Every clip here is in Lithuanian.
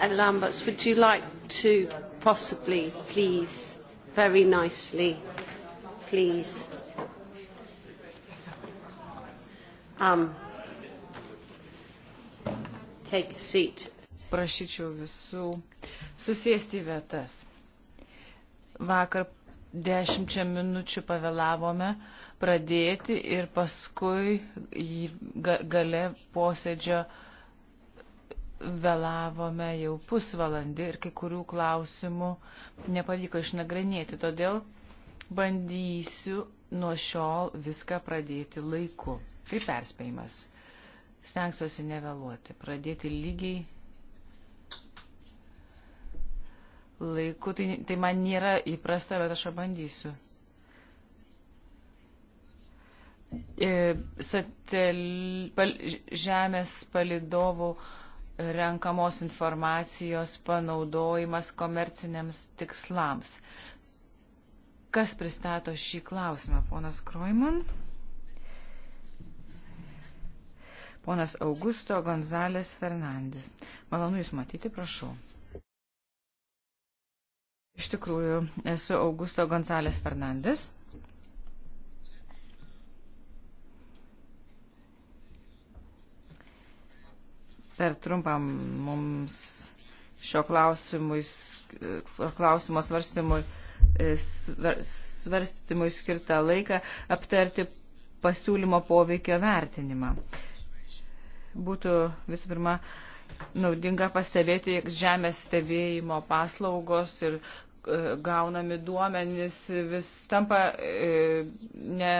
and Lamberts, would you like to possibly, please, very nicely, please? Um, take a seat. Prašyčiau visų susėsti vietas. Vakar dešimčia minučių pavėlavome pradėti ir paskui gale posėdžio uh, vėlavome jau pusvalandį ir kai kurių klausimų nepavyko išnagrinėti, todėl bandysiu nuo šiol viską pradėti laiku. Tai perspėjimas. Stengsiuosi nevėluoti, pradėti lygiai laiku. Tai, tai man nėra įprasta, bet aš pabandysiu. E, satel, pal, žemės palidovų uh, renkamos informacijos panaudojimas komerciniams tikslams. Kas pristato šį klausimą? Ponas Kroiman? Ponas Augusto Gonzalės Fernandis. Malonu Jūs matyti, prašau. Iš tikrųjų, esu Augusto Gonzalės Fernandis. per trumpą mums šio klausimo svarstymui, e, svarstymui skirtą laiką aptarti pasiūlymo poveikio vertinimą. Būtų visų pirma naudinga pastebėti, jog žemės stebėjimo paslaugos ir e, gaunami duomenys vis tampa e, ne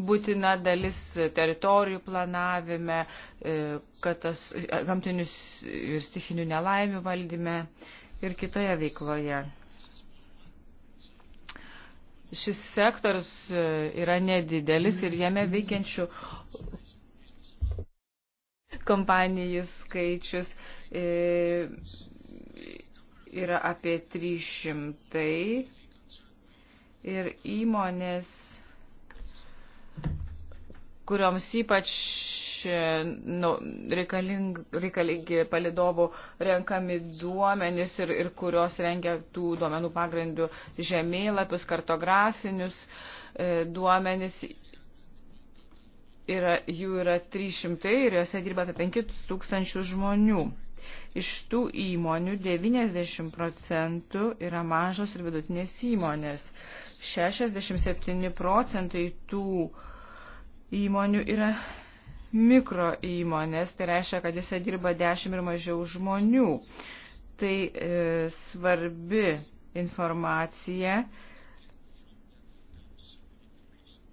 būtina dalis teritorijų planavime, e, katas, gamtinius ir stichinių nelaimių valdyme ir kitoje veikloje. Šis sektorius e, yra nedidelis ir jame veikiančių kompanijų skaičius e, yra apie 300 ir įmonės kurioms ypač e, nu, reikaling, reikalingi palidovų renkami duomenys ir, ir kurios rengia tų duomenų pagrindų žemėlapius, kartografinius e, duomenys. Yra, jų yra 300 ir juose dirba apie 5000 žmonių. Iš tų įmonių 90 procentų yra mažos ir vidutinės įmonės. 67 procentai tų uh, įmonių yra mikro įmonės, tai reiškia, kad jose dirba 10 ir mažiau žmonių. Tai e, svarbi informacija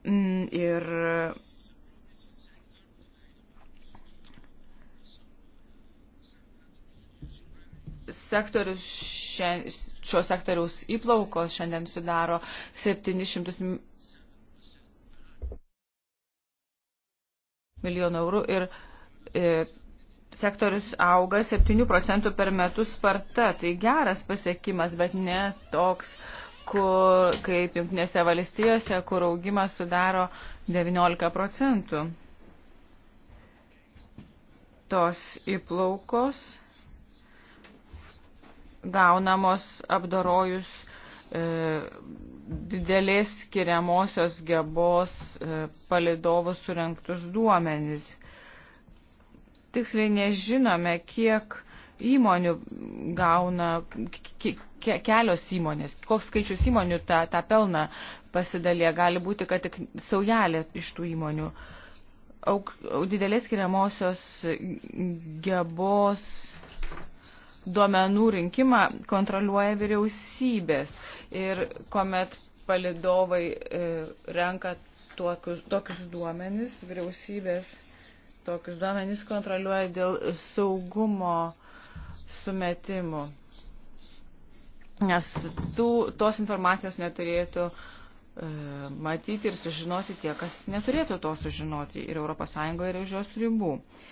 mm, ir sektorius šiandien šio sektoriaus įplaukos šiandien sudaro 700 milijonų eurų ir e, sektorius auga 7 procentų per metus sparta. Tai geras pasiekimas, bet ne toks, kur, kaip Junktinėse valstijose, kur augimas sudaro 19 procentų. Tos įplaukos gaunamos apdorojus E, didelės skiriamosios gebos e, palidovus surinktus duomenys. Tiksliai nežinome, kiek įmonių gauna, kelios įmonės, koks skaičius įmonių tą, tą pelną pasidalė, gali būti, kad tik saujelė iš tų įmonių. Auk, didelės skiriamosios gebos duomenų rinkimą kontroliuoja vyriausybės ir kuomet palidovai e, renka tokius, tokius duomenis, vyriausybės tokius duomenis kontroliuoja dėl saugumo sumetimų. Nes tų, tos informacijos neturėtų e, matyti ir sužinoti tie, kas neturėtų to sužinoti ir ES ir už jos ribų. E,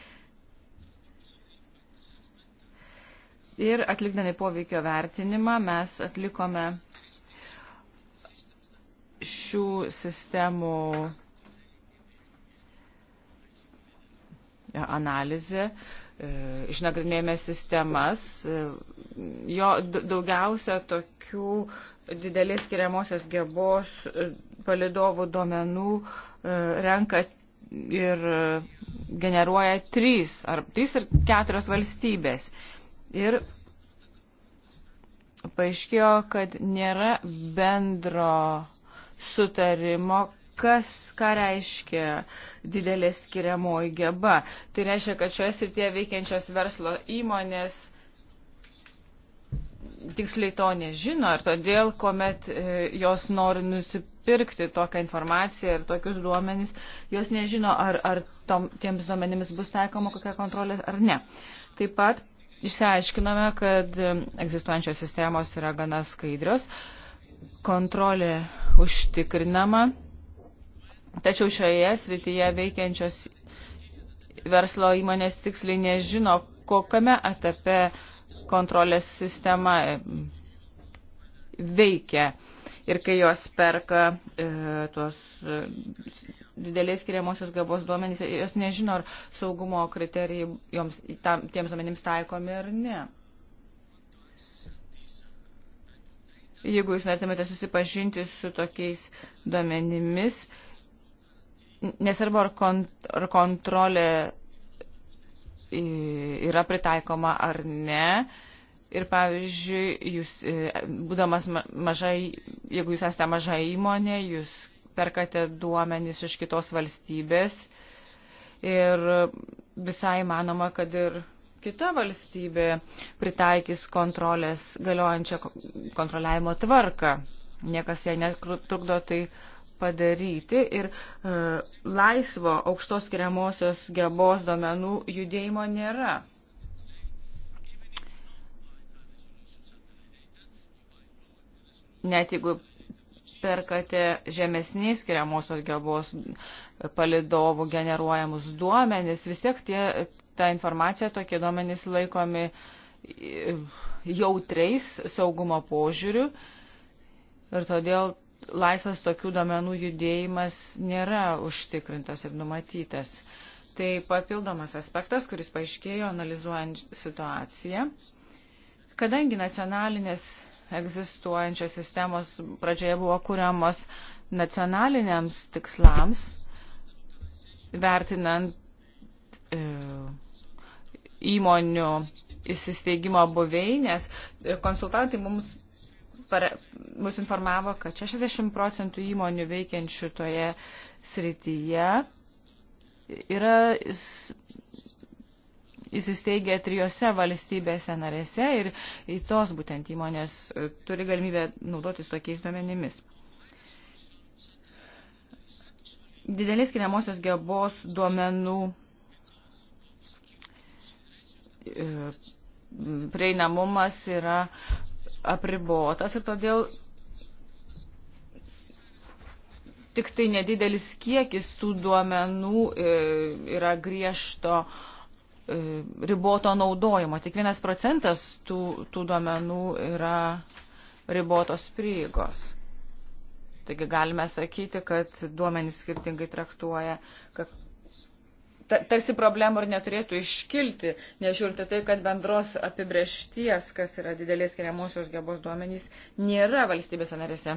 Ir atlikdami poveikio vertinimą mes atlikome šių sistemų analizę, e, išnagrinėjome sistemas. E, jo daugiausia tokių didelės skiriamosios gebos e, palidovų duomenų renka ir generuoja trys ar trys ir keturios valstybės. Ir paaiškėjo, kad nėra bendro sutarimo, kas, ką reiškia didelė skiriamoji geba. Tai reiškia, kad šioje srityje veikiančios verslo įmonės tiksliai to nežino ir todėl, kuomet e, jos nori nusipirkti tokią informaciją ir tokius duomenys, jos nežino, ar, ar tom, tiems duomenimis bus taikoma kokia kontrolė ar ne. Taip pat Išsiaiškinome, kad egzistuojančios sistemos yra gana skaidrios, kontrolė užtikrinama, tačiau šioje srityje veikiančios verslo įmonės tiksliai nežino, kokiame etape kontrolės sistema e, veikia ir kai jos perka e, tuos didelės skiriamosios gavos duomenys, jos nežino, ar saugumo kriterijai joms, tam, tiems duomenims taikomi ar ne. Jeigu jūs norėtumėte susipažinti su tokiais duomenimis, nesvarbu, ar, kont ar kontrolė yra pritaikoma ar ne, Ir pavyzdžiui, jūs, e, būdamas mažai, jeigu jūs esate maža įmonė, jūs perkate duomenys iš kitos valstybės ir visai manoma, kad ir kita valstybė pritaikys kontrolės galiojančią kontroliavimo tvarką. Niekas jai netrukdo tai padaryti ir e, laisvo aukštos skiriamosios gebos domenų judėjimo nėra. Net jeigu perkate žemesnės skiriamosios gebos palidovų generuojamus duomenis, vis tiek tie, ta informacija, tokie duomenys laikomi jautriais saugumo požiūriu ir todėl laisvas tokių duomenų judėjimas nėra užtikrintas ir numatytas. Tai papildomas aspektas, kuris paaiškėjo analizuojant situaciją. Kadangi nacionalinės egzistuojančios sistemos pradžioje buvo kuriamos nacionaliniams tikslams, vertinant e, įmonių įsisteigimo buveinės. Konsultantai mums, para, mums informavo, kad 60 procentų įmonių veikiančių toje srityje yra įsisteigę trijose valstybėse narėse ir į tos būtent įmonės e, turi galimybę naudotis tokiais duomenimis. Didelės skiriamosios gebos duomenų e, prieinamumas yra apribotas ir todėl tik tai nedidelis kiekis tų duomenų e, yra griežto uh, E, riboto naudojimo. Tik vienas procentas tų, tų duomenų yra ribotos prieigos. Taigi galime sakyti, kad duomenys skirtingai traktuoja, kad tarsi problemų ir neturėtų iškilti, nežiūrint tai, kad bendros apibriešties, kas yra didelės skiriamosios gebos duomenys, nėra valstybės narėse.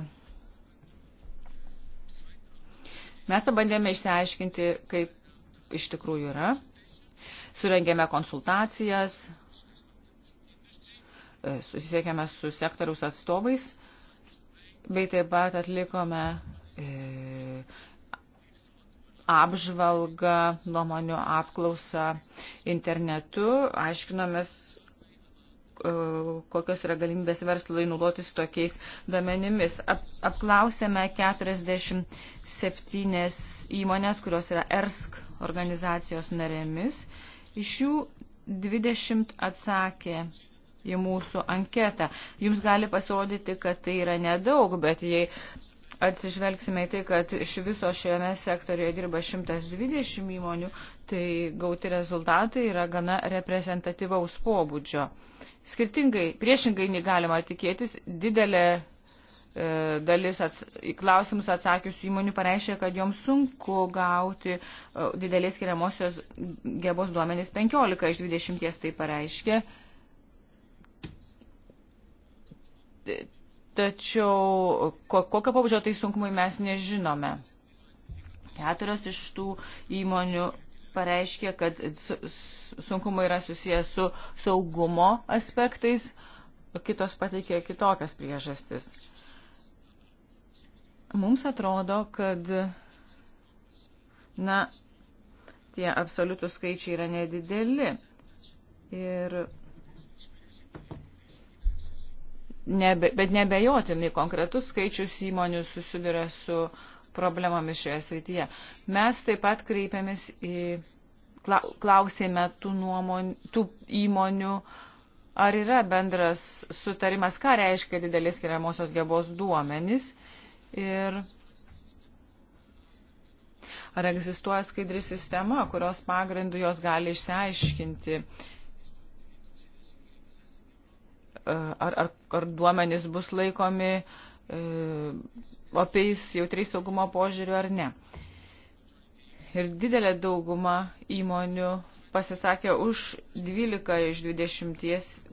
Mes pabandėme išsiaiškinti, kaip iš tikrųjų yra surengėme konsultacijas, e, susisiekėme su sektoriaus atstovais, bei taip pat atlikome e, apžvalgą, nuomonių apklausą internetu, aiškinomės, e, kokios yra galimybės verslui naudotis tokiais duomenimis. Ap, apklausėme 47 įmonės, kurios yra ERSK organizacijos narėmis. E, Iš jų 20 atsakė į mūsų anketą. Jums gali pasirodyti, kad tai yra nedaug, bet jei atsižvelgsime į tai, kad iš viso šiame sektorijoje dirba 120 įmonių, tai gauti rezultatai yra gana reprezentatyvaus pobūdžio. Skirtingai, priešingai negalima tikėtis, didelė E, dalis ats, į klausimus atsakiusių įmonių pareiškė, kad joms sunku gauti e, didelės skiriamosios gebos duomenys 15 iš 20 tai pareiškė. Tačiau kokio pabudžio tai sunkumai mes nežinome. Keturios iš tų įmonių pareiškė, kad sunkumai yra susijęs su saugumo aspektais, kitos pateikė kitokias priežastis. Mums atrodo, kad na, tie absoliutų skaičiai yra nedideli. Ir nebe, bet nebejotinai konkretus skaičius įmonių susiduria su problemomis šioje srityje. Mes taip pat kreipiamės į, klausėme tų, nuomon, tų įmonių, ar yra bendras sutarimas, ką reiškia didelės skiriamosios gebos duomenys ir ar egzistuoja skaidri sistema, kurios pagrindų jos gali išsiaiškinti, e, ar, ar, ar duomenys bus laikomi e, opiais jautriais saugumo požiūriu ar ne. Ir didelė dauguma įmonių pasisakė už 12 iš 20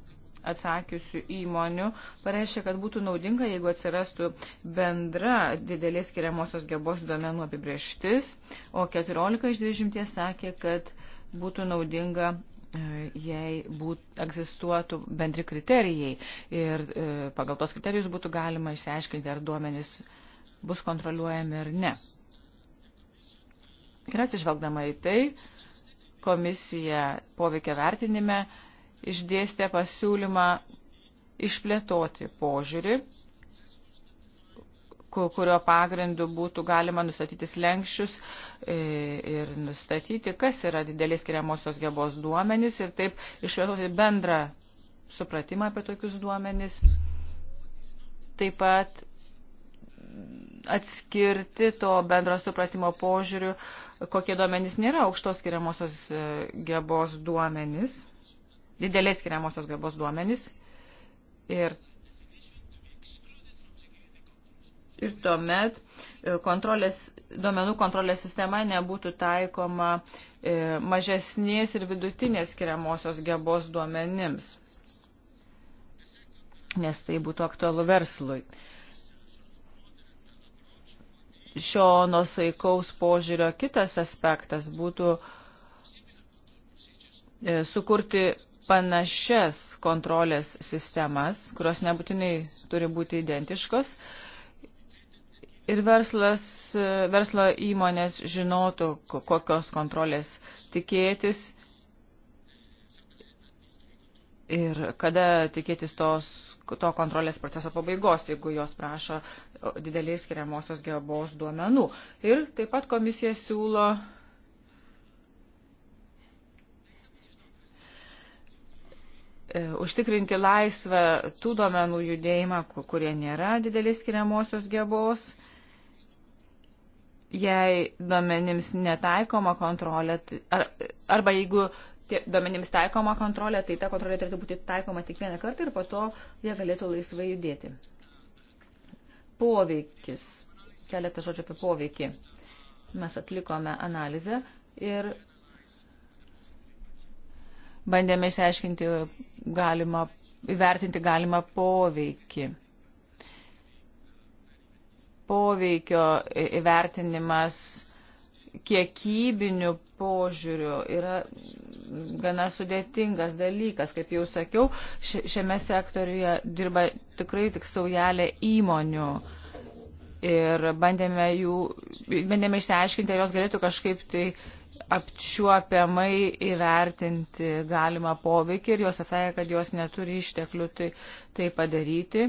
atsakiusių įmonių pareiškia, kad būtų naudinga, jeigu atsirastų bendra didelės skiriamosios gebos duomenų apibrieštis, o 14 iš 20 sakė, kad būtų naudinga e, jei būt, egzistuotų bendri kriterijai ir e, pagal tos kriterijus būtų galima išsiaiškinti, ar duomenys bus kontroliuojami ar ne. Ir atsižvelgdama į tai, komisija poveikia vertinime išdėstė pasiūlymą išplėtoti požiūrį, kurio pagrindu būtų galima nustatyti slengščius e, ir nustatyti, kas yra didelės skiriamosios gebos duomenys ir taip išplėtoti bendrą supratimą apie tokius duomenys. Taip pat atskirti to bendro supratimo požiūrių, kokie duomenys nėra aukštos skiriamosios e, gebos duomenys didelės skiriamosios gabos duomenys ir, ir tuomet e, kontrolės, duomenų kontrolės sistema nebūtų taikoma e, mažesnės ir vidutinės skiriamosios gabos duomenims, nes tai būtų aktualu verslui. Šio nusaikaus požiūrio kitas aspektas būtų e, sukurti panašias kontrolės sistemas, kurios nebūtinai turi būti identiškos. Ir verslas, verslo įmonės žinotų, kokios kontrolės tikėtis ir kada tikėtis tos, to kontrolės proceso pabaigos, jeigu jos prašo dideliais skiriamosios gebos duomenų. Ir taip pat komisija siūlo E, užtikrinti laisvą tų duomenų judėjimą, kurie nėra didelės skiriamosios gebos. Jei duomenims netaikoma kontrolė, ar, arba jeigu duomenims taikoma kontrolė, tai ta kontrolė turėtų būti taikoma tik vieną kartą ir po to jie galėtų laisvai judėti. Poveikis. Keletą žodžių apie poveikį. Mes atlikome analizę ir bandėme išsiaiškinti galimą, įvertinti galimą poveikį. Poveikio įvertinimas kiekybinių požiūrių yra gana sudėtingas dalykas. Kaip jau sakiau, šiame sektoriuje dirba tikrai tik saujelė įmonių ir bandėme, jų, bandėme išsiaiškinti, ar jos galėtų kažkaip tai apčiuopiamai įvertinti galimą poveikį ir jos atsakė, kad jos neturi išteklių tai, tai padaryti.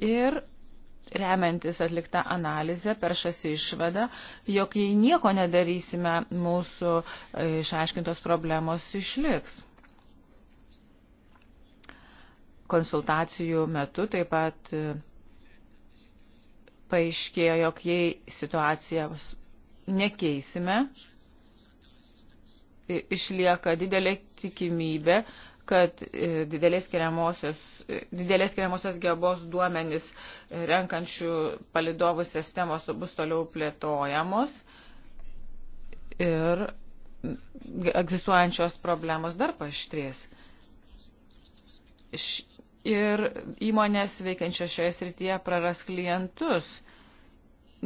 Ir remiantis atliktą analizę, peršasi išvada, jog jei nieko nedarysime, mūsų išaiškintos problemos išliks konsultacijų metu taip pat e, paaiškėjo, jog jei situacijos nekeisime, išlieka didelė tikimybė, kad e, didelės skiriamosios, e, didelės skiriamosios gebos duomenys renkančių palidovų sistemos bus toliau plėtojamos ir egzistuojančios problemos dar paštrės ir įmonės veikiančios šioje srityje praras klientus,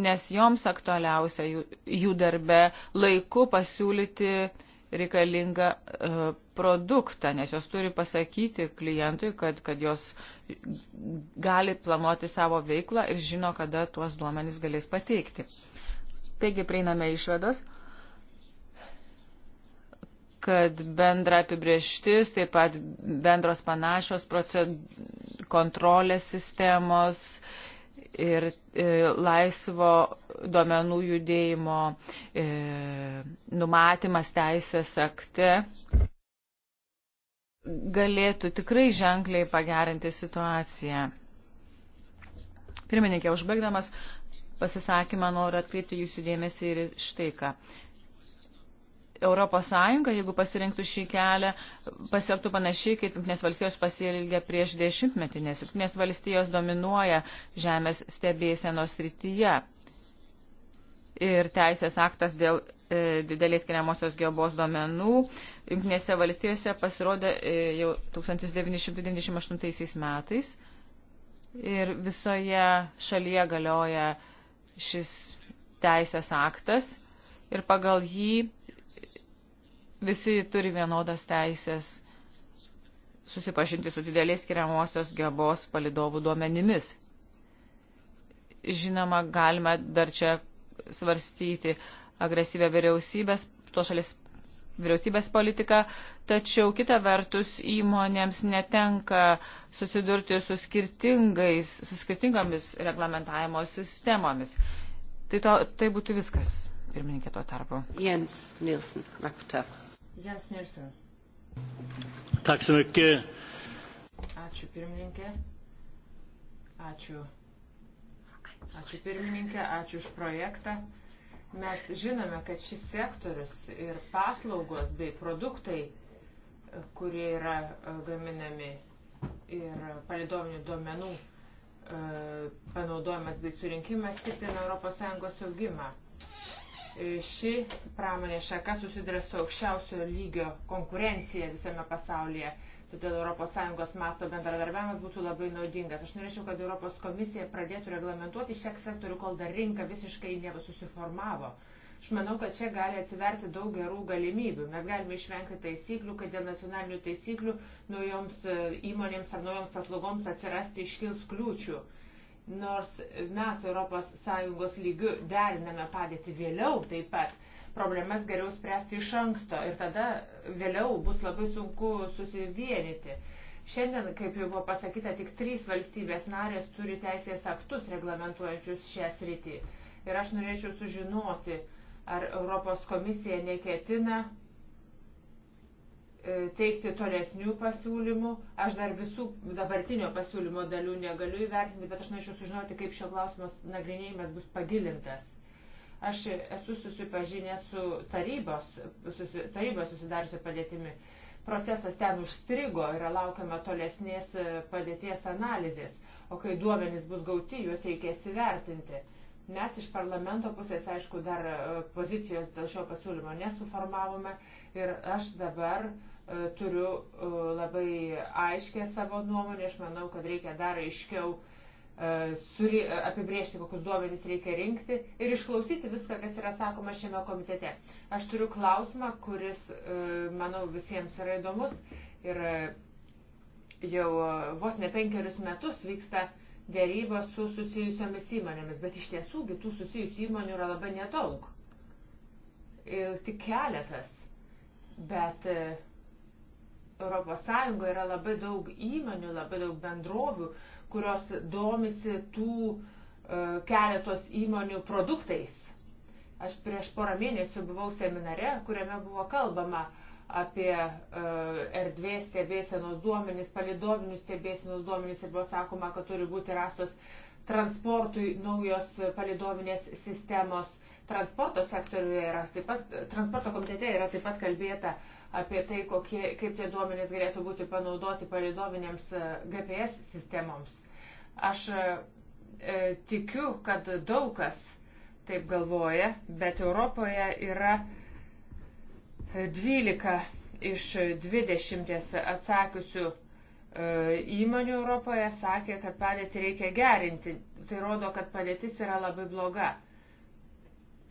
nes joms aktualiausia jų, jų darbe laiku pasiūlyti reikalingą e, produktą, nes jos turi pasakyti klientui, kad, kad jos gali planuoti savo veiklą ir žino, kada tuos duomenys galės pateikti. Taigi prieiname išvedos. E, kad bendra apibrieštis, taip pat bendros panašios kontrolės sistemos ir e, laisvo duomenų judėjimo e, numatymas teisės akte galėtų tikrai ženkliai pagerinti situaciją. Pirmininkė, užbaigdamas pasisakymą noriu atkreipti jūsų dėmesį ir štai ką. Europos Sąjunga, jeigu pasirinktų šį kelią, pasielgtų panašiai, kaip Junktinės valstijos pasielgė prieš dešimtmetį, nes Junktinės valstijos dominuoja žemės stebėsenos srityje. Ir teisės aktas dėl e, didelės skiriamosios geobos domenų Junktinėse valstijose pasirodė e, jau 1998 metais. Ir visoje šalyje galioja šis teisės aktas ir pagal jį visi turi vienodas teisės susipažinti su didelės skiriamosios gebos palidovų duomenimis. Žinoma, galima dar čia svarstyti agresyvę vyriausybės, to šalis vyriausybės politiką, tačiau kita vertus įmonėms netenka susidurti su, skirtingais, su skirtingomis reglamentavimo sistemomis. Tai, to, tai būtų viskas pirmininkė tuo tarpu. Jens Nilsson, rapporteur. Jens Nilsson. Ačiū pirmininkė. Ačiū. Ačiū pirmininkė, ačiū už projektą. Mes žinome, kad šis sektorius ir paslaugos bei produktai, kurie yra e, gaminami ir palidovinių duomenų e, panaudojimas bei surinkimas stiprina ES augimą ši pramonė šaka susiduria su aukščiausio lygio konkurencija visame pasaulyje. Todėl ES masto bendradarbiavimas būtų labai naudingas. Aš norėčiau, kad Europos komisija pradėtų reglamentuoti šią sektorių, kol dar rinka visiškai nebesusiformavo. Aš manau, kad čia gali atsiverti daug gerų galimybių. Mes galime išvengti taisyklių, kad dėl nacionalinių taisyklių naujoms e, įmonėms ar naujoms paslaugoms atsirasti iškils kliūčių. Uh, nors mes ES lygių deriname padėti vėliau taip pat, problemas geriau spręsti iš anksto ir tada vėliau bus labai sunku susivienyti. Šiandien, kaip jau buvo pasakyta, tik trys valstybės narės turi teisės aktus reglamentuojančius šią sritį. Ir aš norėčiau sužinoti, ar Europos komisija neketina E, teikti tolesnių pasiūlymų. Aš dar visų dabartinio pasiūlymo dalių negaliu įvertinti, bet aš norėčiau sužinoti, kaip šio klausimo nagrinėjimas bus pagilintas. Aš esu susipažinęs su tarybos, susi, tarybos susidariusio padėtimi. Procesas ten užstrigo, yra laukiama tolesnės e, padėties analizės, o kai duomenys bus gauti, juos reikės įvertinti. Mes iš parlamento pusės, aišku, dar e, pozicijos dėl šio pasiūlymo nesuformavome ir aš dabar uh, E, turiu e, labai aiškę savo nuomonę, aš manau, kad reikia dar aiškiau e, suri, apibriežti, kokius duomenys reikia rinkti ir išklausyti viską, kas yra sakoma šiame komitete. Aš turiu klausimą, kuris, manau, visiems yra įdomus ir jau vos ne penkerius metus vyksta dėrybos su susijusiamis įmonėmis, bet iš tiesų tų susijusių įmonių yra labai nedaug. Ir tik keletas. Bet ES yra labai daug įmonių, labai daug bendrovių, kurios domisi tų e, keletos įmonių produktais. Aš prieš porą mėnesių buvau seminare, kuriame buvo kalbama apie e, erdvės stebėsenos duomenys, palidovinius stebėsenos duomenys ir buvo sakoma, kad turi būti rastos transportui naujos palidovinės sistemos. Transporto sektoriuje yra taip pat, transporto komitete yra taip pat kalbėta apie tai, kokie, kaip tie duomenys galėtų būti panaudoti palidovinėms e, GPS sistemoms. Aš e, e, tikiu, kad daug kas taip galvoja, bet Europoje yra 12 iš 20 atsakiusių e, įmonių Europoje sakė, kad padėtį reikia gerinti. Tai rodo, kad padėtis yra labai bloga.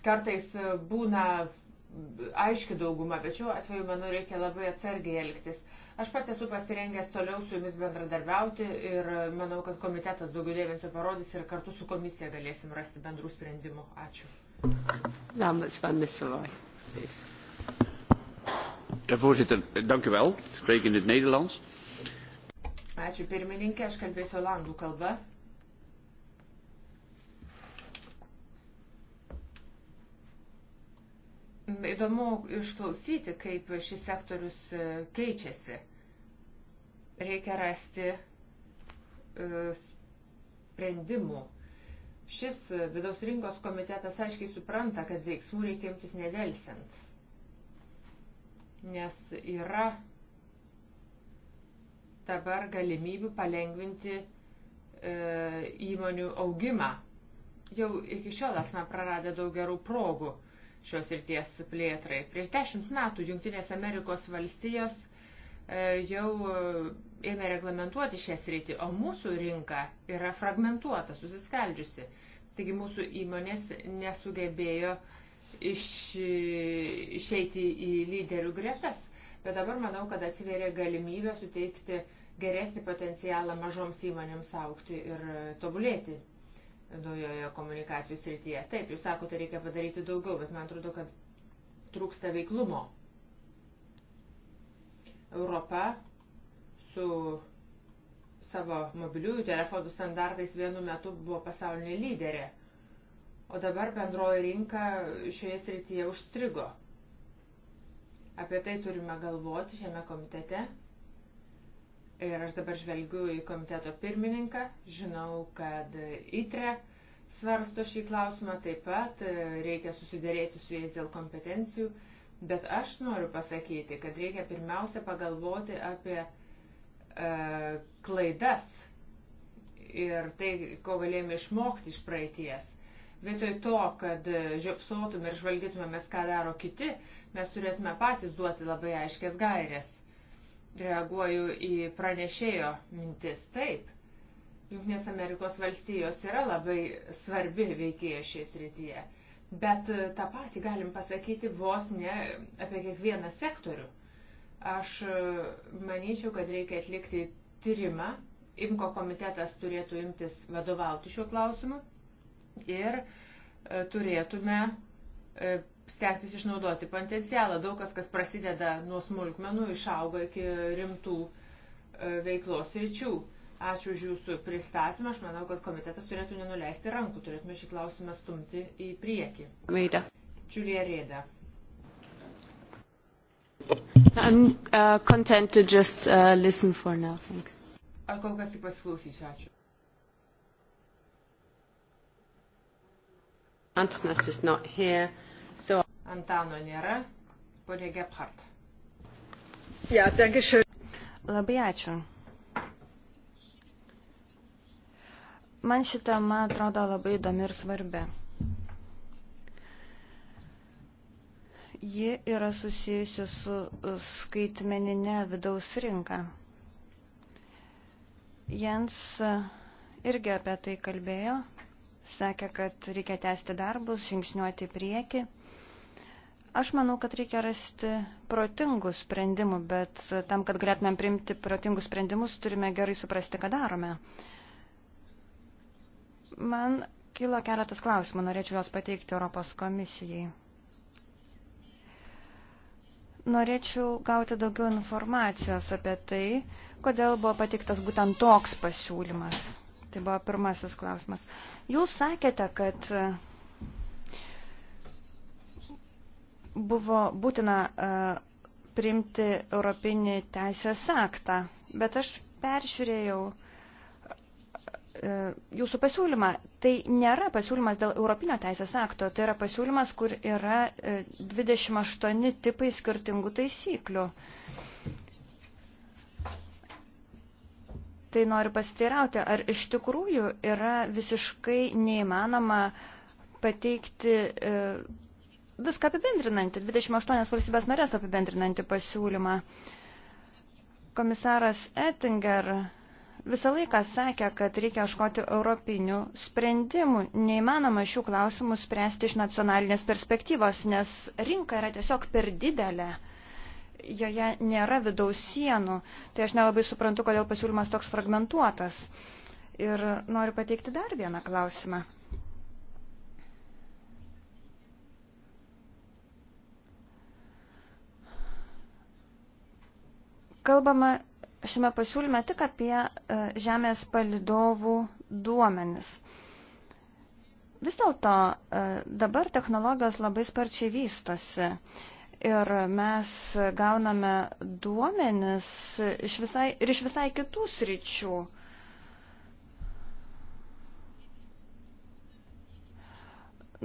Kartais būna aiški dauguma, bet šiuo atveju, manau, reikia labai atsargiai elgtis. Aš pats esu pasirengęs toliau su jumis bendradarbiauti ir manau, kad komitetas daugiau dėmesio parodys ir kartu su komisija galėsim rasti bendrų sprendimų. Ačiū. Voorzitter, dank u wel. Ik spreek in het Nederlands. Ačiū pirmininkė, aš kalbėsiu olandų kalba. Įdomu išklausyti, kaip šis sektorius e, keičiasi. Reikia rasti e, sprendimų. Šis e, vidaus rinkos komitetas aiškiai supranta, kad veiksmų reikia imtis nedelsiant. Nes yra dabar galimybių palengvinti e, įmonių augimą. Jau iki šiol esame praradę daug gerų progų šios ryties plėtrai. Prieš dešimt metų Junktinės Amerikos valstijos e, jau e, ėmė reglamentuoti šią sritį, o mūsų rinka yra fragmentuota, susiskaldžiusi. Taigi mūsų įmonės nesugebėjo iš, išeiti į lyderių gretas. Bet dabar manau, kad atsiveria galimybė suteikti geresnį potencialą mažoms įmonėms aukti ir e, tobulėti naujoje komunikacijų srityje. Taip, jūs sakote, reikia padaryti daugiau, bet man atrodo, kad trūksta veiklumo. Europa su savo mobiliųjų telefonų standartais vienu metu buvo pasaulinė lyderė, o dabar bendroji rinka šioje srityje užstrigo. Apie tai turime galvoti šiame komitete Ir aš dabar žvelgiu į komiteto pirmininką, žinau, kad ITRE svarsto šį klausimą taip pat, reikia susidėrėti su jais dėl kompetencijų, bet aš noriu pasakyti, kad reikia pirmiausia pagalvoti apie e, klaidas ir tai, ko galėjome išmokti iš praeities. Vietoj to, kad žiopsotume ir žvalgytumėmės, ką daro kiti, mes turėtume patys duoti labai aiškės gairės reaguoju į pranešėjo mintis. Taip, Junktinės Amerikos valstijos yra labai svarbi veikėja šioje srityje, bet tą patį galim pasakyti vos ne apie kiekvieną sektorių. Aš e, manyčiau, kad reikia atlikti tyrimą, IMKO komitetas turėtų imtis vadovauti šiuo klausimu ir e, turėtume e, stengtis išnaudoti potencialą. Daug kas, kas prasideda nuo smulkmenų, išauga iki rimtų e, veiklos ryčių. Ačiū už jūsų pristatymą. Aš manau, kad komitetas turėtų nenuleisti rankų. Turėtume šį klausimą stumti į priekį. Meida. Čiulija Rėda. I'm uh, content to just uh, listen for now. Thanks. Ar kol kas tik pasiklausysiu. Ačiū. Antonas is not here. So. Antano nėra, ponė Gebhardt. Ja, Labai ačiū. Man šitą, man atrodo, labai įdomi ir svarbi. Ji yra susijusi su skaitmeninė vidaus rinka. Jens irgi apie tai kalbėjo, sakė, kad reikia tęsti darbus, žingsniuoti į priekį. Aš manau, kad reikia rasti protingų sprendimų, bet tam, kad galėtumėm priimti protingus sprendimus, turime gerai suprasti, ką darome. Man kilo keletas klausimų, norėčiau juos pateikti Europos komisijai. Norėčiau gauti daugiau informacijos apie tai, kodėl buvo pateiktas būtent toks pasiūlymas. Tai buvo pirmasis klausimas. Jūs sakėte, kad buvo būtina e, priimti Europinį teisės aktą, bet aš peržiūrėjau e, jūsų pasiūlymą. Tai nėra pasiūlymas dėl Europinio teisės akto, tai yra pasiūlymas, kur yra 28 e, tipai skirtingų taisyklių. Tai noriu pasiteirauti, ar iš tikrųjų yra visiškai neįmanoma pateikti viską apibendrinantį, 28 valstybės narės apibendrinantį pasiūlymą. Komisaras Ettinger visą laiką sakė, kad reikia iškoti europinių sprendimų. Neįmanoma šių klausimų spręsti iš nacionalinės perspektyvos, nes rinka yra tiesiog per didelė. Joje nėra vidaus sienų. Tai aš nelabai suprantu, kodėl pasiūlymas toks fragmentuotas. Ir noriu pateikti dar vieną klausimą. Kalbama šiame pasiūlyme tik apie e, Žemės palidovų duomenis. Vis dėlto e, dabar technologijos labai sparčiai vystosi ir mes gauname duomenis iš visai, ir iš visai kitų sričių.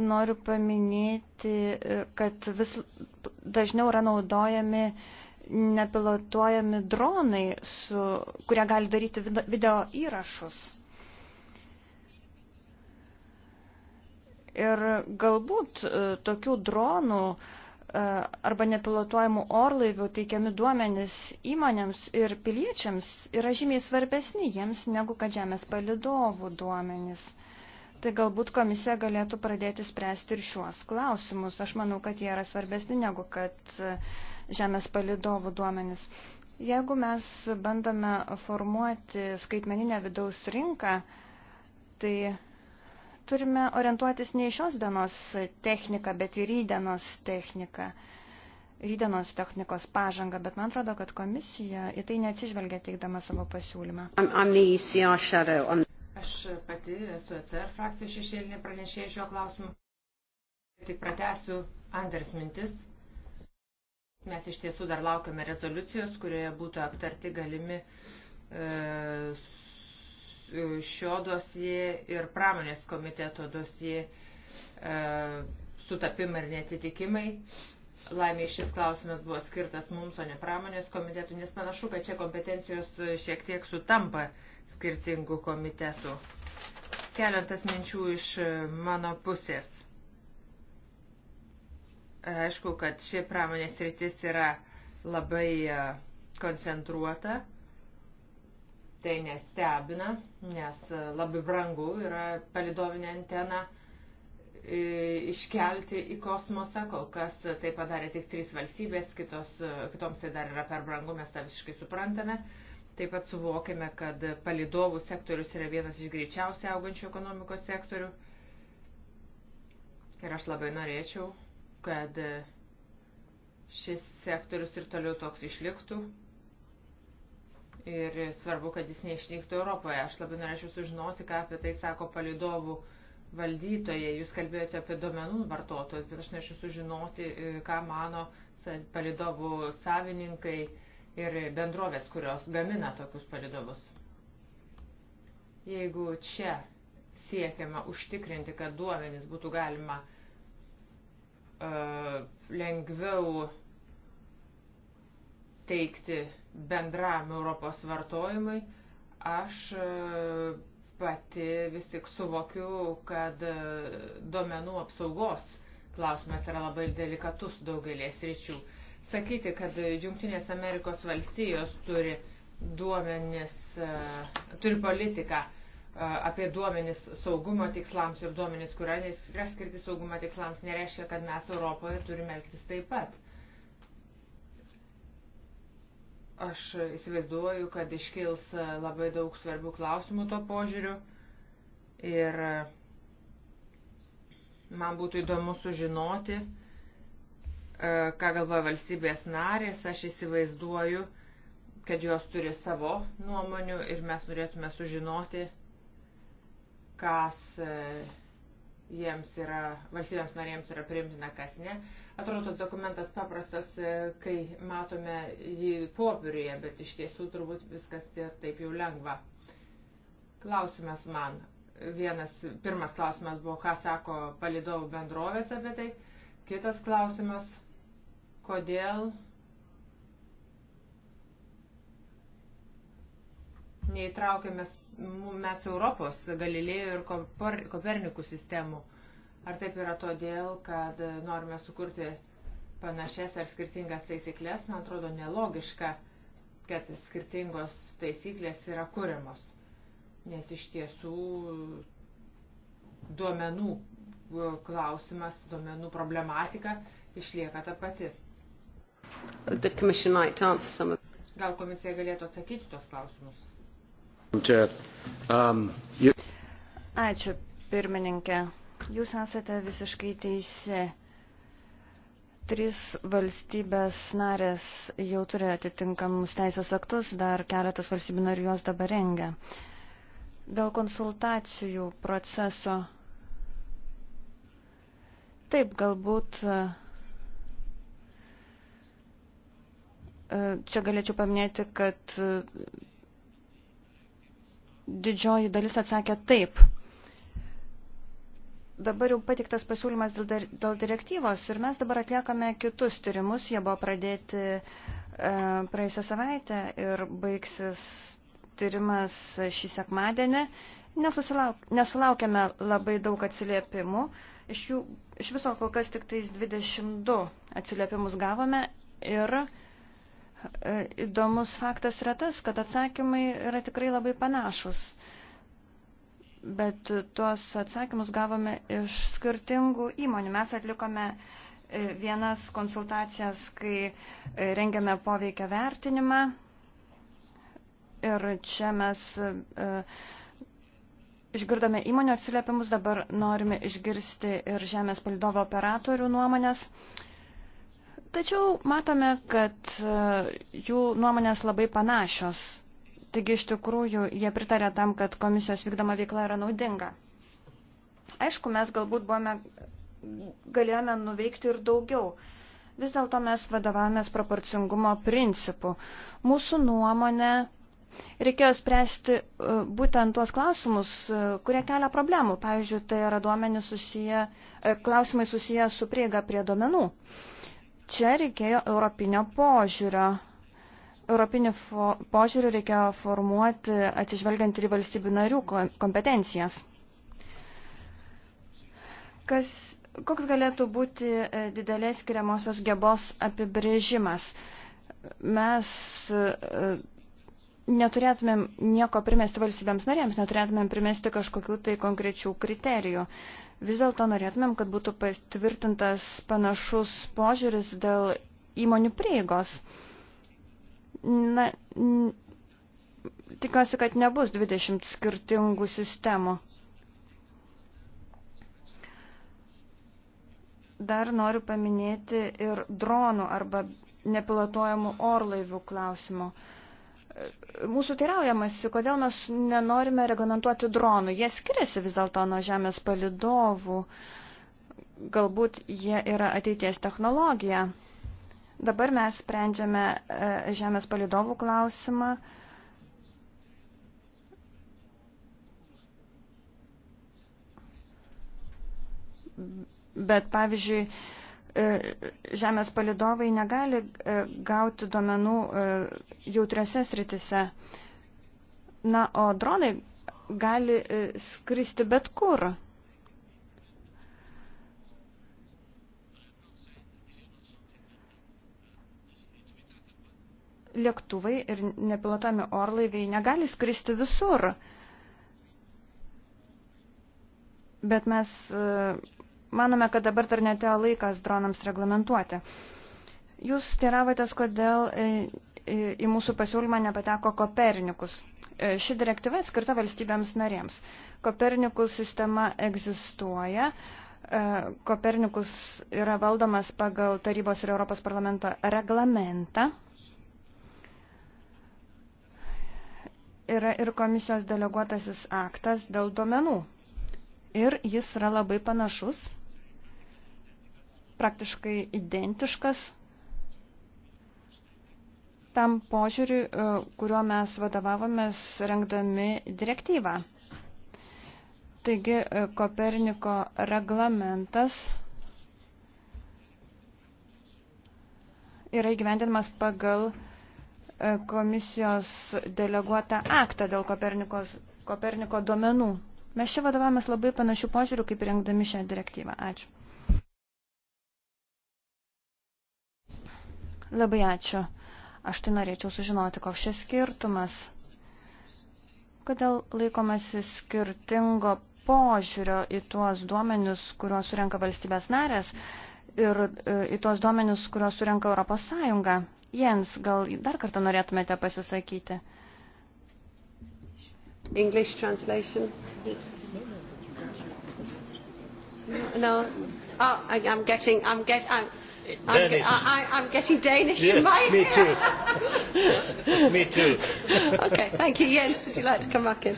Noriu paminėti, e, kad vis dažniau yra naudojami uh, nepilotuojami dronai, su, kurie gali daryti video įrašus. Ir galbūt e, tokių dronų e, arba nepilotuojamų orlaivių teikiami duomenys įmonėms ir piliečiams yra žymiai svarbesni jiems negu kad žemės palidovų duomenys. Tai galbūt komisija galėtų pradėti spręsti ir šiuos klausimus. Aš manau, kad jie yra svarbesni negu kad uh, žemės palidovų duomenis. Jeigu mes bandome formuoti skaitmeninę vidaus rinką, tai turime orientuotis ne į šios dienos techniką, bet į rydienos techniką, rydienos technikos pažangą, bet man atrodo, kad komisija į tai neatsižvelgia teikdama savo pasiūlymą. I'm, I'm e Aš pati esu ECR frakcijos šešėlinė pranešėja šiuo klausimu. Tik pratesiu Anders mintis. Mes iš tiesų dar laukiame rezoliucijos, kurioje būtų aptarti galimi e, šio dosie ir pramonės komiteto dosie e, sutapimai ir netitikimai. Laimė šis klausimas buvo skirtas mums, o ne pramonės komitetui, nes panašu, kad čia kompetencijos šiek tiek sutampa skirtingų komitetų. Keletas minčių iš e, mano pusės. Aišku, kad ši pramonės rytis yra labai e, koncentruota. Tai nestebina, nes e, labai brangu yra palidovinė antena e, iškelti į kosmosą, kol kas tai padarė tik trys valstybės, kitos, kitoms tai dar yra per brangu, mes tą visiškai suprantame. Taip pat suvokime, kad palidovų sektorius yra vienas iš greičiausiai augančių ekonomikos sektorių. Ir aš labai norėčiau, kad šis sektorius ir toliau toks išliktų. Ir svarbu, kad jis neišnyktų Europoje. Aš labai norėčiau sužinoti, ką apie tai sako palidovų valdytojai. Jūs kalbėjote apie domenų vartotojus, bet aš norėčiau sužinoti, ką mano palidovų savininkai ir bendrovės, kurios gamina tokius palidovus. Jeigu čia siekiama užtikrinti, kad duomenys būtų galima uh, E, lengviau teikti bendram Europos vartojimui, aš e, pati vis tik suvokiu, kad e, duomenų apsaugos klausimas yra labai delikatus daugelės ryčių. Sakyti, kad Junktinės Amerikos valstijos turi duomenis, turi politiką apie duomenis saugumo tikslams ir duomenis, kurie yra skirti saugumo tikslams, nereiškia, kad mes Europoje turime elgtis taip pat. Aš įsivaizduoju, kad iškils labai daug svarbių klausimų to požiūriu ir man būtų įdomu sužinoti, ką galvoja valstybės narės. Aš įsivaizduoju, kad jos turi savo nuomonių ir mes norėtume sužinoti, kas e, jiems yra, valstybėms narėms yra priimtina, kas ne. Atrodo, tas dokumentas paprastas, e, kai matome jį popieriuje, bet iš tiesų turbūt viskas taip jau lengva. Klausimas man. Vienas, pirmas klausimas buvo, ką sako palidovų bendrovės apie tai. Kitas klausimas, kodėl neįtraukėmės mes Europos Galilėjo ir Kopernikų sistemų. Ar taip yra todėl, kad norime sukurti panašias ar skirtingas taisyklės, man atrodo nelogiška, kad skirtingos taisyklės yra kuriamos. Nes iš tiesų duomenų e, klausimas, duomenų problematika išlieka ta pati. Gal komisija galėtų atsakyti tos klausimus? Um, Ačiū, pirmininkė. Jūs esate visiškai teisi. Trys valstybės narės jau turi atitinkamus teisės aktus, dar keletas valstybių narių juos dabar rengia. Dėl konsultacijų proceso. Taip, galbūt e, čia galėčiau paminėti, kad didžioji dalis atsakė taip. Dabar jau patiktas pasiūlymas dėl, dėl direktyvos ir mes dabar atliekame kitus tyrimus. Jie buvo pradėti e, praėjusią savaitę ir baigsis tyrimas šį sekmadienį. Nesusilauk, nesulaukėme labai daug atsiliepimų. Iš, jų, iš viso kol kas tik tais 22 atsiliepimus gavome ir E, įdomus faktas yra tas, kad atsakymai yra tikrai labai panašus. Bet tuos atsakymus gavome iš skirtingų įmonių. Mes atlikome e, vienas konsultacijas, kai e, rengiame poveikio vertinimą. Ir čia mes išgirdome įmonių atsiliepimus, dabar norime išgirsti ir žemės palidovo operatorių nuomonės. E, Tačiau matome, kad e, jų nuomonės labai panašios. Taigi iš tikrųjų jie pritarė tam, kad komisijos vykdoma veikla yra naudinga. Aišku, mes galbūt buvome, galėjome nuveikti ir daugiau. Vis dėlto mes vadovavomės proporcingumo principu. Mūsų nuomonė reikėjo spręsti e, būtent tuos klausimus, e, kurie kelia problemų. Pavyzdžiui, tai yra duomenys susiję, klausimai susiję su prieiga prie duomenų. Uh, Čia reikėjo europinio požiūrio. Europinį fo požiūrį reikėjo formuoti atsižvelgiant ir į valstybių narių kompetencijas. Kas, koks galėtų būti e, didelės skiriamosios gebos apibrėžimas? Mes e, neturėtumėm nieko primesti valstybėms narėms, neturėtumėm primesti kažkokių tai konkrečių kriterijų. Uh, Vis dėlto norėtumėm, kad būtų patvirtintas panašus požiūris dėl įmonių prieigos. Na, tikiuosi, kad nebus 20 skirtingų sistemų. Dar noriu paminėti ir dronų arba nepilotuojamų orlaivių klausimų. Uh, mūsų teiraujamasi, kodėl mes nenorime reglamentuoti dronų. Jie skiriasi vis dėlto nuo Žemės palidovų. Galbūt jie yra ateities technologija. Dabar mes sprendžiame e, Žemės palidovų klausimą. Bet pavyzdžiui, E, žemės palidovai negali e, gauti duomenų e, jautriose sritise. Na, o dronai gali skristi bet kur. Lėktuvai ir nepilotami orlaiviai negali skristi visur. Bet mes uh, Manome, kad dabar dar netėjo laikas dronams reglamentuoti. Jūs teravotės, kodėl e, e, į mūsų pasiūlymą nepateko Kopernikus. E, ši direktyva skirta valstybėms narėms. Kopernikus sistema egzistuoja. Kopernikus yra valdomas pagal tarybos ir Europos parlamento reglamentą. Yra ir komisijos deleguotasis aktas dėl duomenų ir jis yra labai panašus, praktiškai identiškas tam požiūriui, e, kuriuo mes vadovavomės rengdami direktyvą. Taigi e, Koperniko reglamentas yra įgyvendinamas pagal e, komisijos deleguotą aktą dėl Kopernikos, Koperniko duomenų Mes čia vadovavomės labai panašių požiūrių, kaip rengdami šią direktyvą. Ačiū. Labai ačiū. Aš tai norėčiau sužinoti, koks šis skirtumas. Kodėl laikomasi skirtingo požiūrio į tuos duomenius, kuriuos surenka valstybės narės ir e, į tuos duomenius, kuriuos surenka Europos Sąjunga? Jens, gal dar kartą norėtumėte pasisakyti? English translation? Yes. No. Oh, I, I'm getting. I'm get. I'm, I'm, ge I, I'm getting Danish yes, in my me too. me too. okay, thank you. Jens, would you like to come back in?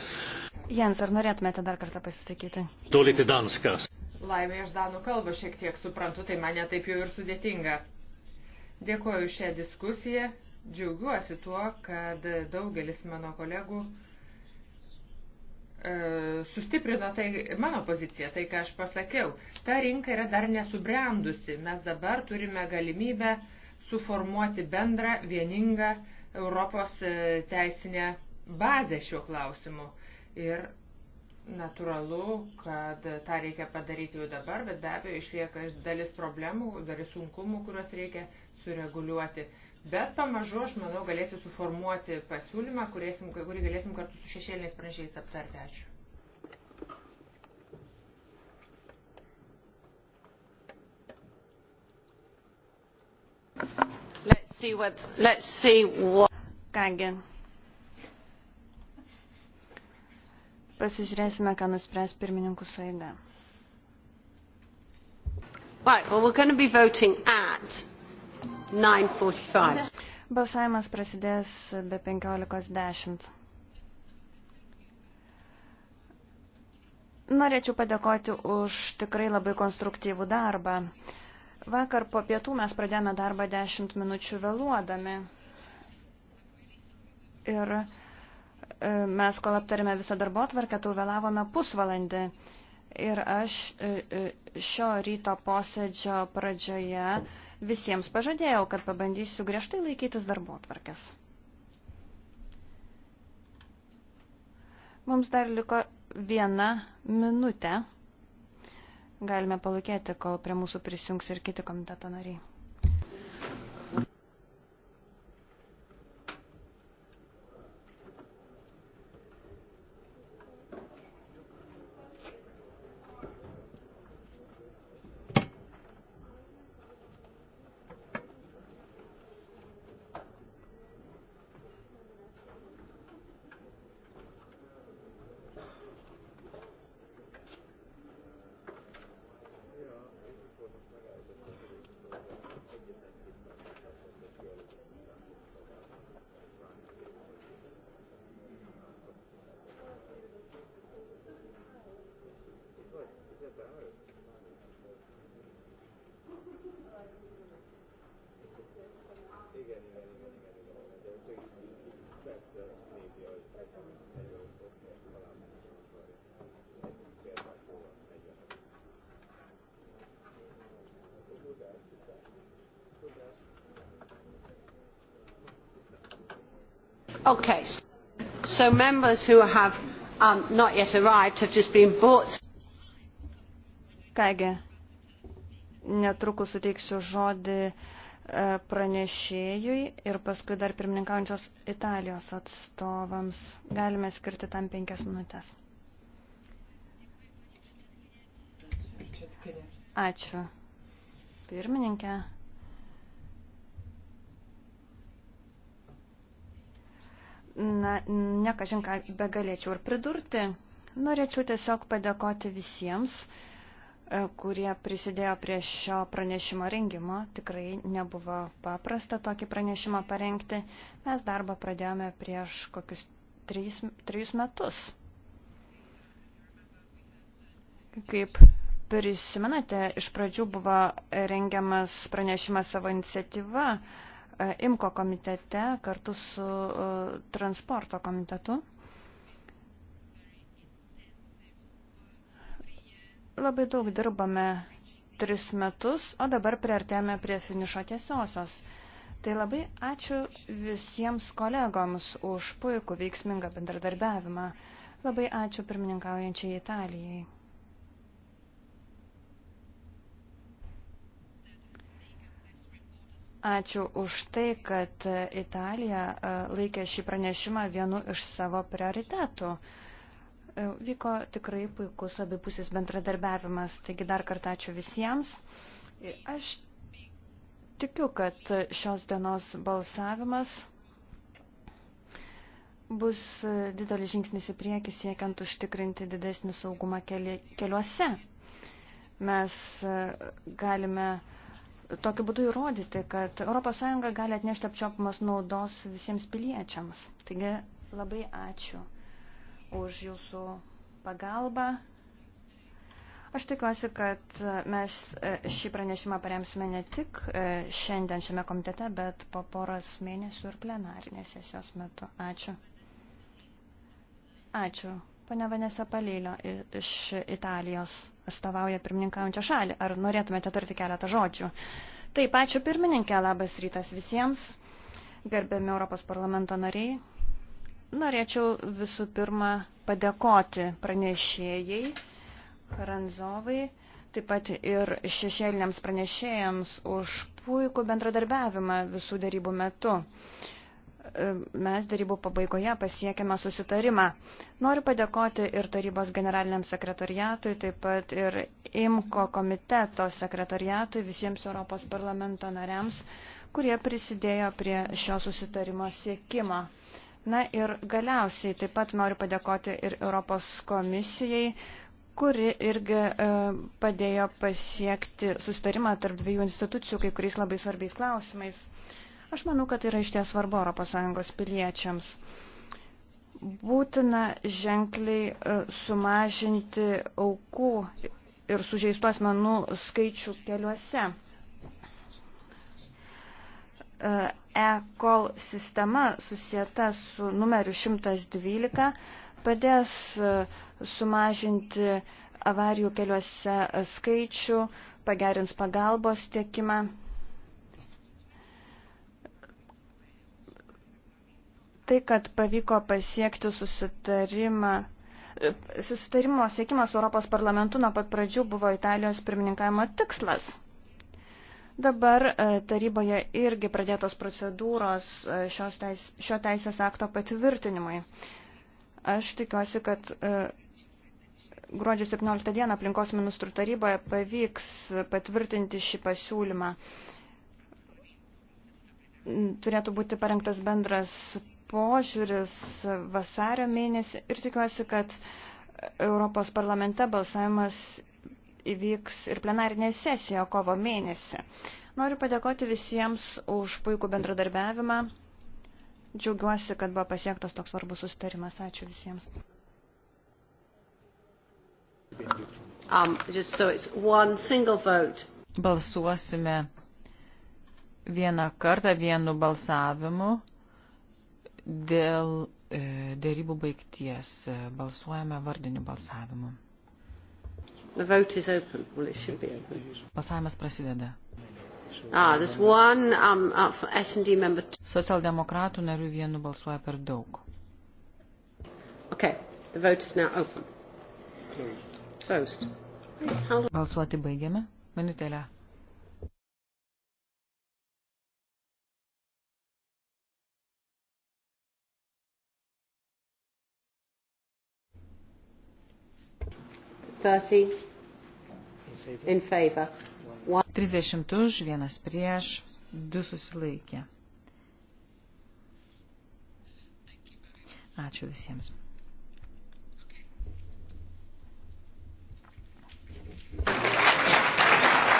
Jens, ar norėtumėte dar kartą pasisakyti? Tolyti Danskas. Laimė, aš danų kalbą šiek tiek suprantu, tai man netaip jau ir sudėtinga. Dėkuoju šią diskusiją, džiaugiuosi tuo, kad daugelis mano kolegų uh, E, sustiprino tai mano poziciją, tai ką aš pasakiau. Ta rinka yra dar nesubrendusi. Mes dabar turime galimybę suformuoti bendrą, vieningą Europos e, teisinę bazę šiuo klausimu. Ir natūralu, kad tą reikia padaryti jau dabar, bet be abejo išlieka dalis problemų, dalis sunkumų, kuriuos reikia sureguliuoti. Bet pamažu, aš manau, galėsiu suformuoti pasiūlymą, kurėsim, kurį galėsim kartu su šešėliniais pranešėjais aptarti. Ačiū. Let's see what, let's see what... Kągi. Pasižiūrėsime, ką nuspręs pirmininkų saiga. Right, well, we're going to be voting at 9.45. Balsavimas prasidės be 15.10. Norėčiau padėkoti už tikrai labai konstruktyvų darbą. Vakar po pietų mes pradėjome darbą 10 minučių vėluodami. Ir e, mes, kol aptarėme visą darbo tvarkę, tau vėlavome pusvalandį. Ir aš e, e, šio ryto posėdžio pradžioje Visiems pažadėjau, kad pabandysiu griežtai laikytis darbo tvarkės. Mums dar liko viena minutė. Galime palūkėti, kol prie mūsų prisijungs ir kiti komiteto nariai. Okay. So members who have um, not yet arrived have just been bought. Kągi, netrukus suteiksiu žodį e, pranešėjui ir paskui dar pirmininkaujančios Italijos atstovams. Galime skirti tam penkias minutės. Ačiū. Pirmininkė. Na, nekažin ką begalėčiau ir pridurti. Norėčiau tiesiog padėkoti visiems, e, kurie prisidėjo prie šio pranešimo rengimo. Tikrai nebuvo paprasta tokį pranešimą parengti. Mes darbą pradėjome prieš kokius trejus, trejus metus. Kaip prisimenate, iš pradžių buvo rengiamas pranešimas savo iniciatyva E, IMKO komitete kartu su e, transporto komitetu. Labai daug dirbame tris metus, o dabar priartėme prie finišo tiesiosios. Tai labai ačiū visiems kolegoms už puikų veiksmingą bendradarbiavimą. Labai ačiū pirmininkaujančiai Italijai. Ačiū už tai, kad e, Italija e, laikė šį pranešimą vienu iš savo prioritetų. E, vyko tikrai puikus abipusis bendradarbiavimas, taigi dar kartą ačiū visiems. Aš tikiu, kad šios dienos balsavimas bus didelis žingsnis į priekį siekiant užtikrinti didesnį saugumą keli, keliuose. Mes galime uh, tokiu būdu įrodyti, kad ES gali atnešti apčiopimas naudos visiems piliečiams. Taigi labai ačiū už jūsų pagalbą. Aš tikiuosi, kad mes e, šį pranešimą paremsime ne tik e, šiandien šiame komitete, bet po poros mėnesių ir plenarinės sesijos metu. Ačiū. Ačiū Pane Vanesa Palilio iš Italijos atstovauja pirmininkaujančią šalį. Ar norėtumėte tarti keletą žodžių? Taip, ačiū pirmininkė, labas rytas visiems, gerbiami Europos parlamento nariai. Norėčiau visų pirma padėkoti pranešėjai Karanzovai, taip pat ir šešėliniams pranešėjams už puikų bendradarbiavimą visų darybų metu. Uh, E, mes darybų pabaigoje pasiekėme susitarimą. Noriu padėkoti ir tarybos generaliniam sekretariatui, taip pat ir IMKO komiteto sekretariatui, visiems Europos parlamento nariams, kurie prisidėjo prie šio susitarimo siekimo. Na ir galiausiai taip pat noriu padėkoti ir Europos komisijai, kuri irgi e, padėjo pasiekti sustarimą tarp dviejų institucijų kai kuriais labai svarbiais klausimais. Aš manau, kad yra iš ties svarbu ES piliečiams. Būtina ženkliai e, sumažinti aukų ir sužeistų asmenų skaičių keliuose. E, e-call sistema susijęta su numeriu 112 padės e, sumažinti avarijų keliuose skaičių, pagerins pagalbos tiekimą. Tai, kad pavyko pasiekti susitarimą, susitarimo siekimas Europos parlamentu nuo pat pradžių buvo Italijos pirmininkavimo tikslas. Dabar e, taryboje irgi pradėtos procedūros e, šios teis, šio teisės akto patvirtinimui. Aš tikiuosi, kad e, gruodžio 17 dieną aplinkos ministrų taryboje pavyks patvirtinti šį pasiūlymą. Turėtų būti parengtas bendras požiūris vasario mėnesį ir tikiuosi, kad Europos parlamente balsavimas įvyks ir plenarinė sesija kovo mėnesį. Noriu padėkoti visiems už puikų bendradarbiavimą. Džiaugiuosi, kad buvo pasiektas toks svarbus sustarimas. Ačiū visiems. Um, just so it's one single vote. Balsuosime vieną kartą vienu balsavimu. Dėl e, dėrybų baigties e, balsuojame vardiniu balsavimu. Balsavimas prasideda. Ah, one, um, uh, Socialdemokratų narių vienu balsuoja per daug. Okay. The vote is now open. Closed. Balsuoti baigiame. Minutėlę. 30 in favor. 30 už, vienas prieš, du susilaikė. Ačiū visiems.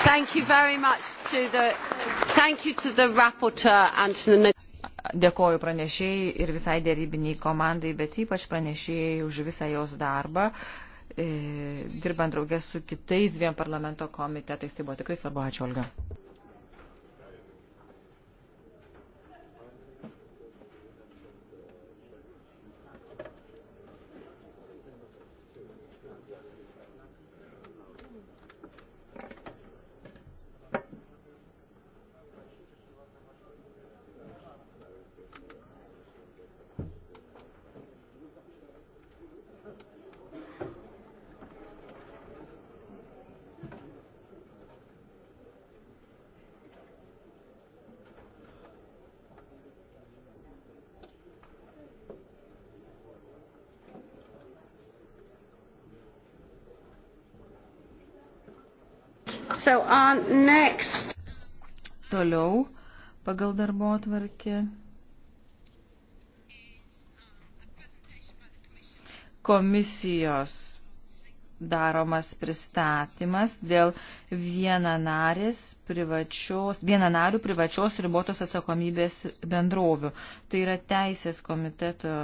Thank you very much to the, thank you to the rapporteur and to the dėkoju pranešėjai ir visai dėrybiniai komandai, bet ypač pranešėjai už visą jos darbą E, dirbant draugės su kitais dviem parlamento komitetais. Tai buvo tikrai svarbu. Ačiū, Olga. So our next. Toliau pagal darbo atvarkį. Komisijos daromas pristatymas dėl vienanarių privačios, viena privačios ribotos atsakomybės bendrovių. Tai yra teisės, komiteto,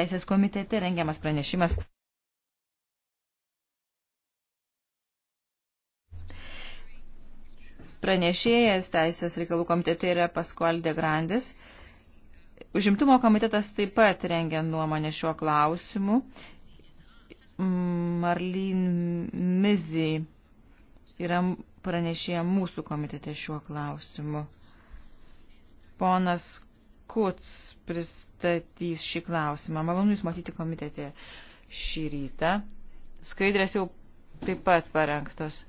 teisės komitete rengiamas pranešimas. Pranešėjas Teisės reikalų komitete yra Paskualdė Grandis. Užimtumo komitetas taip pat rengia nuomonę šiuo klausimu. Marlin Mizi yra pranešėja mūsų komitete šiuo klausimu. Ponas Kuts pristatys šį klausimą. Malonu Jūs matyti komitete šį rytą. Skaidrės jau taip pat parengtos.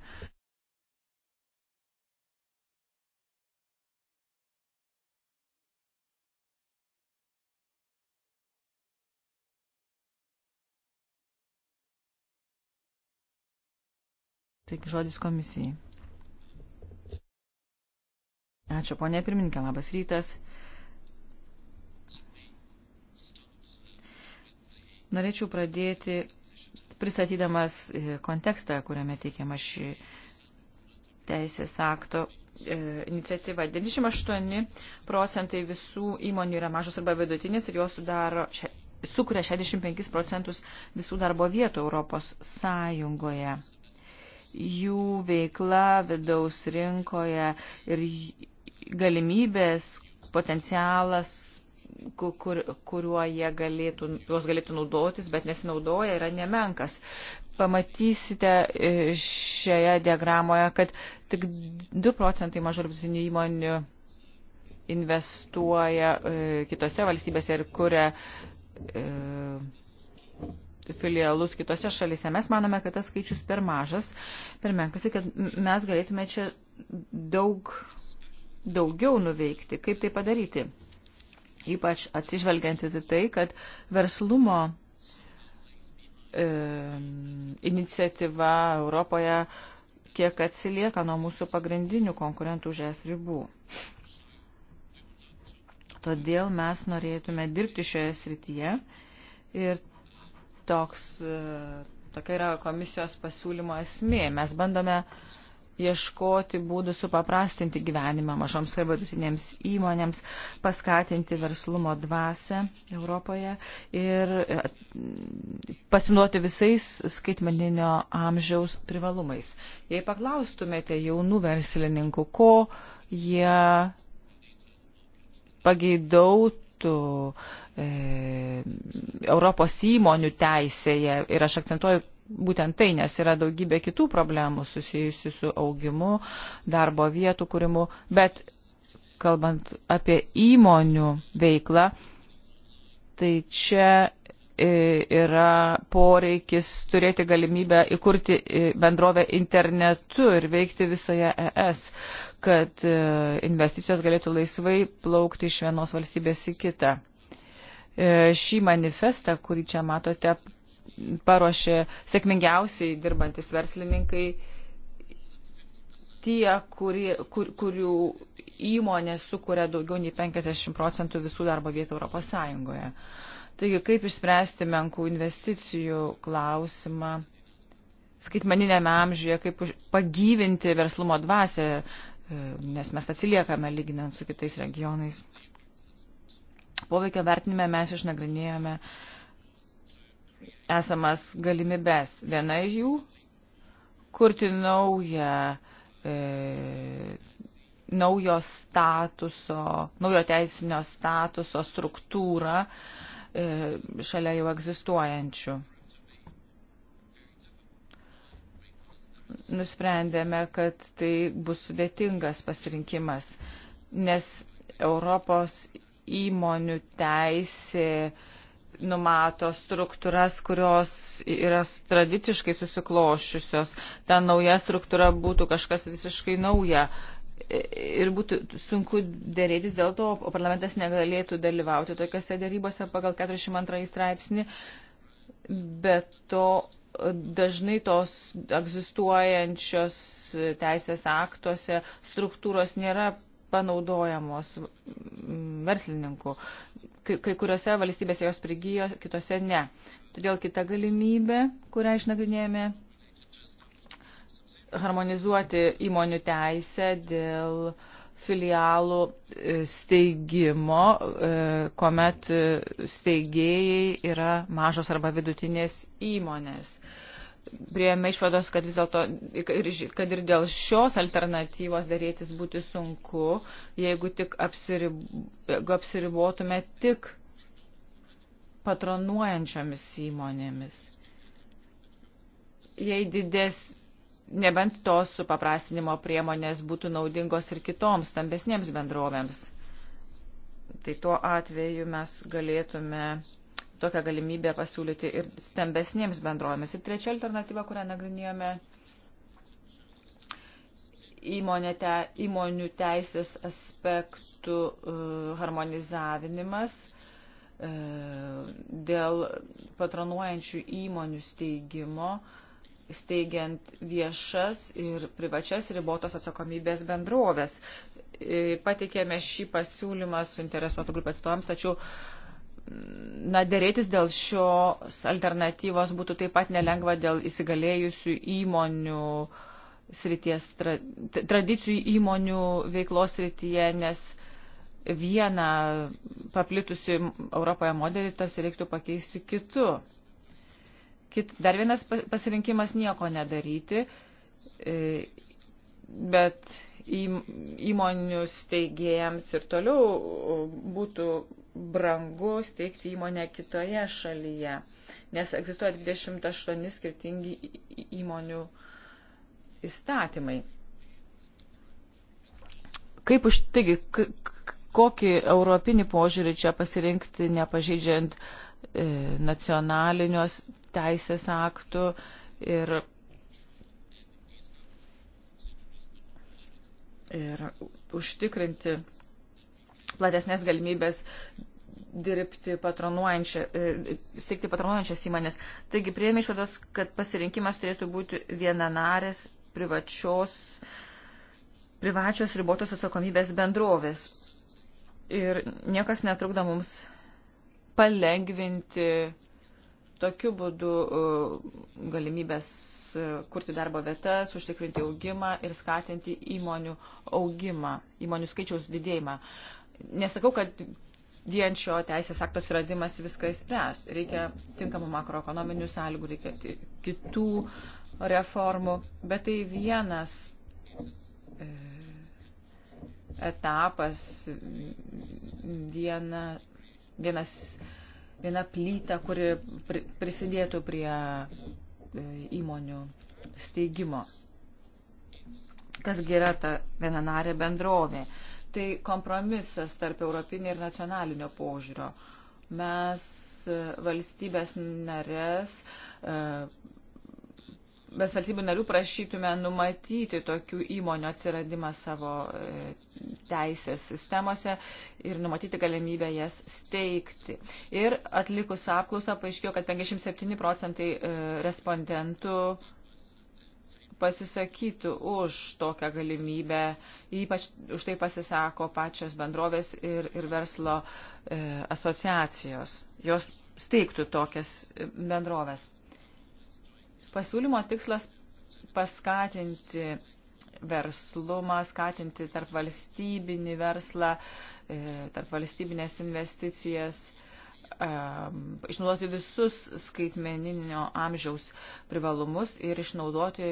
Taigi žodis komisijai. Ačiū, ponė pirmininkė, labas rytas. Norėčiau pradėti pristatydamas e, kontekstą, kuriame teikiama ši teisės akto e, iniciatyva. 98 procentai visų įmonių yra mažos arba vidutinės ir jos sudaro, sukuria 65 procentus visų darbo vietų Europos Sąjungoje jų veikla vidaus rinkoje ir galimybės, potencialas, kur, kuriuo jie galėtų, juos galėtų naudotis, bet nesinaudoja, yra nemenkas. Pamatysite e, šioje diagramoje, kad tik 2 procentai mažų vidutinių įmonių investuoja e, kitose valstybėse ir kuria e, filialus kitose šalise. Mes manome, kad tas skaičius per mažas, per menkas, kad mes galėtume čia daug, daugiau nuveikti. Kaip tai padaryti? Ypač atsižvelgiant į tai, kad verslumo e, iniciatyva Europoje kiek atsilieka nuo mūsų pagrindinių konkurentų žes ribų. Todėl mes norėtume dirbti šioje srityje ir toks, e, tokia yra komisijos pasiūlymo esmė. Mes bandome ieškoti būdų supaprastinti gyvenimą mažoms ir vidutinėms įmonėms, paskatinti verslumo dvasę Europoje ir e, pasinuoti visais skaitmeninio amžiaus privalumais. Jei paklaustumėte jaunų verslininkų, ko jie pageidautų, e, Europos įmonių teisėje ir aš akcentuoju būtent tai, nes yra daugybė kitų problemų susijusių su augimu, darbo vietų kūrimu, bet kalbant apie įmonių veiklą, tai čia e, yra poreikis turėti galimybę įkurti e, bendrovę internetu ir veikti visoje ES, kad e, investicijos galėtų laisvai plaukti iš vienos valstybės į kitą. E, šį manifestą, kurį čia matote, paruošė sėkmingiausiai dirbantis verslininkai tie, kurie, kur, kurių įmonė sukuria daugiau nei 50 procentų visų darbo vietų Europos Sąjungoje. Taigi, kaip išspręsti menkų investicijų klausimą skaitmaninėme amžiuje, kaip pagyvinti verslumo dvasę, e, nes mes atsiliekame lyginant su kitais regionais. Poveikio vertinime mes išnagrinėjome esamas galimybės. Viena iš jų - kurti naują, e, naujo statuso, naujo teisinio statuso struktūrą e, šalia jau egzistuojančių. Nusprendėme, kad tai bus sudėtingas pasirinkimas, nes Europos įmonių teisė numato struktūras, kurios yra tradiciškai susiklošiusios. Ta nauja struktūra būtų kažkas visiškai nauja. Ir būtų sunku dėrėtis dėl to, o parlamentas negalėtų dalyvauti tokiuose dėrybose pagal 42 straipsnį. Bet to dažnai tos egzistuojančios teisės aktuose struktūros nėra panaudojamos verslininkų. Kai, kai kuriuose valstybėse jos prigijo, kitose ne. Todėl kita galimybė, kurią išnagrinėjame, harmonizuoti įmonių teisę dėl filialų steigimo, e, kuomet steigėjai yra mažos arba vidutinės įmonės priėmė išvados, kad vis dėlto, kad ir dėl šios alternatyvos darytis būti sunku, jeigu tik apsirib, jeigu apsiribotume tik patronuojančiomis įmonėmis. Jei didės, nebent tos supaprastinimo priemonės būtų naudingos ir kitoms stambesniems bendrovėms, tai tuo atveju mes galėtume tokią galimybę pasiūlyti ir stambesnėms bendrovėmis. Ir trečia alternatyva, kurią nagrinėjome, įmonė te, įmonių teisės aspektų uh, e, harmonizavinimas uh, e, dėl patronuojančių įmonių steigimo, steigiant viešas ir privačias ribotos atsakomybės bendrovės. E, pateikėme šį pasiūlymą suinteresuotų grupės atstovams, tačiau uh, na, dėrėtis dėl šios alternatyvos būtų taip pat nelengva dėl įsigalėjusių įmonių srities, tra, tradicijų įmonių veiklos srityje, nes vieną paplitusi Europoje modelį tas reiktų pakeisti kitu. Kit, dar vienas pasirinkimas nieko nedaryti, e, bet įmonių steigėjams ir toliau būtų brangu steigti įmonę kitoje šalyje, nes egzistuoja 28 skirtingi įmonių įstatymai. Kaip už, taigi, kokį europinį požiūrį čia pasirinkti, nepažeidžiant e, nacionalinios teisės aktų ir ir užtikrinti platesnės galimybės dirbti patronuojančią, e, steigti patronuojančias įmonės. Taigi prieimė išvados, kad pasirinkimas turėtų būti vienanarės privačios, privačios ribotos atsakomybės bendrovės. Ir niekas netrukdo mums palengvinti tokiu būdu e, galimybės E, kurti darbo vietas, užtikrinti augimą ir skatinti įmonių augimą, įmonių skaičiaus didėjimą. Nesakau, kad vien šio teisės aktos radimas viską įspręs. Reikia tinkamų makroekonominių sąlygų, reikia kitų reformų, bet tai vienas e, etapas, viena, vienas viena plyta, kuri prisidėtų prie E, įmonių steigimo. Kasgi yra ta vienanarė bendrovė? Tai kompromisas tarp europinio ir nacionalinio požiūrio. Mes e, valstybės narės e, mes valstybių narių prašytume numatyti tokių įmonių atsiradimą savo e, teisės sistemose ir numatyti galimybę jas steigti. Ir atlikus apklausą paaiškėjo, kad 57 procentai e, respondentų pasisakytų už tokią galimybę, ypač už tai pasisako pačios bendrovės ir, ir verslo e, asociacijos. Jos steigtų tokias e, bendrovės. Pasiūlymo tikslas paskatinti verslumą, skatinti tarp valstybinį verslą, e, tarp valstybinės investicijas, e, išnaudoti visus skaitmeninio amžiaus privalumus ir išnaudoti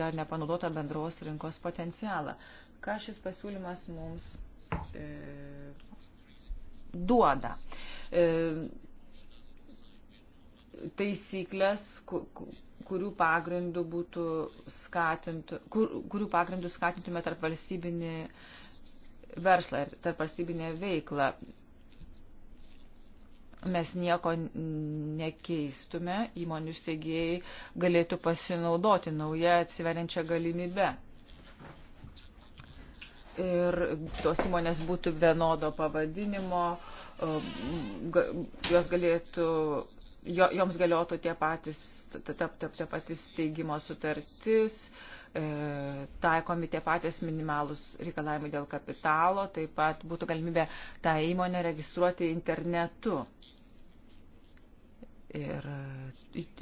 dar nepanaudotą bendros rinkos potencialą. Ką šis pasiūlymas mums e, duoda? E, taisyklės, kurių pagrindų būtų skatintų, kur, kurių pagrindų skatintume tarp valstybinį verslą ir tarp valstybinę veiklą. Mes nieko nekeistume, įmonių steigėjai galėtų pasinaudoti naują atsiveriančią galimybę. Ir tos įmonės būtų vienodo pavadinimo, um, jos galėtų jo, joms galiotų tie patys, ta, ta, ta patys steigimo sutartis, e, taikomi tie patys minimalus reikalavimai dėl kapitalo, taip pat būtų galimybė tą įmonę registruoti internetu. Ir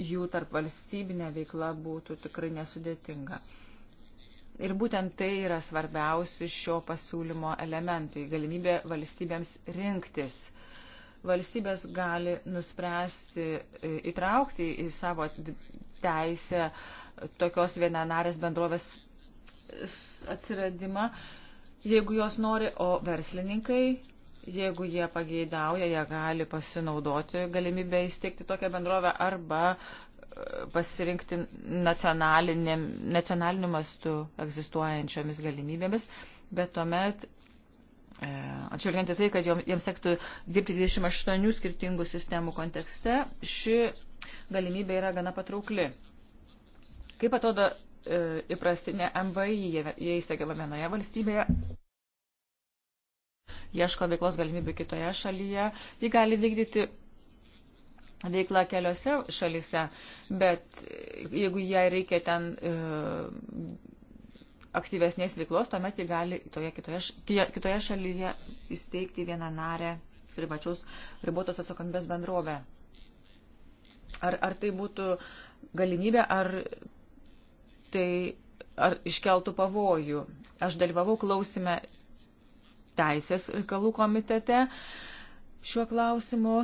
jų tarp valstybinė veikla būtų tikrai nesudėtinga. Ir būtent tai yra svarbiausi šio pasiūlymo elementai - galimybė valstybėms rinktis. E, valstybės gali nuspręsti e, įtraukti į savo teisę tokios vienanarės bendrovės atsiradimą, jeigu jos nori, o verslininkai, jeigu jie pageidauja, jie gali pasinaudoti galimybę įsteigti tokią bendrovę arba e, pasirinkti nacionaliniu mastu egzistuojančiomis galimybėmis, bet tuomet E, Atšvelgiant į tai, kad jiems sektų dirbti 28 skirtingų sistemų kontekste, ši galimybė yra gana patraukli. Kaip atrodo e, įprastinė MVI, jie įsteigiama vienoje valstybėje, ieško veiklos galimybių kitoje šalyje, ji gali vykdyti veiklą keliose šalyse, bet jeigu jai reikia ten e, aktyvesnės veiklos, tuomet jį gali toje kitoje, kitoje šalyje įsteigti vieną narę privačios ribotos atsakomybės bendrovę. Ar, ar tai būtų galimybė, ar tai ar iškeltų pavojų. Aš dalyvavau klausime Teisės reikalų komitete šiuo klausimu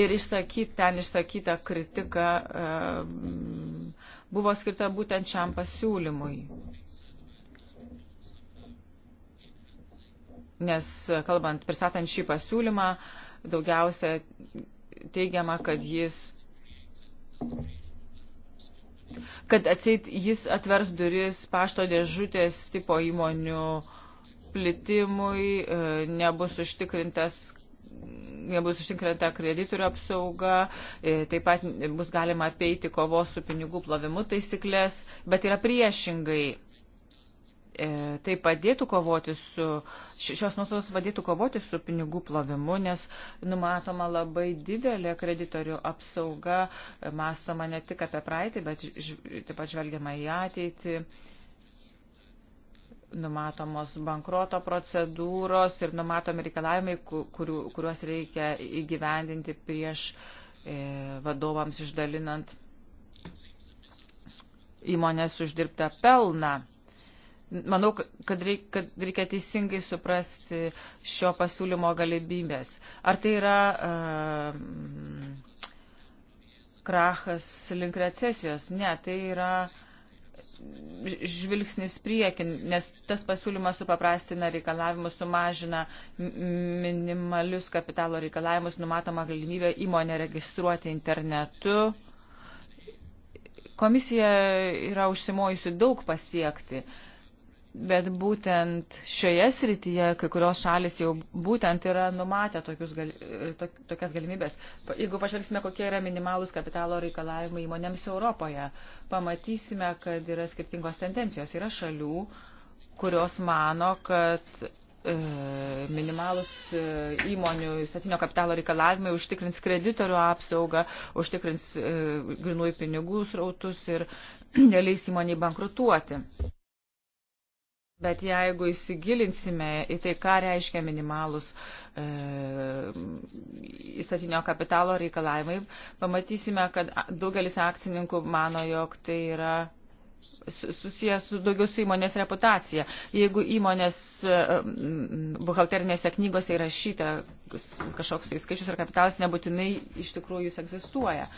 ir išsakyt, ten išsakyta kritika. Uh, buvo skirta būtent šiam pasiūlymui. Nes, kalbant, pristatant šį pasiūlymą, daugiausia teigiama, kad jis kad atseit jis atvers duris pašto dėžutės tipo įmonių plitimui, e, nebus užtikrintas nebus užtikrinta kreditorių apsauga, e, taip pat bus galima apeiti kovos su pinigų plovimu taisyklės, bet yra priešingai. E, tai padėtų kovoti su, šios nuostatos padėtų kovoti su pinigų plovimu, nes numatoma labai didelė kreditorių apsauga, mąstoma ne tik apie praeitį, bet taip pat žvelgiama į ateitį numatomos bankroto procedūros ir numatomi reikalavimai, kuriu, kuriuos reikia įgyvendinti prieš e, vadovams išdalinant įmonės uždirbtą pelną. Manau, kad reikia, kad reikia teisingai suprasti šio pasiūlymo galimybės. Ar tai yra e, krachas link recesijos? Ne, tai yra e, žvilgsnis priekin, nes tas pasiūlymas supaprastina reikalavimus, sumažina minimalius kapitalo reikalavimus, numatoma galimybė įmonę registruoti internetu. Komisija yra užsimojusi daug pasiekti. Uh, Bet būtent šioje srityje kai kurios šalis jau būtent yra numatę tokius, e, tokias galimybės. Jeigu pažvelgsime, kokie yra minimalūs kapitalo reikalavimai įmonėms Europoje, pamatysime, kad yra skirtingos tendencijos. Yra šalių, kurios mano, kad e, minimalus e, įmonių statinio kapitalo reikalavimai užtikrins kreditorių apsaugą, užtikrins e, grinųjų pinigų srautus ir neleis įmoniai bankrutuoti. Bet jeigu įsigilinsime į tai, ką reiškia minimalus e, įstatinio kapitalo reikalavimai, pamatysime, kad daugelis akcininkų mano, jog tai yra susijęs su daugiau su įmonės reputacija. Jeigu įmonės e, buhalterinėse knygose įrašyta kažkoks tai skaičius ar kapitalas, nebūtinai iš tikrųjų jis egzistuoja.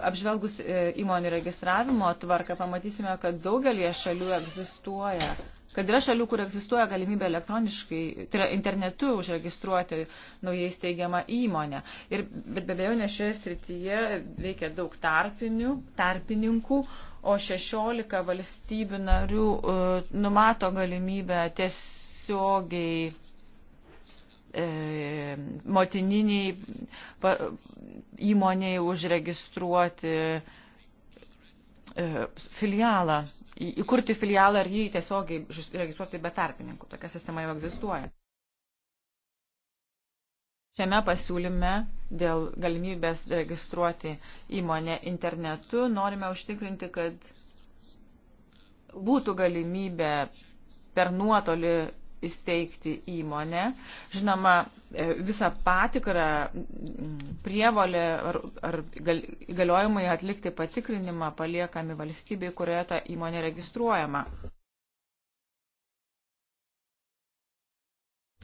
Apžvelgus e, įmonių registravimo tvarką, pamatysime, kad daugelie šalių egzistuoja uh, kad yra šalių, kur egzistuoja galimybė elektroniškai, tai yra internetu užregistruoti naujai steigiamą įmonę. Ir, bet be abejo, ne šioje srityje veikia daug tarpinių, tarpininkų, o 16 valstybių narių uh, numato galimybę tiesiogiai e, motininiai įmoniai užregistruoti uh, E, filialą, įkurti filialą ir jį tiesiogiai registruoti be tarpininkų. Tokia sistema jau egzistuoja. Šiame pasiūlyme dėl galimybės registruoti įmonę internetu norime užtikrinti, kad būtų galimybė per nuotolį įsteigti įmonę. Žinoma, e, visą patikrą prievolę ar, ar įgaliojimai atlikti patikrinimą paliekami valstybei, kurioje ta įmonė registruojama.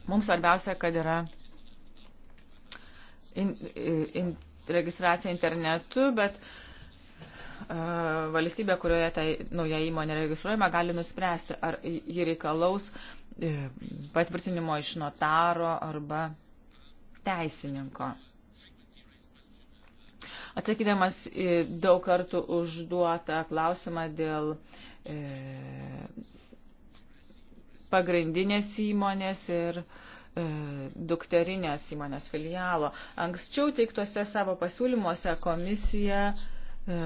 Mums svarbiausia, kad yra in, in, registracija internetu, bet e, valstybė, kurioje tai nauja įmonė registruojama, gali nuspręsti, ar ji reikalaus E, patvirtinimo iš notaro arba teisininko. Atsakydamas daug kartų užduotą klausimą dėl e, pagrindinės įmonės ir e, dukterinės įmonės filialo. Anksčiau teiktuose savo pasiūlymuose komisija e,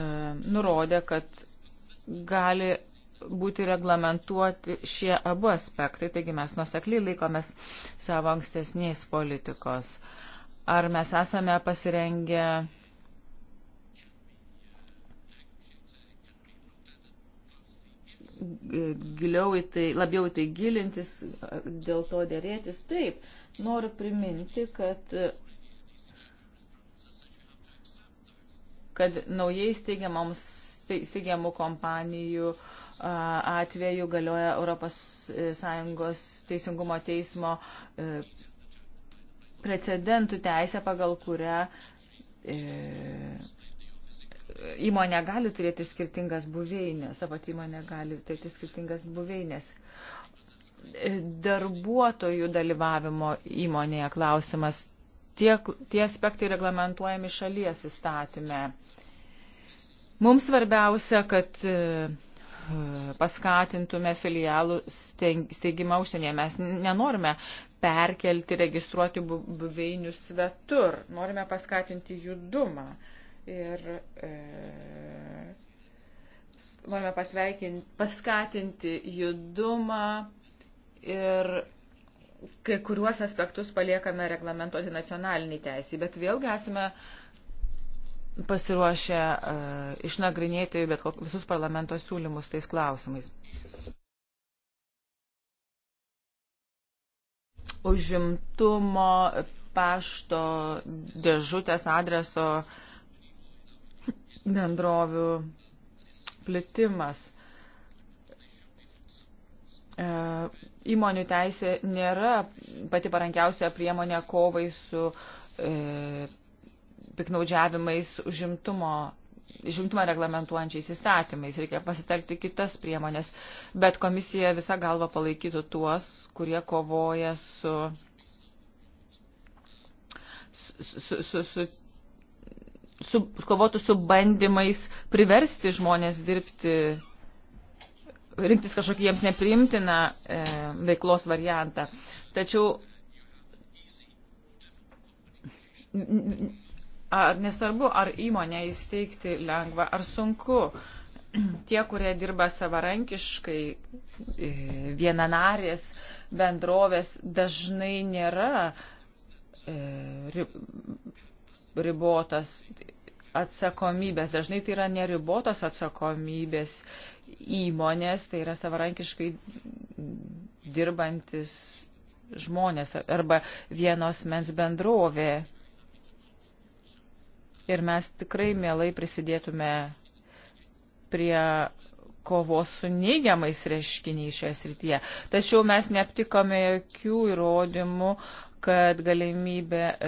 nurodė, kad gali būti reglamentuoti šie abu aspektai, taigi mes nusekliai laikomės savo ankstesnės politikos. Ar mes esame pasirengę giliau į tai, labiau į tai gilintis, dėl to dėrėtis. Taip, noriu priminti, kad, kad naujai steigiamų kompanijų uh, atveju galioja ES e, teisingumo teismo e, precedentų teisė, pagal kurią e, įmonė gali turėti skirtingas buveinės, ta pati įmonė gali turėti skirtingas buveinės. Darbuotojų dalyvavimo įmonėje klausimas. Tie, tie aspektai reglamentuojami šalies įstatyme. Mums svarbiausia, kad paskatintume filialų steigimą užsienyje. Mes nenorime perkelti, registruoti buveinių svetur, norime paskatinti judumą. Ir e, norime paskatinti judumą ir kai kuriuos aspektus paliekame reglamentuoti nacionaliniai teisiai, bet vėlgi esame e, pasiruošę e, išnagrinėti bet kok, visus parlamento siūlymus tais klausimais. Užimtumo pašto dėžutės adreso bendrovių plitimas. E, įmonių teisė nėra pati parankiausia priemonė kovai su e, piknaudžiavimais užimtumo žimtumą reglamentuojančiais įstatymais, reikia pasitelkti kitas priemonės, bet komisija visą galvą palaikytų tuos, kurie kovoja su, su, su, su, su kovotų su bandymais priversti žmonės dirbti, rinktis kažkokį jiems nepriimtiną e, veiklos variantą. Tačiau ar nesvarbu, ar įmonę įsteigti lengva ar sunku. Tie, kurie dirba savarankiškai, e, vienanarės bendrovės dažnai nėra e, ribotas atsakomybės. Dažnai tai yra neribotos atsakomybės įmonės, tai yra savarankiškai dirbantis žmonės arba vienos mens bendrovė ir mes tikrai mielai prisidėtume prie kovos su neigiamais reiškiniais šioje srityje. Tačiau mes neaptikome jokių įrodymų, kad galimybė e,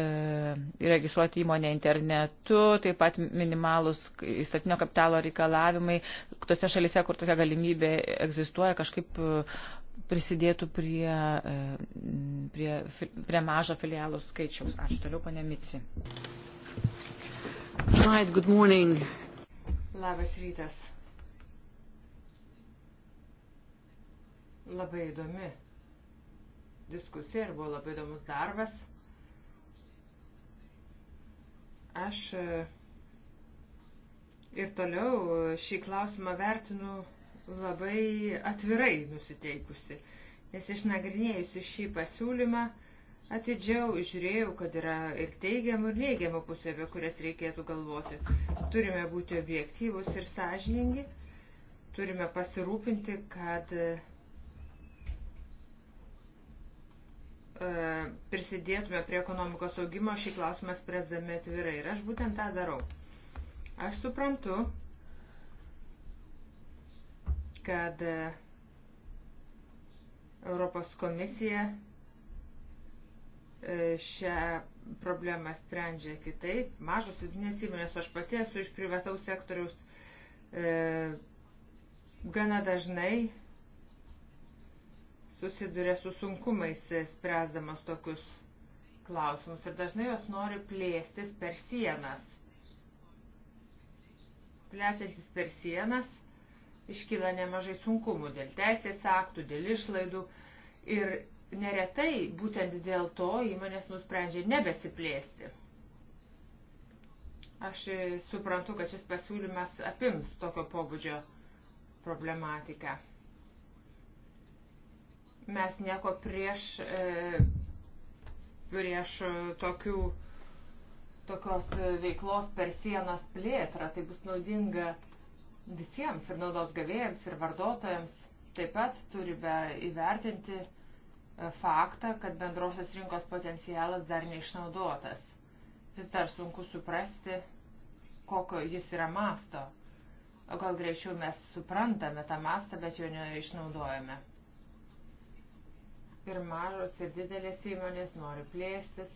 registruoti įmonę internetu, taip pat minimalus įstatinio kapitalo reikalavimai, tose šalise, kur tokia galimybė egzistuoja, kažkaip e, prisidėtų prie, e, prie, prie mažo filialų skaičiaus. Ačiū toliau, pane Mici. Right, good morning. Labas rytas. Labai įdomi diskusija ir buvo labai įdomus darbas. Aš e, ir toliau e, šį klausimą vertinu labai atvirai nusiteikusi, nes išnagrinėjusi šį pasiūlymą, Atidžiau žiūrėjau, kad yra ir teigiamų, ir neigiamų pusė, apie kurias reikėtų galvoti. Turime būti objektyvus ir sąžiningi, turime pasirūpinti, kad e, prisidėtume prie ekonomikos augimo šį klausimą spręsdami atvirai. Ir aš būtent tą darau. Aš suprantu, kad e, Europos komisija E, šią problemą sprendžia kitaip. Mažos vidinės įmonės, aš pati esu iš privataus sektoriaus, e, gana dažnai susiduria su sunkumais spręsdamas tokius klausimus ir dažnai jos nori plėstis per sienas. Plečiantis per sienas iškyla nemažai sunkumų dėl teisės aktų, dėl išlaidų ir neretai būtent dėl to įmonės nusprendžia nebesiplėsti. Aš suprantu, kad šis pasiūlymas apims tokio pobūdžio problematiką. Mes nieko prieš, e, prieš tokių, tokios veiklos per sienas plėtrą. Tai bus naudinga visiems ir naudos gavėjams ir vardotojams. Taip pat turime įvertinti faktą, kad bendrosios rinkos potencialas dar neišnaudotas. Vis dar sunku suprasti, kokio jis yra masto. O gal greičiau mes suprantame tą mastą, bet jo neišnaudojame. Ir mažos, ir didelės įmonės nori plėstis,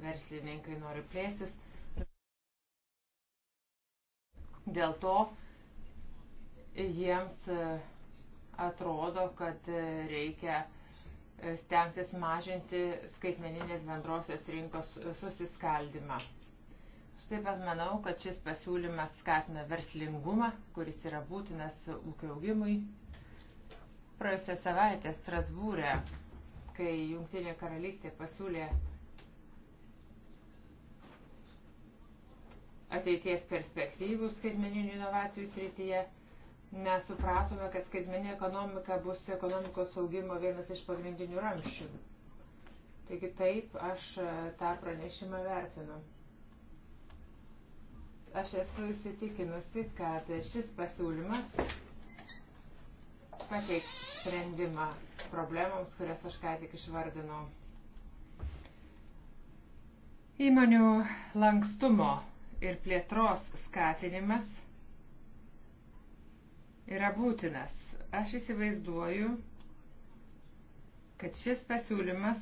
verslininkai nori plėstis. Dėl to jiems e, atrodo, kad e, reikia uh, stengtis mažinti skaitmeninės bendrosios rinkos susiskaldimą. Aš taip pat manau, kad šis pasiūlymas skatina verslingumą, kuris yra būtinas ūkio augimui. Praėjusią savaitę Strasbūrė, kai Junktinė karalystė pasiūlė ateities perspektyvų skaitmeninių inovacijų srityje, mes supratome, kad skaitmeninė ekonomika bus ekonomikos augimo vienas iš pagrindinių ramščių. Taigi taip, aš e, tą pranešimą vertinu. Aš esu įsitikinusi, kad šis pasiūlymas pateiks sprendimą problemams, kurias aš ką tik išvardinau. Įmonių lankstumo ir plėtros skatinimas – yra būtinas. Aš įsivaizduoju, kad šis pasiūlymas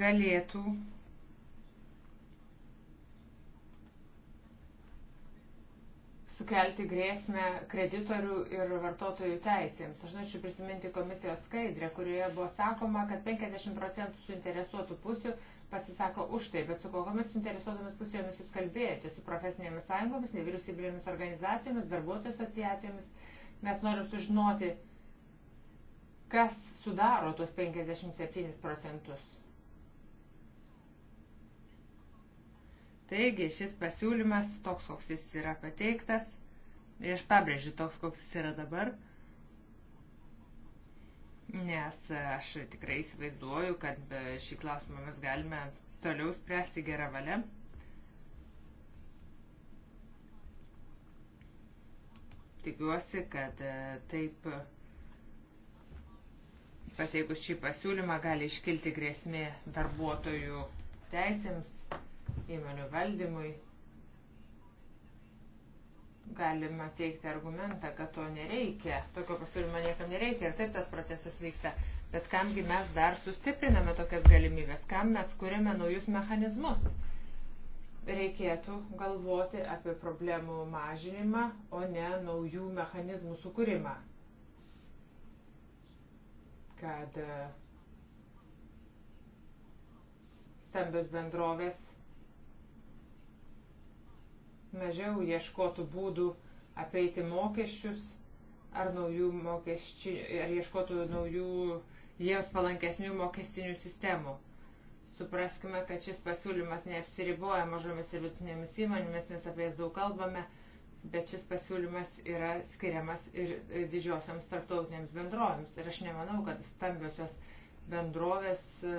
galėtų sukelti grėsmę kreditorių ir vartotojų teisėms. Aš norėčiau prisiminti komisijos skaidrę, kurioje buvo sakoma, kad 50 procentų suinteresuotų pusių pasisako už tai, bet su kokiamis suinteresuotomis pusėmis jūs kalbėjote, su profesinėmis sąjungomis, nevyriausybinėmis organizacijomis, darbuotojų asociacijomis. Mes norim sužinoti, kas sudaro tos 57 procentus. Taigi šis pasiūlymas, toks koks jis yra pateiktas, ir aš pabrėžiu toks koks jis yra dabar, nes aš tikrai įsivaizduoju, kad šį klausimą mes galime toliau spręsti gerą valią. Tikiuosi, kad e, taip pateikus šį pasiūlymą gali iškilti grėsmė darbuotojų teisėms, įmonių valdymui galima teikti argumentą, kad to nereikia, tokio pasiūlymo niekam nereikia ir taip tas procesas vyksta. Bet kamgi mes dar sustipriname tokias galimybės, kam mes kuriame naujus mechanizmus. Reikėtų galvoti apie problemų mažinimą, o ne naujų mechanizmų sukūrimą. Kad e, stambios bendrovės mažiau ieškotų būdų apeiti mokesčius ar, mokesčių, ar ieškotų naujų jiems palankesnių mokestinių sistemų. Supraskime, kad šis pasiūlymas neapsiriboja mažomis ir vidutinėmis įmonėmis, nes apie jas daug kalbame, bet šis pasiūlymas yra skiriamas ir didžiosiams tarptautinėms bendrovėms. Ir aš nemanau, kad stambiosios bendrovės e,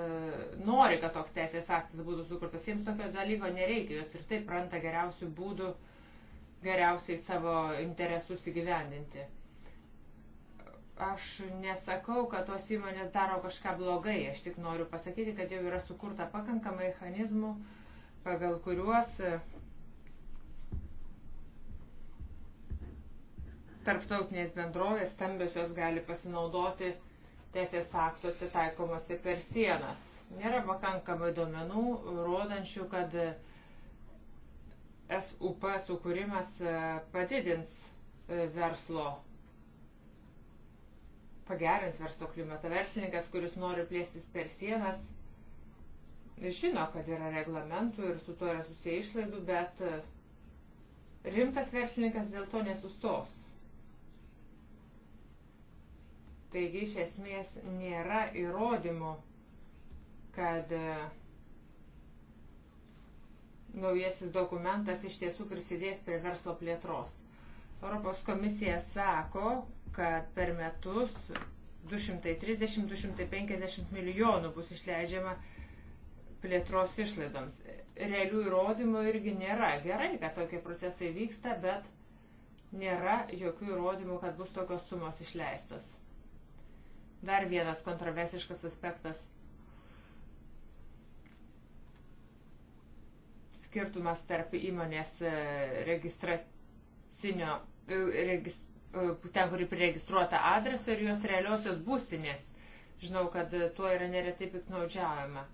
nori, kad toks teisės aktas būtų sukurtas. Jiems tokio dalyko nereikia, jos ir taip randa geriausių būdų geriausiai savo interesus įgyvendinti. Aš nesakau, kad tos įmonės daro kažką blogai, aš tik noriu pasakyti, kad jau yra sukurta pakankamai mechanizmų, pagal kuriuos e, tarptautinės bendrovės stambiosios gali pasinaudoti uh, teisės aktuose taikomasi per sienas. Nėra pakankamai duomenų, rodančių, kad SUP sukūrimas e, padidins e, verslo, pagerins verslo klimatą. Verslininkas, kuris nori plėstis per sienas, žino, kad yra reglamentų ir su tuo yra susiję išlaidų, bet e, rimtas verslininkas dėl to nesustos Taigi iš esmės nėra įrodymų, kad e, naujasis dokumentas iš tiesų prisidės prie verslo plėtros. Europos komisija sako, kad per metus 230-250 milijonų bus išleidžiama plėtros išlaidoms. Realių įrodymų irgi nėra. Gerai, kad tokie procesai vyksta, bet nėra jokių įrodymų, kad bus tokios sumos išleistos. Dar vienas kontroversiškas aspektas. Skirtumas tarp įmonės e, registracinio, e, regis, e, ten, kuri priregistruota adreso ir jos realiosios būstinės. Žinau, kad tuo yra neretai piknaudžiaujama.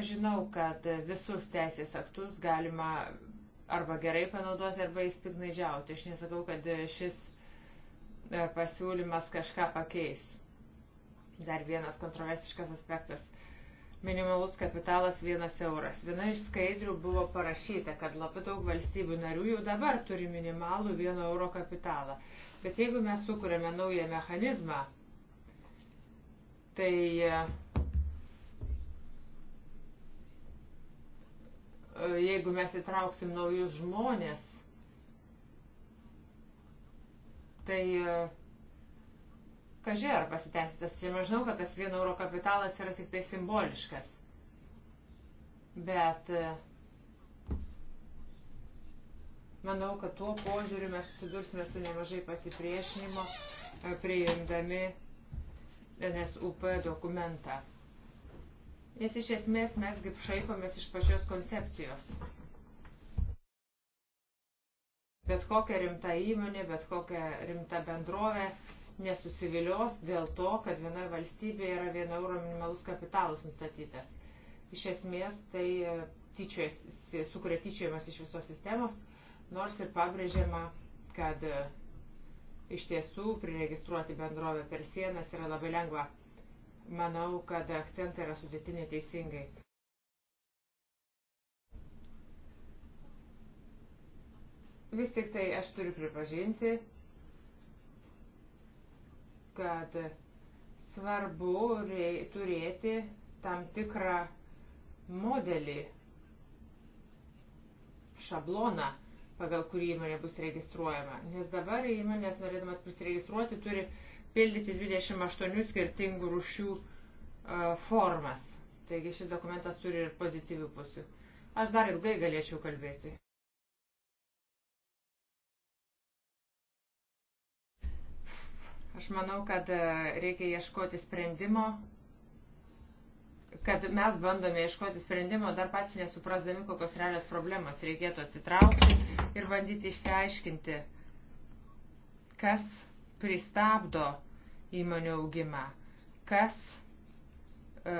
Aš žinau, kad visus teisės aktus galima arba gerai panaudoti, arba jais piknaidžiauti. Aš nesakau, kad šis pasiūlymas kažką pakeis. Dar vienas kontroversiškas aspektas. Minimalus kapitalas vienas euras. Viena iš skaidrių buvo parašyta, kad labai daug valstybių narių jau dabar turi minimalų vieno euro kapitalą. Bet jeigu mes sukūrėme naują mechanizmą, tai e, jeigu mes įtrauksim naujus žmonės, tai uh, Kažiai ar pasitęstas, čia žinau, kad tas vieno euro kapitalas yra tik tai simboliškas. Bet e, manau, kad tuo požiūriu mes susidursime su nemažai pasipriešinimo e, priimdami NSUP dokumentą. Nes iš esmės mes kaip šaipomės iš pačios koncepcijos. Bet kokia rimta įmonė, bet kokia rimta bendrovė nesusivilios dėl to, kad vienoje valstybėje yra vieno euro minimalus kapitalas nustatytas. Iš esmės tai e, tyčiojas, sukuria tyčiojimas iš visos sistemos, nors ir pabrėžiama, kad e, iš tiesų priregistruoti bendrovę per sienas yra labai lengva. Manau, kad akcentai yra sudėtiniai teisingai. Vis tik tai aš turiu pripažinti, kad svarbu turėti tam tikrą modelį, šabloną, pagal kurį įmonė bus registruojama. Nes dabar įmonės, norėdamas prisiregistruoti, turi pildyti 28 skirtingų rušių e, formas. Taigi šis dokumentas turi ir pozityvių pusių. Aš dar ilgai galėčiau kalbėti. Aš manau, kad e, reikia ieškoti sprendimo, kad mes bandome ieškoti sprendimo, dar pats nesuprasdami, kokios realios problemos reikėtų atsitraukti ir bandyti išsiaiškinti, kas pristabdo įmonių augimą, kas e,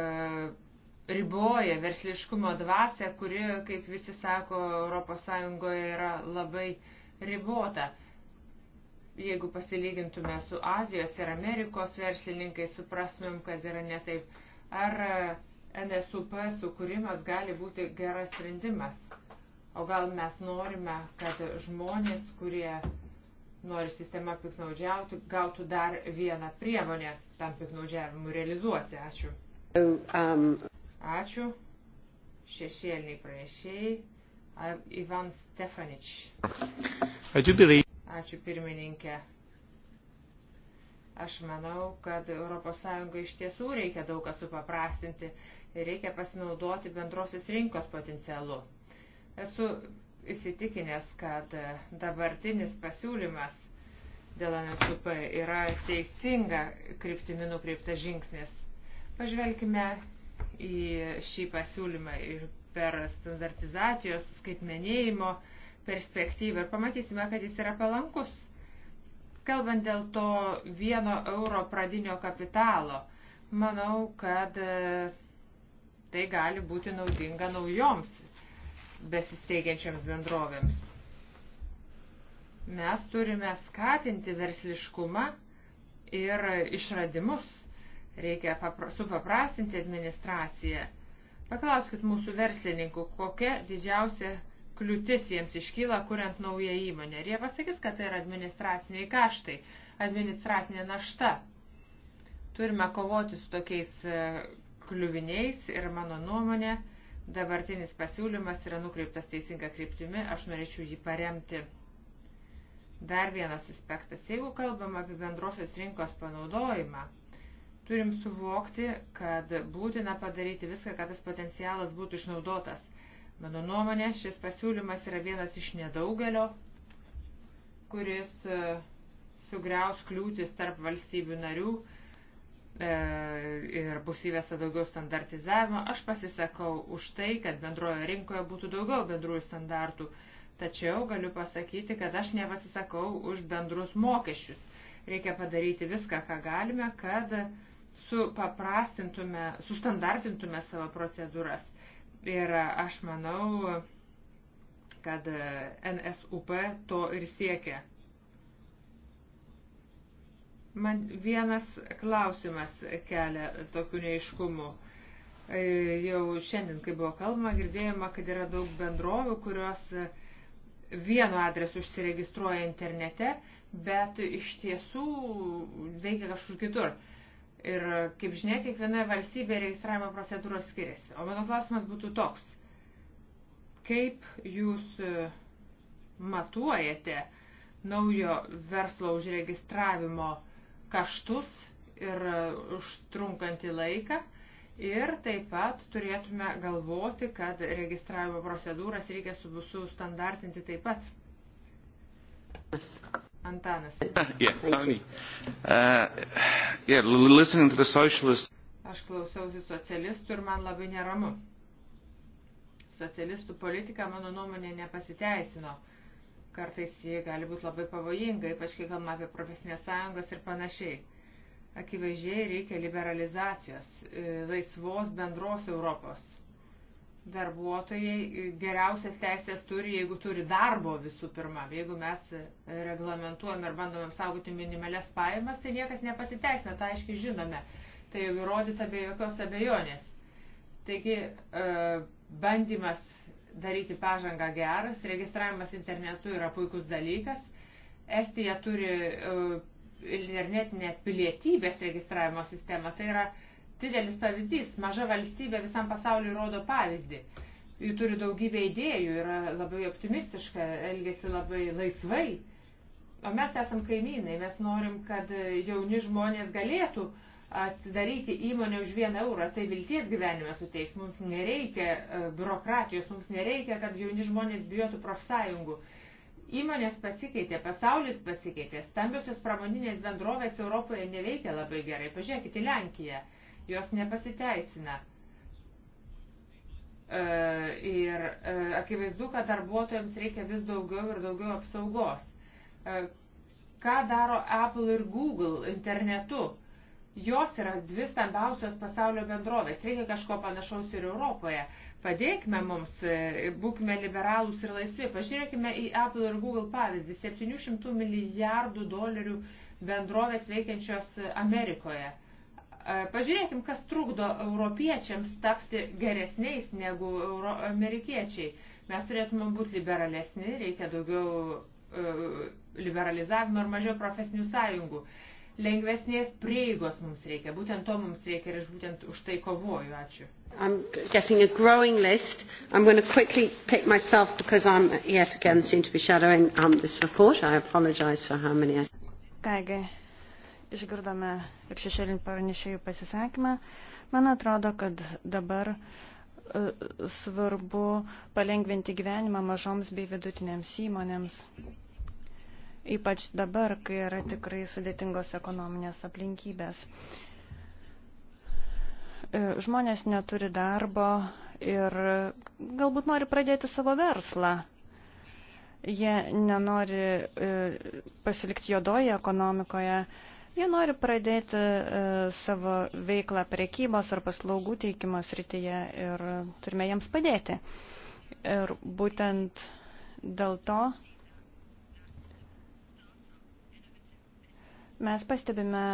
riboja versliškumo dvasę, kuri, kaip visi sako, ES yra labai ribota jeigu pasilygintume su Azijos ir Amerikos verslininkais, suprastumėm, kad yra netaip. Ar e, NSUP sukūrimas gali būti geras sprendimas? O gal mes norime, kad žmonės, kurie nori sistemą piknaudžiauti, gautų dar vieną priemonę tam piknaudžiavimui realizuoti? Ačiū. Um, Ačiū. Šešėliniai pranešėjai. Ivan Stefanič. Ačiū, Bilai. Ačiū pirmininkė. Aš manau, kad ES iš tiesų reikia daug ką supaprastinti ir reikia pasinaudoti bendrosios rinkos potencialu. Esu įsitikinęs, kad dabartinis pasiūlymas dėl NSUP yra teisinga kryptimi nukreiptas žingsnis. Pažvelkime į šį pasiūlymą ir per standartizacijos skaitmenėjimo uh, perspektyvą ir pamatysime, kad jis yra palankus. Kalbant dėl to vieno euro pradinio kapitalo, manau, kad e, tai gali būti naudinga naujoms besisteigiančiams bendrovėms. Mes turime skatinti versliškumą ir išradimus. Reikia supaprastinti administraciją. Paklauskit mūsų verslininkų, kokia didžiausia kliūtis jiems iškyla, kuriant naują įmonę. Ir jie pasakys, kad tai yra administraciniai kaštai, administracinė našta. Turime kovoti su tokiais e, kliuviniais ir mano nuomonė, dabartinis pasiūlymas yra nukreiptas teisinga kryptimi, aš norėčiau jį paremti. Dar vienas aspektas, jeigu kalbam apie bendrosios rinkos panaudojimą, turim suvokti, kad būtina padaryti viską, kad tas potencialas būtų išnaudotas. Mano nuomonė, šis pasiūlymas yra vienas iš nedaugelio, kuris e, sugriaus kliūtis tarp valstybių narių e, ir bus įvesta daugiau standartizavimo. Aš pasisakau už tai, kad bendrojo rinkoje būtų daugiau bendrųjų standartų, tačiau galiu pasakyti, kad aš nepasisakau už bendrus mokesčius. Reikia padaryti viską, ką galime, kad supaprastintume, sustandartintume savo procedūras. Ir e, aš manau, kad e, NSUP to ir siekia. Man vienas klausimas kelia tokių neiškumų. E, jau šiandien, kai buvo kalbama, girdėjome, kad yra daug bendrovių, kurios vienu adresu užsiregistruoja internete, bet iš tiesų veikia kažkur kitur. Ir kaip žinia, kiekviena valstybė registravimo procedūros skiriasi. O mano klausimas būtų toks. Kaip jūs e, matuojate naujo verslo užregistravimo kaštus ir e, užtrunkantį laiką? Ir taip pat turėtume galvoti, kad registravimo procedūras reikia su visų standartinti taip pat. Antanas. Yeah, Tony. Uh, yeah, listening to the socialists. Aš klausiausi socialistų ir man labai neramu. Socialistų politika, mano nuomonė, nepasiteisino. Kartais ji gali būti labai pavojinga, ypač kai kalbame apie profesinės sąjungas ir panašiai. Akivaizdžiai reikia liberalizacijos, e, laisvos bendros Europos darbuotojai geriausias teisės turi, jeigu turi darbo visų pirma. Jeigu mes reglamentuojam ir bandom apsaugoti minimalias pajamas, tai niekas nepasiteisina, tai aiškiai žinome. Tai jau įrodyta be jokios abejonės. Taigi e, bandymas daryti pažangą geras, registravimas internetu yra puikus dalykas. Estija turi e, internetinę pilietybės registravimo sistemą. Tai yra uh, didelis pavyzdys. Maža valstybė visam pasauliu rodo pavyzdį. Ji turi daugybę idėjų, yra labai optimistiška, elgesi labai laisvai. O mes esam kaimynai, mes norim, kad jauni žmonės galėtų atidaryti įmonę už vieną eurą. Tai vilties gyvenime suteiks. Mums nereikia e, biurokratijos, mums nereikia, kad jauni žmonės bijotų profsąjungų. Įmonės pasikeitė, pasaulis pasikeitė, stambiosios pramoninės bendrovės Europoje neveikia labai gerai. Pažiūrėkite į Lenkiją jos nepasiteisina. E, ir e, akivaizdu, kad darbuotojams reikia vis daugiau ir daugiau apsaugos. E, ką daro Apple ir Google internetu? Jos yra dvi stambiausios pasaulio bendrovės. Reikia kažko panašaus ir Europoje. Padėkime mums, būkime liberalūs ir laisvi. Pažiūrėkime į Apple ir Google pavyzdį. 700 milijardų dolerių bendrovės veikiančios Amerikoje. Uh, E, pažiūrėkim, kas trukdo europiečiams tapti geresniais negu amerikiečiai. Mes turėtume būti liberalesni, reikia daugiau e, liberalizavimo ir mažiau profesinių sąjungų. Lengvesnės prieigos mums reikia, būtent to mums reikia ir aš būtent už tai kovoju. Ačiū. I'm getting a growing list. I'm going to quickly pick myself because I'm yet again seem to be shadowing um, this report. I apologize for how many I... Taigi, Išgirdome ir šešėlinį pranešėjų pasisakymą. Man atrodo, kad dabar e, svarbu palengventi gyvenimą mažoms bei vidutinėms įmonėms. Ypač dabar, kai yra tikrai sudėtingos ekonominės aplinkybės. E, žmonės neturi darbo ir galbūt nori pradėti savo verslą. Jie nenori e, pasilikti jodoje ekonomikoje, Jie nori pradėti e, savo veiklą prekybos ar paslaugų teikimo srityje ir turime jiems padėti. Ir būtent dėl to mes pastebime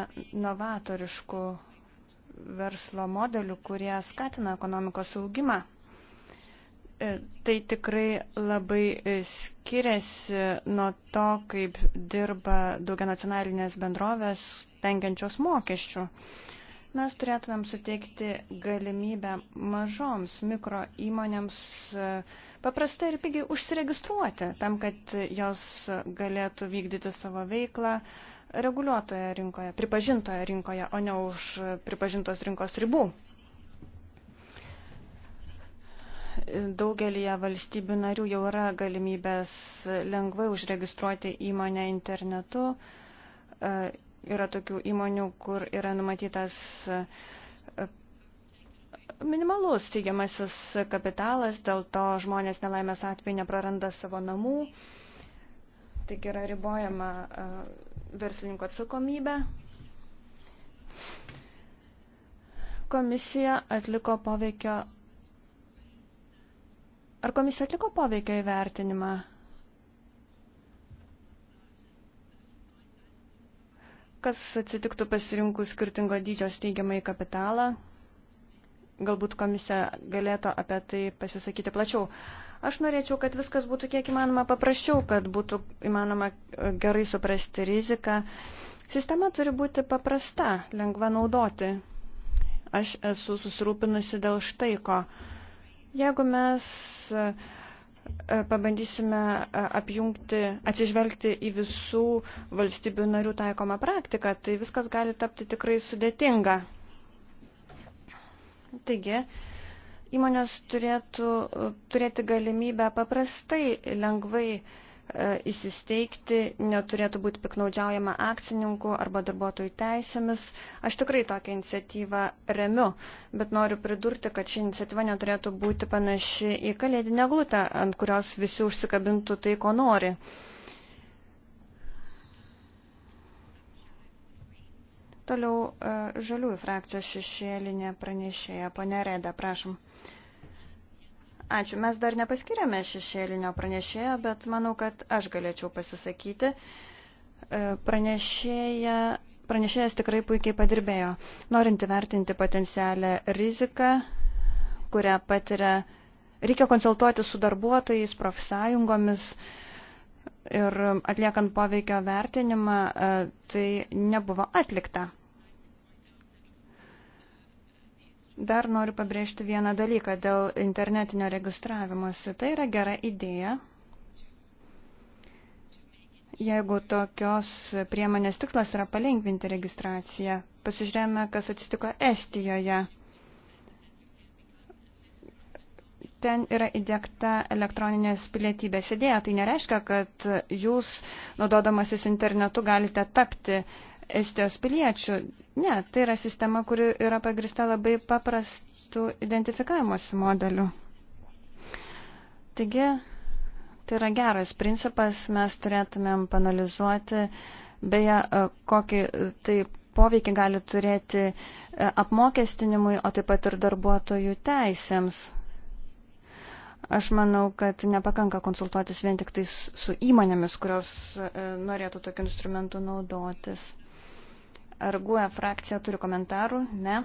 novatoriškų verslo modelių, kurie skatina ekonomikos augimą. E, tai tikrai labai e, skiriasi nuo to, kaip dirba daugia nacionalinės bendrovės tenkiančios mokesčių. Mes turėtumėm suteikti galimybę mažoms mikro įmonėms e, paprastai ir pigiai užsiregistruoti, tam, kad jos galėtų vykdyti savo veiklą reguliuotoje rinkoje, pripažintoje rinkoje, o ne už pripažintos rinkos ribų. daugelie valstybių narių jau yra galimybės lengvai užregistruoti įmonę internetu. E, yra tokių įmonių, kur yra numatytas e, minimalus teigiamasis kapitalas, dėl to žmonės nelaimės atveju nepraranda savo namų. Tik yra ribojama e, verslininko atsakomybė. Komisija atliko poveikio Ar komisija atliko poveikio įvertinimą? Kas atsitiktų pasirinkus skirtingo dydžio steigiamai kapitalą? Galbūt komisija galėtų apie tai pasisakyti plačiau. Aš norėčiau, kad viskas būtų kiek įmanoma paprasčiau, kad būtų įmanoma e, gerai suprasti riziką. Sistema turi būti paprasta, lengva naudoti. Aš esu susirūpinusi dėl štaiko. ko Jeigu mes e, e, pabandysime e, apjungti, atsižvelgti į visų valstybių narių taikomą praktiką, tai viskas gali tapti tikrai sudėtinga. Taigi, įmonės turėtų turėti galimybę paprastai, lengvai E, įsisteigti, neturėtų būti piknaudžiaujama akcininkų arba darbuotojų teisėmis. Aš tikrai tokią iniciatyvą remiu, bet noriu pridurti, kad ši iniciatyva neturėtų būti panaši į kalėdinę glutę, ant kurios visi užsikabintų tai, ko nori. Toliau e, žaliųjų frakcijos šešėlinė pranešėja, ponė Reda, prašom. Uh, Ačiū. Mes dar nepaskiriame šešėlinio pranešėjo, bet manau, kad aš galėčiau pasisakyti. E, pranešėja, pranešėjas tikrai puikiai padirbėjo. Norint įvertinti potencialę riziką, kurią patiria, reikia konsultuoti su darbuotojais, profsąjungomis ir atliekant poveikio vertinimą, e, tai nebuvo atlikta. Dar noriu pabrėžti vieną dalyką dėl internetinio registravimuose. Tai yra gera idėja. Jeigu tokios priemonės tikslas yra palengvinti registraciją, pasižiūrėjome, kas atsitiko Estijoje. Ten yra įdėkta elektroninės pilietybės idėja. Tai nereiškia, kad jūs, naudodamasis internetu, galite tapti Estijos piliečių. Ne, tai yra sistema, kuri yra pagrista labai paprastų identifikavimosi modelių. Taigi, tai yra geras principas, mes turėtumėm panalizuoti, beje, e, kokį tai poveikį gali turėti e, apmokestinimui, o taip pat ir darbuotojų teisėms. Aš manau, kad nepakanka konsultuotis vien tik tais su įmonėmis, kurios e, norėtų tokiu instrumentu naudotis. Ar GUE frakcija turi komentarų? Ne.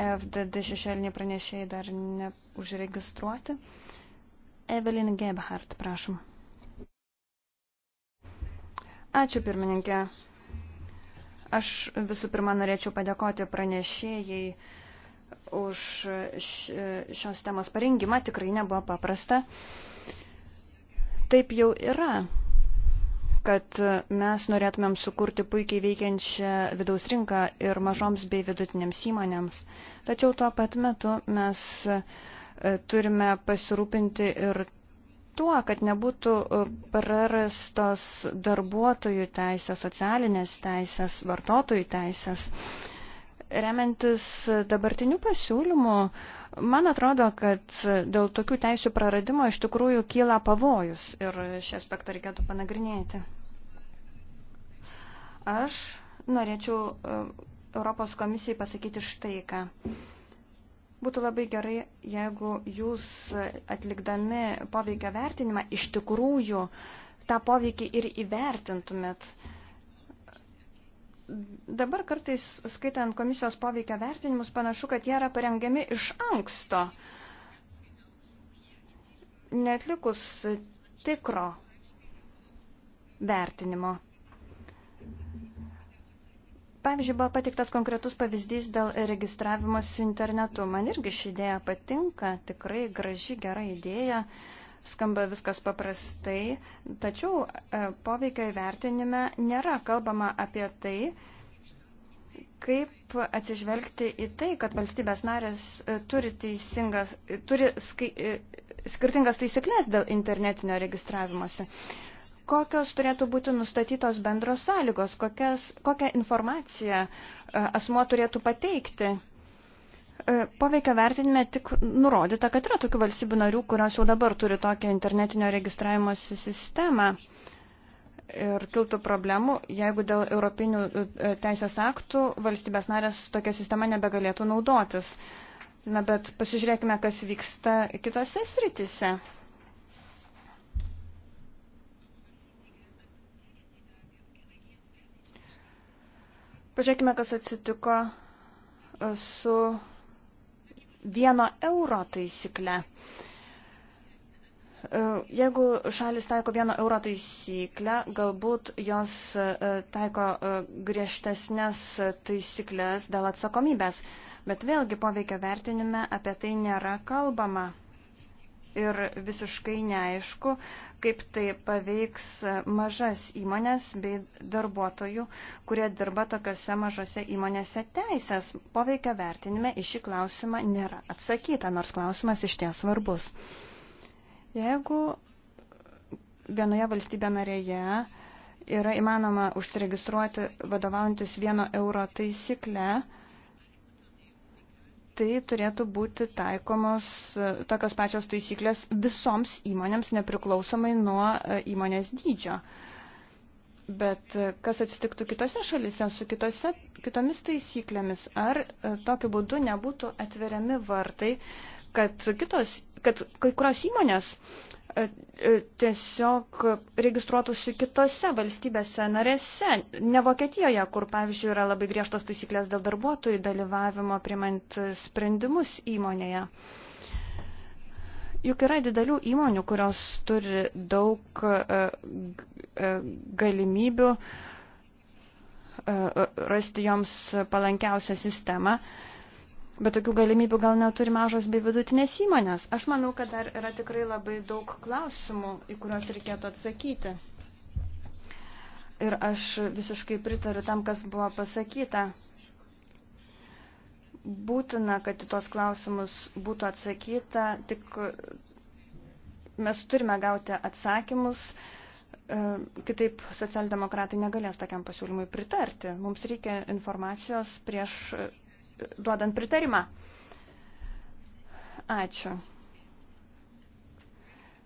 FDD šešėliniai pranešėjai dar neužregistruoti. Evelyn Gebhardt, prašom. Ačiū pirmininkė. Aš visų pirma norėčiau padėkoti pranešėjai už šios temos parengimą. Tikrai nebuvo paprasta. Taip jau yra kad mes norėtumėm sukurti puikiai veikiančią vidaus rinką ir mažoms bei vidutinėms įmonėms. Tačiau tuo pat metu mes e, turime pasirūpinti ir tuo, kad nebūtų e, prarastos darbuotojų teisės, socialinės teisės, vartotojų teisės. Remiantis dabartiniu pasiūlymu, Man atrodo, kad dėl tokių teisių praradimo iš tikrųjų kyla pavojus ir šį aspektą reikėtų panagrinėti. Aš norėčiau e, Europos komisijai pasakyti štai ką. Būtų labai gerai, jeigu jūs atlikdami poveikio vertinimą iš tikrųjų tą poveikį ir įvertintumėt. Uh, dabar kartais, skaitant komisijos poveikio vertinimus, panašu, kad jie yra parengiami iš anksto, netlikus tikro vertinimo. Pavyzdžiui, buvo patiktas konkretus pavyzdys dėl registravimas internetu. Man irgi ši idėja patinka, tikrai graži, gera idėja. Uh, skamba viskas paprastai, tačiau e, poveikio įvertinime nėra kalbama apie tai, kaip atsižvelgti į tai, kad valstybės narės e, turi, teisingas, e, turi skai, skirtingas taisyklės dėl internetinio registravimuose. Kokios turėtų būti nustatytos bendros sąlygos, kokias, kokią informaciją asmo turėtų pateikti E, poveikio vertinime tik nurodyta, kad yra tokių valstybių narių, kurios jau dabar turi tokią internetinio registravimo sistemą. Ir kiltų problemų, jeigu dėl europinių e, teisės aktų valstybės narės tokia sistema nebegalėtų naudotis. Na, bet pasižiūrėkime, kas vyksta kitose sritise. Pažiūrėkime, kas atsitiko e, su vieno euro taisyklę. E, jeigu šalis taiko vieno euro taisyklę, galbūt jos e, taiko e, griežtesnės taisyklės dėl atsakomybės, bet vėlgi poveikio vertinime apie tai nėra kalbama ir visiškai neaišku, kaip tai paveiks mažas įmonės bei darbuotojų, kurie dirba tokiuose mažose įmonėse teisės. Poveikio vertinime iš šį klausimą nėra atsakyta, nors klausimas iš ties svarbus. Jeigu vienoje valstybė narėje yra įmanoma užsiregistruoti vadovaujantis vieno euro taisykle, tai turėtų būti taikomos e, tokios pačios taisyklės visoms įmonėms nepriklausomai nuo e, įmonės dydžio. Bet e, kas atsitiktų kitose šalise su kitose, kitomis taisyklėmis? Ar tokiu būdu nebūtų atveriami vartai, kad, kitos, kad kai kurios įmonės uh, E, e, tiesiog registruotųsi kitose valstybėse narėse, ne Vokietijoje, kur, pavyzdžiui, yra labai griežtos taisyklės dėl darbuotojų dalyvavimo primant sprendimus įmonėje. Juk yra didelių įmonių, kurios turi daug e, galimybių rasti joms palankiausią sistemą Bet tokių galimybių gal neturi mažos bei vidutinės įmonės. Aš manau, kad dar yra tikrai labai daug klausimų, į kuriuos reikėtų atsakyti. Ir aš visiškai pritariu tam, kas buvo pasakyta. Būtina, kad į tuos klausimus būtų atsakyta, tik mes turime gauti atsakymus, e, kitaip socialdemokratai negalės tokiam pasiūlymui pritarti. Mums reikia informacijos prieš duodant pritarimą. Ačiū.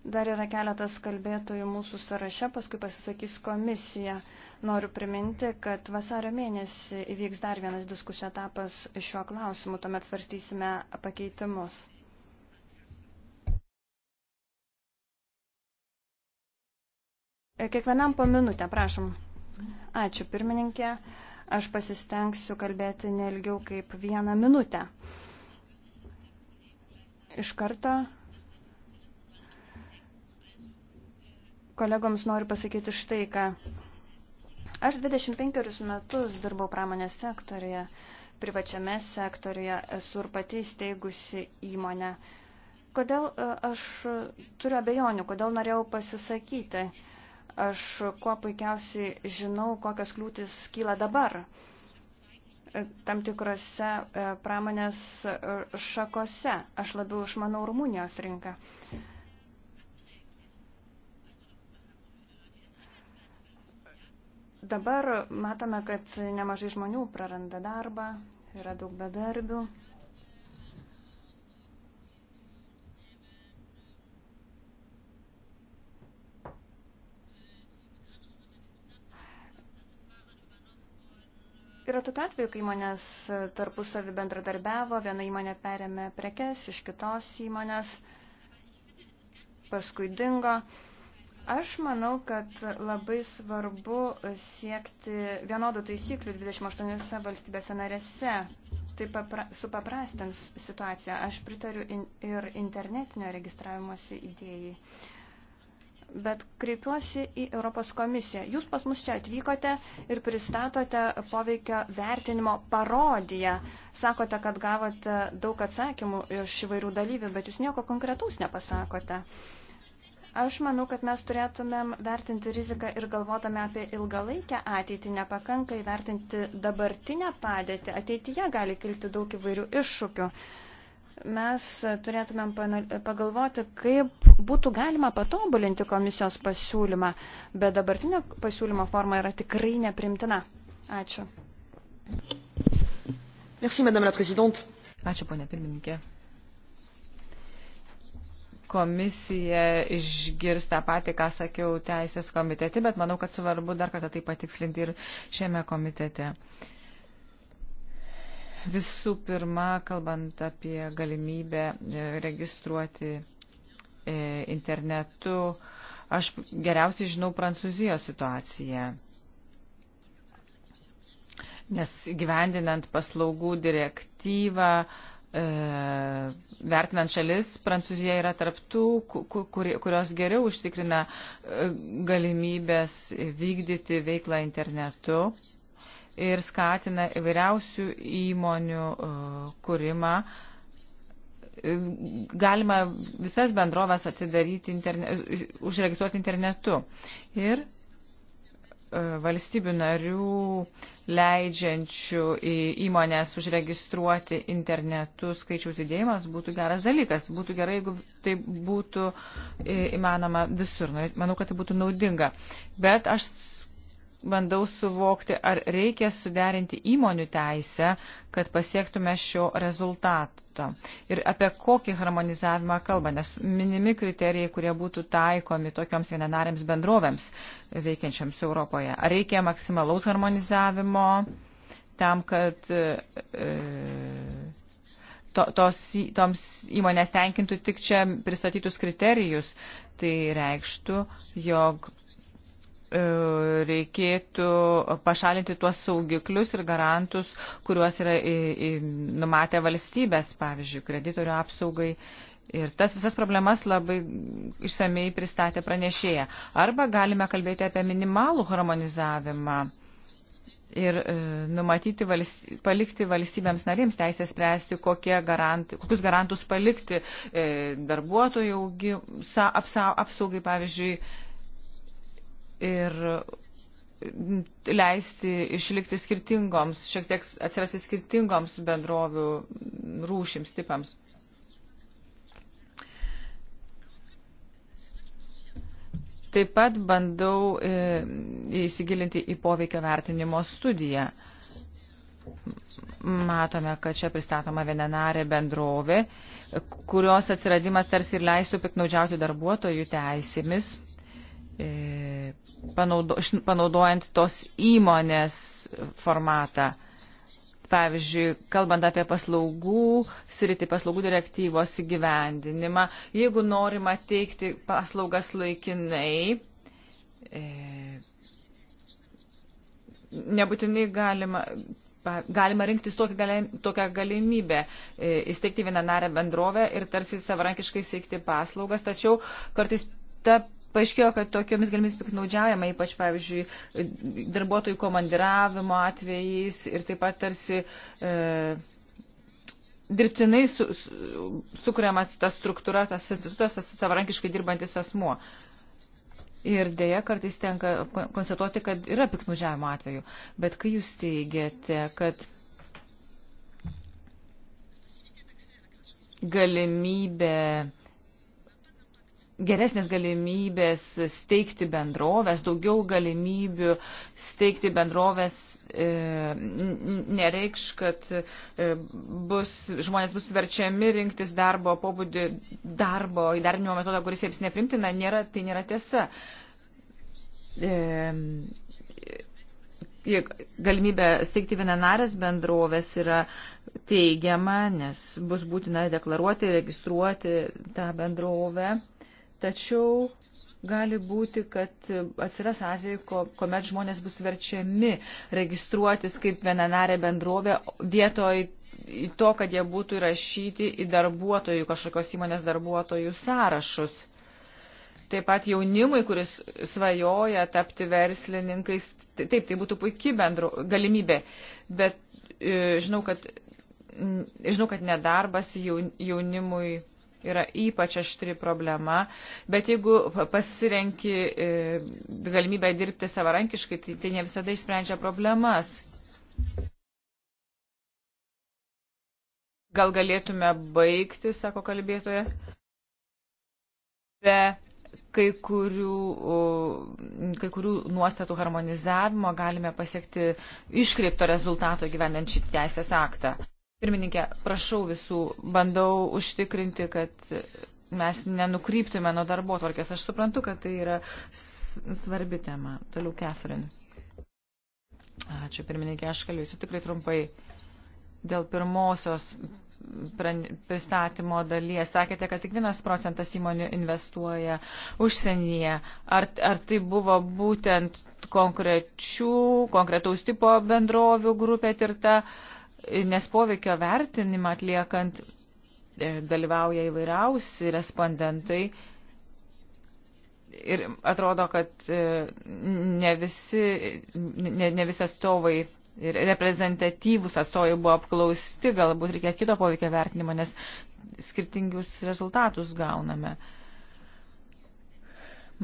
Dar yra keletas kalbėtojų mūsų sąraše, paskui pasisakys komisija. Noriu priminti, kad vasario mėnesį įvyks dar vienas diskusijų etapas šiuo klausimu, tuomet svarstysime pakeitimus. Kiekvienam po minutę, prašom. Ačiū pirmininkė. Aš pasistengsiu kalbėti nelgiau kaip vieną minutę. Iš karto kolegoms noriu pasakyti štai ką. Aš 25 metus dirbau pramonės sektorija, privačiame sektorija, esu ir pati įsteigusi įmonę. Kodėl e, aš turiu abejonių, kodėl norėjau pasisakyti? Aš kuo puikiausiai žinau, kokios kliūtis kyla dabar tam tikrose e, pramonės e, šakose. Aš labiau išmanau Rumunijos rinką. Dabar matome, kad nemažai žmonių praranda darbą, yra daug bedarbių. Yra tokiu atveju, kai įmonės tarpusavį bendradarbiavo, viena įmonė perėmė prekes iš kitos įmonės, paskui dingo. Aš manau, kad labai svarbu siekti vienodų taisyklių 28 valstybėse narėse. Tai papra, supaprastins situaciją. Aš pritariu in, ir internetinio registravimosi idėjai bet kreipiuosi į Europos komisiją. Jūs pas mus čia atvykote ir pristatote poveikio vertinimo parodiją. Sakote, kad gavote daug atsakymų iš įvairių dalyvių, bet jūs nieko konkretaus nepasakote. Aš manau, kad mes turėtumėm vertinti riziką ir galvodami apie ilgalaikę ateitį, nepakankai vertinti dabartinę padėtį. Ateityje gali kilti daug įvairių iššūkių mes turėtumėm pagalvoti, kaip būtų galima patobulinti komisijos pasiūlymą, bet dabartinio pasiūlymo forma yra tikrai neprimtina. Ačiū. Merci, madame la présidente. Ačiū, ponia pirmininkė. Komisija išgirs tą patį, ką sakiau teisės komitete, bet manau, kad svarbu dar kartą tai patikslinti ir šiame komitete. Uh, Visų pirma, kalbant apie galimybę e, registruoti e, internetu, aš geriausiai žinau Prancūzijos situaciją. Nes gyvendinant paslaugų direktyvą, e, vertinant šalis, Prancūzija yra tarptų, kurios geriau užtikrina galimybės vykdyti veiklą internetu ir skatina įvairiausių įmonių e, kūrimą. E, galima visas bendrovas atidaryti, interne, užregistruoti internetu. Ir e, valstybių narių leidžiančių į įmonės užregistruoti internetu skaičiaus didėjimas būtų geras dalykas. Būtų gerai, jeigu tai būtų įmanoma visur. Nu, manau, kad tai būtų naudinga. Bet aš bandau suvokti, ar reikia suderinti įmonių teisę, kad pasiektume šio rezultato. Ir apie kokį harmonizavimą kalba, nes minimi kriterijai, kurie būtų taikomi tokioms vienanarėms bendrovėms veikiančiams Europoje. Ar reikia maksimalaus harmonizavimo tam, kad. E, to, tos, toms įmonės tenkintų tik čia pristatytus kriterijus, tai reikštų, jog E, reikėtų pašalinti tuos saugiklius ir garantus, kuriuos yra į, į, numatę valstybės, pavyzdžiui, kreditorių apsaugai. Ir tas visas problemas labai išsamei pristatė pranešėja. Arba galime kalbėti apie minimalų harmonizavimą ir e, numatyti valst, palikti valstybėms narėms teisę spręsti, garant, kokius garantus palikti e, darbuotojų apsaugai, pavyzdžiui, ir mm, leisti išlikti skirtingoms, šiek tiek atsirasti skirtingoms bendrovių mm, rūšims, tipams. Taip pat bandau e, įsigilinti į poveikio vertinimo studiją. Matome, kad čia pristatoma vienenarė bendrovė, kurios atsiradimas tarsi ir leistų piknaudžiauti darbuotojų teisėmis E, panaudo, panaudojant tos įmonės formatą. Pavyzdžiui, kalbant apie paslaugų, sritį paslaugų direktyvos įgyvendinimą, jeigu norima teikti paslaugas laikinai, e, nebūtinai galima, galima rinktis tokią, tokią galimybę e, įsteigti vieną narę bendrovę ir tarsi savarankiškai steigti paslaugas, tačiau kartais ta Paaiškėjo, kad tokiomis galimybėmis piknaudžiavimai, ypač, pavyzdžiui, darbuotojų komandiravimo atvejais ir taip pat tarsi e, dirbtinai su, su, sukuriamas ta struktūra, tas institutas, tas savarankiškai dirbantis asmuo. Ir dėja kartais tenka konstatuoti, kad yra piknaudžiavimo atveju. Bet kai jūs teigiate, kad galimybė geresnės galimybės steigti bendrovės, daugiau galimybių steigti bendrovės e, nereikš, kad e, bus, žmonės bus verčiami rinktis darbo pobūdį, darbo įdarbinimo metodą, kuris jiems neprimtina, nėra, tai nėra tiesa. E, e galimybė steigti vienanarės bendrovės yra teigiama, nes bus būtina deklaruoti, registruoti tą bendrovę tačiau gali būti, kad atsiras atveju, kuomet žmonės bus verčiami registruotis kaip vienanarė bendrovė vietoj to, kad jie būtų įrašyti į darbuotojų, kažkokios įmonės darbuotojų sąrašus. Taip pat jaunimui, kuris svajoja tapti verslininkais, taip, tai būtų puikiai bendro galimybė, bet e, žinau, kad, žinau, kad nedarbas jaunimui yra ypač aštri problema, bet jeigu pasirenki e, galimybę dirbti savarankiškai, tai, tai ne visada išsprendžia problemas. Gal galėtume baigti, sako kalbėtoja, be kai kurių, kai kurių nuostatų harmonizavimo galime pasiekti iškreipto rezultato gyvenant šį teisės aktą. Pirmininkė, prašau visų, bandau užtikrinti, kad mes nenukryptume nuo darbo tvarkės. Aš suprantu, kad tai yra svarbi tema. Toliau Catherine. Ačiū, pirmininkė, aš kalbėsiu tikrai trumpai dėl pirmosios pristatymo dalies. Sakėte, kad tik vienas procentas įmonių investuoja užsienyje. Ar, ar tai buvo būtent konkrečių, konkretaus tipo bendrovių grupė tirta? Uh, nes poveikio vertinimą atliekant e, dalyvauja įvairiausi respondentai ir atrodo, kad e, ne visi, ne, ne visi atstovai ir reprezentatyvus atstovai buvo apklausti, galbūt reikia kito poveikio vertinimo, nes skirtingius rezultatus gauname.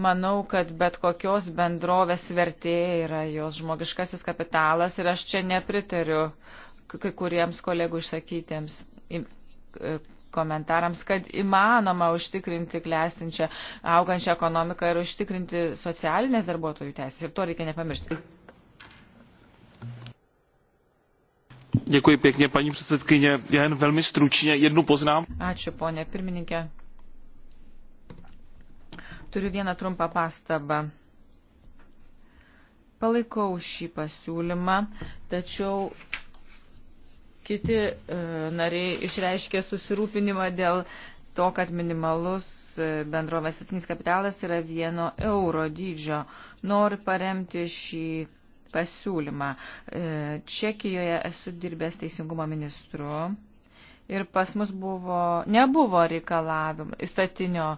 Manau, kad bet kokios bendrovės vertė yra jos žmogiškasis kapitalas ir aš čia nepritariu kai kuriems kolegų išsakytiems e, komentarams, kad įmanoma užtikrinti klestinčią augančią ekonomiką ir užtikrinti socialinės darbuotojų teisės. Ir to reikia nepamiršti. Děkuji pěkně, paní předsedkyně. Já jen velmi stručně jednu poznám. Ačiū, ponė pirmininkė. Turiu vieną trumpą pastabą. Palaikau šį pasiūlymą, tačiau Kiti e, nariai išreiškė susirūpinimą dėl to, kad minimalus e, bendrovės atinis kapitalas yra vieno euro dydžio. Noriu paremti šį pasiūlymą. E, Čekijoje esu dirbęs teisingumo ministru ir pas mus buvo, nebuvo reikalavimo, įstatinio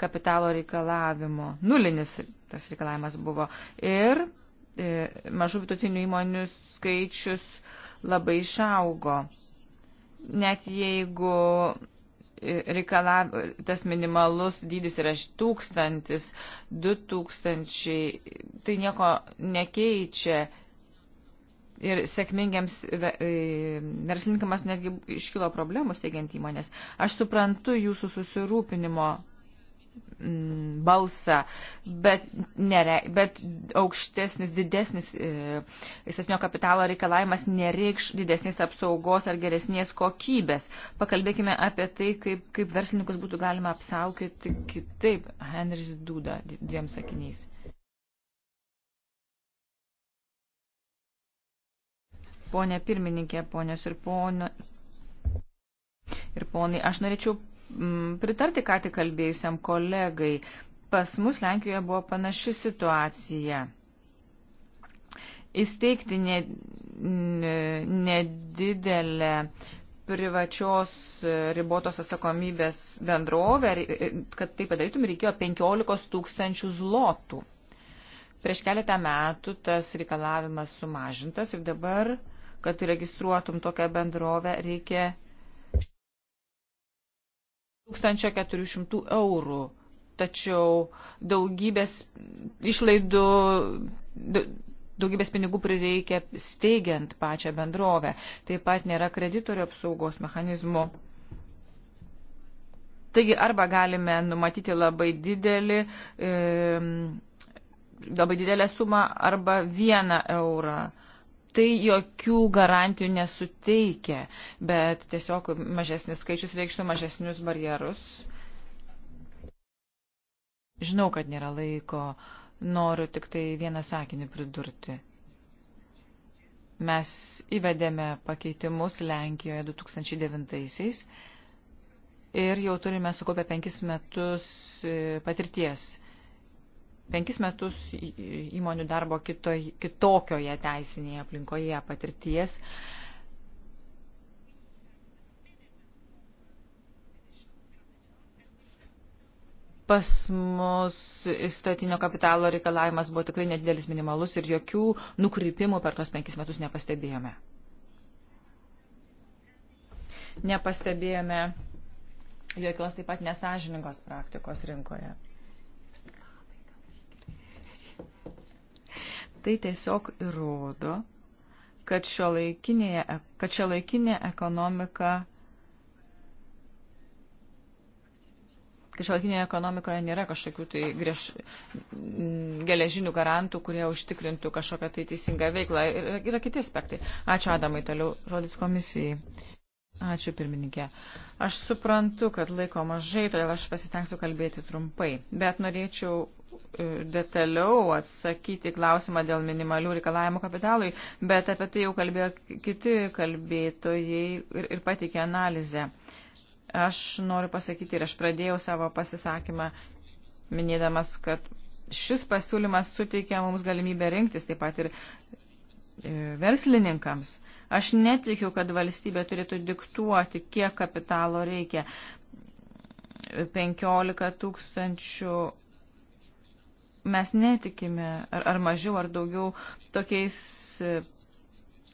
kapitalo reikalavimo, nulinis tas reikalavimas buvo. Ir e, mažų vidutinių įmonių skaičius labai išaugo. Net jeigu reikalav, tas minimalus dydis yra tūkstantis, du tūkstančiai, tai nieko nekeičia. Ir sėkmingiams e, verslininkams netgi iškilo problemų steigiant įmonės. Aš suprantu jūsų susirūpinimo Mm, balsą, bet, nere, bet aukštesnis, didesnis e, įstatinio kapitalo reikalavimas nereikš didesnės apsaugos ar geresnės kokybės. Pakalbėkime apie tai, kaip, kaip verslininkus būtų galima apsaukyti kitaip. Henris Duda dviem sakiniais. Pone pirmininkė, ponios ir ponai, ir ponai, aš norėčiau pritarti ką tik kalbėjusiam kolegai. Pas mus Lenkijoje buvo panaši situacija. Įsteigti nedidelę privačios ribotos atsakomybės bendrovę, e, kad tai padarytum, reikėjo 15 tūkstančių zlotų. Prieš keletą metų tas reikalavimas sumažintas ir dabar, kad registruotum tokią bendrovę, reikia 1400 eurų. Tačiau daugybės išlaidų, daugybės pinigų prireikia steigiant pačią bendrovę. Taip pat nėra kreditorių apsaugos mechanizmų. Taigi arba galime numatyti labai didelį. E, labai didelę sumą arba vieną eurą tai jokių garantijų nesuteikia, bet tiesiog mažesnis skaičius reikštų mažesnius barjerus. Žinau, kad nėra laiko, noriu tik tai vieną sakinį pridurti. Mes įvedėme pakeitimus Lenkijoje 2009-aisiais ir jau turime sukopę penkis metus e, patirties penkis metus įmonių darbo kito, kitokioje teisinėje aplinkoje patirties. Pas mus įstatinio kapitalo reikalavimas buvo tikrai nedidelis minimalus ir jokių nukrypimų per tos penkis metus nepastebėjome. Nepastebėjome jokios taip pat nesažiningos praktikos rinkoje. Tai tiesiog įrodo, kad šio laikinė, e, kad šio laikinė ekonomika kad šiolaikinėje ekonomikoje nėra kažkokių tai griež, geležinių garantų, kurie užtikrintų kažkokią tai teisingą veiklą. Ir yra kiti aspektai. Ačiū Adamai, toliau rodys komisijai. Ačiū pirmininkė. Aš suprantu, kad laiko mažai, todėl aš pasistengsiu kalbėti trumpai, bet norėčiau e, detaliau atsakyti klausimą dėl minimalių reikalavimų kapitalui, bet apie tai jau kalbėjo kiti kalbėtojai ir, ir patikė analizę. Aš noriu pasakyti ir aš pradėjau savo pasisakymą minėdamas, kad šis pasiūlymas suteikia mums galimybę rinktis taip pat ir e, verslininkams. E, Aš netikiu, kad valstybė turėtų diktuoti, kiek kapitalo reikia. 15 tūkstančių mes netikime, ar, ar mažiau, ar daugiau tokiais e,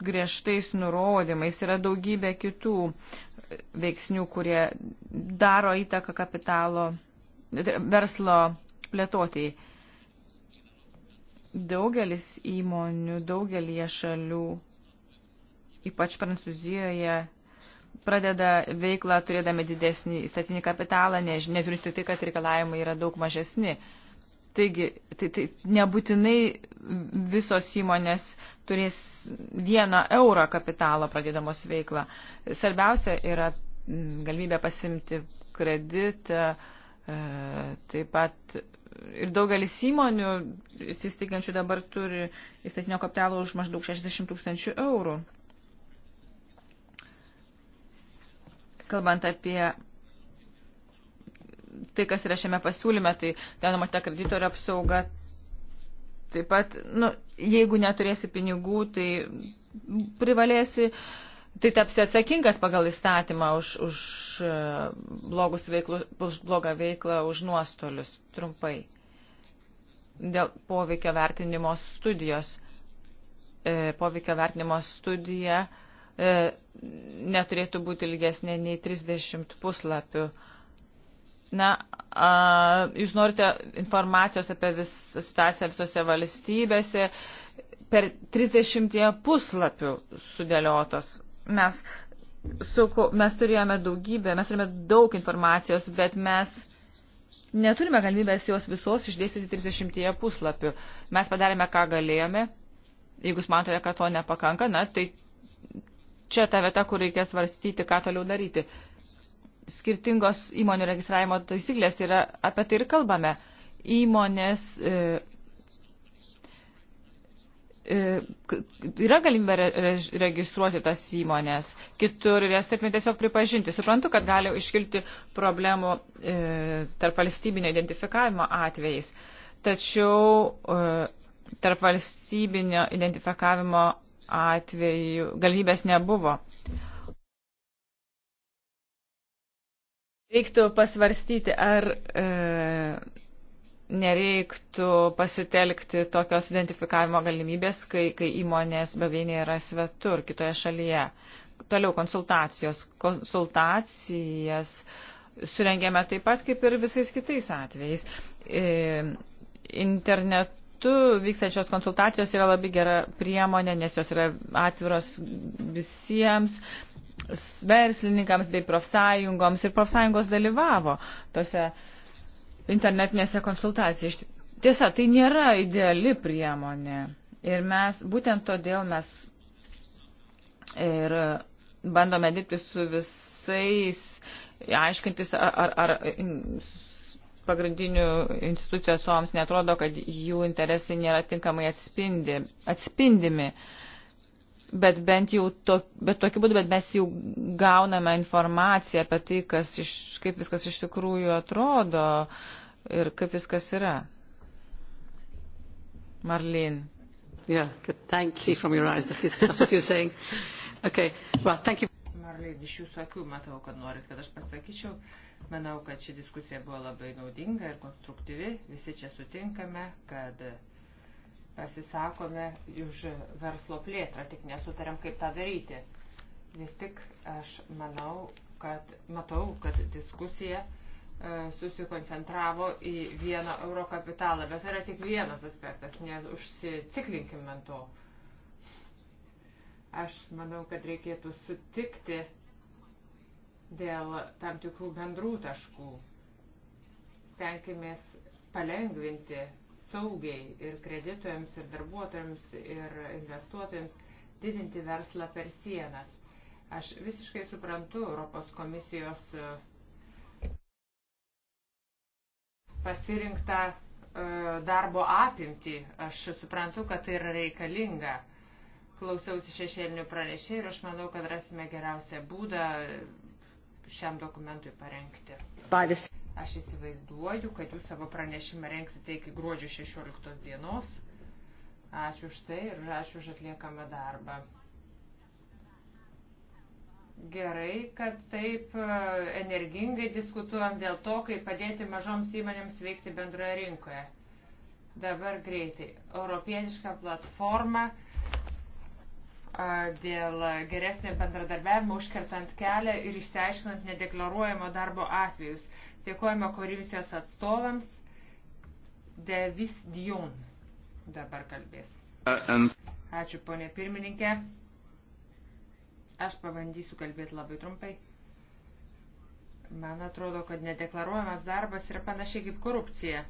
griežtais nurodymais. Yra daugybė kitų veiksnių, kurie daro įtaką kapitalo verslo plėtotėjai. Daugelis įmonių, daugelie šalių ypač Prancūzijoje, pradeda veiklą turėdami didesnį įstatinį kapitalą, neturint tik tai, kad reikalavimai yra daug mažesni. Taigi, tai, tai nebūtinai visos įmonės turės vieną eurą kapitalo pradėdamos veiklą. Svarbiausia yra mm, galimybė pasimti kreditą, e, taip pat ir daugelis įmonių, įsisteigiančių dabar turi įstatinio kapitalo už maždaug 60 tūkstančių eurų. kalbant apie tai, kas yra šiame pasiūlyme, tai ten numatyta kreditorio apsauga. Taip pat, nu, jeigu neturėsi pinigų, tai privalėsi, tai tapsi atsakingas pagal įstatymą už, už, e, veiklų, už blogą veiklą, už nuostolius trumpai. Dėl poveikio vertinimo studijos. E, poveikio vertinimo studija e, E, neturėtų būti ilgesnė nei 30 puslapių. Na, a, jūs norite informacijos apie vis, situaciją visose valstybėse per 30 puslapių sudėliotos. Mes, su, mes turėjome daugybę, mes turime daug informacijos, bet mes neturime galimybės jos visos išdėstyti 30 puslapių. Mes padarėme, ką galėjome. Jeigu jūs matote, kad to nepakanka, na, tai čia ta vieta, kur reikia svarstyti, ką toliau daryti. Skirtingos įmonių registravimo taisyklės yra, apie tai ir kalbame. Įmonės e, e yra galimybė registruoti tas įmonės kitur ir jas turime tiesiog pripažinti. Suprantu, kad gali iškilti problemų e, tarp valstybinio identifikavimo atvejais, tačiau e, tarp valstybinio identifikavimo atveju galimybės nebuvo. Reiktų pasvarstyti, ar e, nereiktų pasitelkti tokios identifikavimo galimybės, kai, kai įmonės beveinė yra svetur, kitoje šalyje. Toliau konsultacijos. Konsultacijas surengėme taip pat kaip ir visais kitais atvejais. E, internet metu vykstančios konsultacijos yra labai gera priemonė, nes jos yra atviros visiems verslininkams bei profsąjungoms ir profsąjungos dalyvavo tose internetinėse konsultacijose. Tiesa, tai nėra ideali priemonė ir mes būtent todėl mes ir bandome dirbti su visais, aiškintis, ar, ar, ar pagrindinių institucijų atstovams netrodo, kad jų interesai nėra tinkamai atspindi, atspindimi. Bet bent jau to, bet tokiu būdu, bet mes jau gauname informaciją apie tai, kas iš, kaip viskas iš tikrųjų atrodo ir kaip viskas yra. Marlene. Yeah, good. Thank you from your eyes. That is, that's what you're saying. Okay. Well, thank you. Marlene, iš jūsų akių matau, kad norit, kad aš pasakyčiau. Uh, Manau, kad ši diskusija buvo labai naudinga ir konstruktyvi. Visi čia sutinkame, kad pasisakome už verslo plėtrą, tik nesutariam, kaip tą daryti. Vis tik aš manau, kad matau, kad diskusija e, susikoncentravo į vieną euro kapitalą, bet yra tik vienas aspektas, neužsiciklinkim ant to. Aš manau, kad reikėtų sutikti dėl tam tikrų bendrų taškų. Stenkimės palengvinti saugiai ir kreditojams, ir darbuotojams, ir investuotojams didinti verslą per sienas. Aš visiškai suprantu Europos komisijos e, pasirinktą e, darbo apimtį. Aš suprantu, kad tai yra reikalinga. Klausiausi šešėlinių pranešėjų ir aš manau, kad rasime geriausią būdą šiam dokumentui parengti. Aš įsivaizduoju, kad jūs savo pranešimą rengsite iki gruodžio 16 dienos. Ačiū už tai ir ačiū už atliekamą darbą. Gerai, kad taip e, energingai diskutuojam dėl to, kaip padėti mažoms įmonėms veikti bendroje rinkoje. Dabar greitai. Europietiška platforma dėl geresnio bendradarbiavimo užkertant kelią ir išsiaiškinant nedeklaruojamo darbo atvejus. Dėkojame komisijos atstovams. Devis Dion dabar kalbės. Ačiū, ponė pirmininkė. Aš pabandysiu kalbėti labai trumpai. Man atrodo, kad nedeklaruojamas darbas yra panašiai kaip korupcija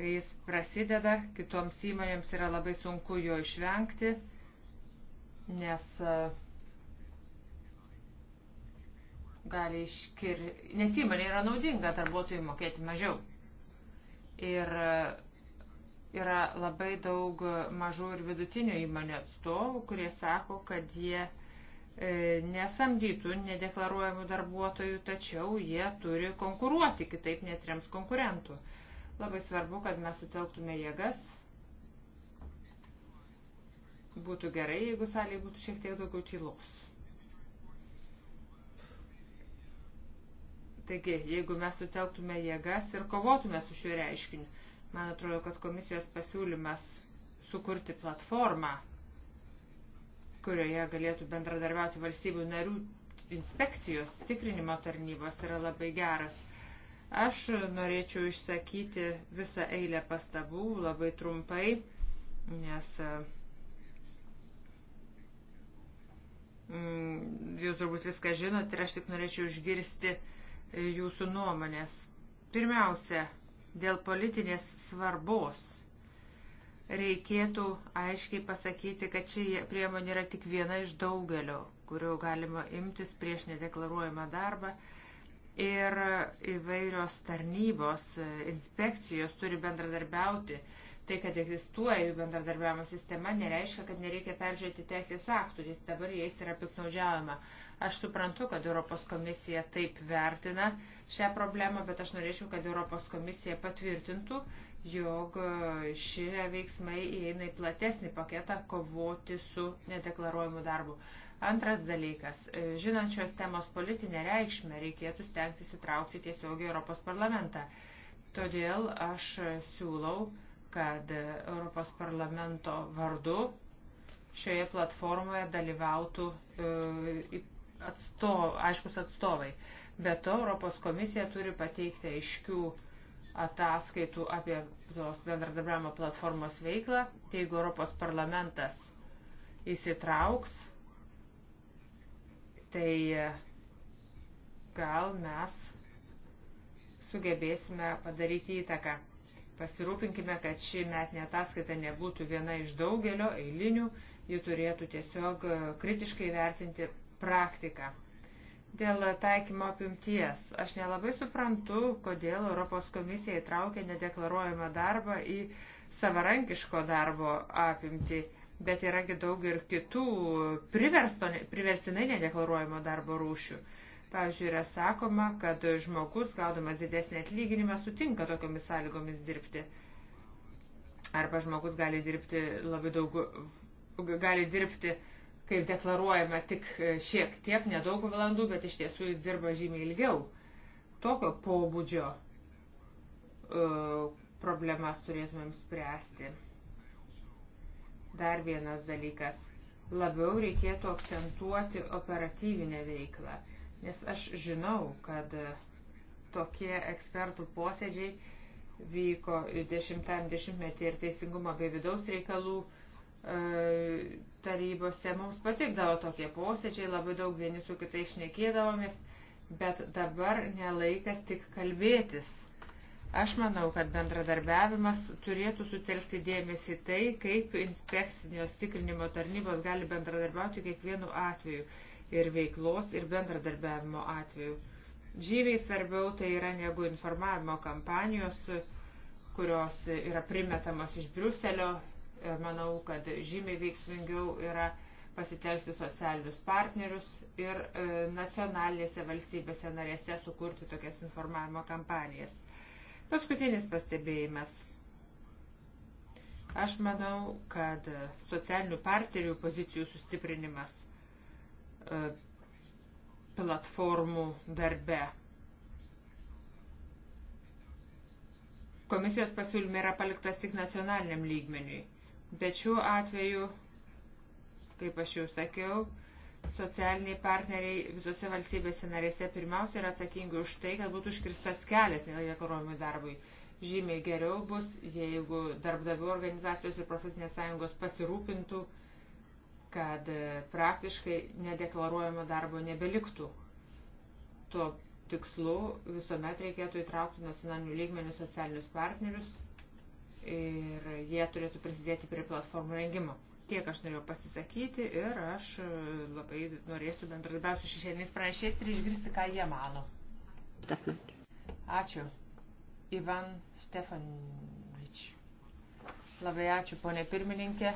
kai jis prasideda, kitoms įmonėms yra labai sunku jo išvengti nes e, gali iškir... Nes įmonė yra naudinga darbuotojui mokėti mažiau. Ir e, yra labai daug mažų ir vidutinių įmonių atstovų, kurie sako, kad jie e, nesamdytų nedeklaruojamų darbuotojų, tačiau jie turi konkuruoti, kitaip netrems konkurentų. Labai svarbu, kad mes sutelktume jėgas Būtų gerai, jeigu salėje būtų šiek tiek daugiau tylos. Taigi, jeigu mes sutelktume jėgas ir kovotume su šiuo reiškiniu, man atrodo, kad komisijos pasiūlymas sukurti platformą, kurioje galėtų bendradarbiauti valstybių narių inspekcijos tikrinimo tarnybos yra labai geras. Aš norėčiau išsakyti visą eilę pastabų labai trumpai, nes Mm, jūs turbūt viską žinote ir aš tik norėčiau išgirsti e, jūsų nuomonės. Pirmiausia, dėl politinės svarbos reikėtų aiškiai pasakyti, kad ši priemonė yra tik viena iš daugelio, kurių galima imtis prieš nedeklaruojamą darbą. Ir įvairios tarnybos, e, inspekcijos turi bendradarbiauti Tai, kad egzistuoja bendradarbiavimo sistema, nereiškia, kad nereikia peržiūrėti teisės aktų, jis dabar jais yra piknaudžiavama. Aš suprantu, kad Europos komisija taip vertina šią problemą, bet aš norėčiau, kad Europos komisija patvirtintų, jog šie veiksmai įeina į platesnį paketą kovoti su nedeklaruojamu darbu. Antras dalykas. Žinant šios temos politinę reikšmę, reikėtų stengtis įtraukti tiesiogiai Europos parlamentą. Todėl aš siūlau kad Europos parlamento vardu šioje platformoje dalyvautų e, atstov, aiškus atstovai. Be to, Europos komisija turi pateikti aiškių ataskaitų apie tos bendradarbiavimo platformos veiklą. Tai jeigu Europos parlamentas įsitrauks, tai e, gal mes sugebėsime padaryti įtaką. Pasirūpinkime, kad ši metinė ataskaita nebūtų viena iš daugelio eilinių, ji turėtų tiesiog e, kritiškai vertinti praktiką. Dėl taikymo apimties. Aš nelabai suprantu, kodėl Europos komisija įtraukė nedeklaruojamą darbą į savarankiško darbo apimtį, bet yragi daug ir kitų priverstinai nedeklaruojamo darbo rūšių. Pavyzdžiui, yra sakoma, kad žmogus, gaudamas didesnį atlyginimą, sutinka tokiomis sąlygomis dirbti. Arba žmogus gali dirbti labai daug, gali dirbti, kaip deklaruojama, tik šiek tiek, nedaug valandų, bet iš tiesų jis dirba žymiai ilgiau. Tokio pobūdžio uh, problemas turėtumėm spręsti. Dar vienas dalykas. Labiau reikėtų akcentuoti operatyvinę veiklą Nes aš žinau, kad tokie ekspertų posėdžiai vyko 10-metį ir teisingumo bei vidaus reikalų e, tarybose. Mums patikdavo tokie posėdžiai, labai daug vieni su kitais šnekėdavomis, bet dabar nelaikas tik kalbėtis. Aš manau, kad bendradarbiavimas turėtų sutelkti dėmesį tai, kaip inspekcinio tikrinimo tarnybos gali bendradarbiauti kiekvienu atveju ir veiklos ir bendradarbiavimo atveju. Žymiai svarbiau tai yra negu informavimo kampanijos, kurios yra primetamos iš Briuselio. E, manau, kad žymiai veiksmingiau yra pasitelkti socialinius partnerius ir e, nacionalinėse valstybėse narėse sukurti tokias informavimo kampanijas. Paskutinis pastebėjimas. Aš manau, kad socialinių partnerių pozicijų sustiprinimas E, platformų darbe. Komisijos pasiūlymai yra paliktas tik nacionaliniam lygmeniui, bet šiuo atveju, kaip aš jau sakiau, socialiniai partneriai visose valstybėse narėse pirmiausia yra atsakingi už tai, kad būtų užkirstas kelias nedeklaruojamui darbui. Žymiai geriau bus, jeigu darbdavių organizacijos ir profesinės sąjungos pasirūpintų, kad e, praktiškai nedeklaruojamo darbo nebeliktų. Tuo tikslu visuomet reikėtų įtraukti nacionalinių lygmenių socialinius partnerius ir jie turėtų prisidėti prie platformų rengimo. Tiek aš norėjau pasisakyti ir aš e, labai norėsiu bendradarbiauti su šešėliniais pranešėjais ir išgirsti, ką jie mano. Ačiū. Ivan Stefanovič. Labai ačiū, ponė pirmininkė.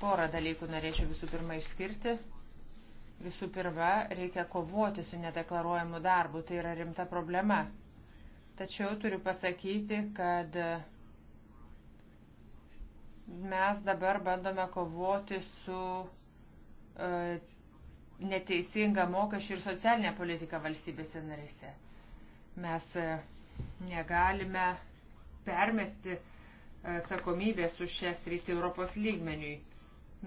Porą dalykų norėčiau visų pirma išskirti. Visų pirma, reikia kovoti su nedeklaruojamu darbu, tai yra rimta problema. Tačiau turiu pasakyti, kad mes dabar bandome kovoti su e, neteisinga mokesčių ir socialinė politika valstybėse narėse. Mes e, negalime permesti e, atsakomybės už šias rytį Europos lygmeniui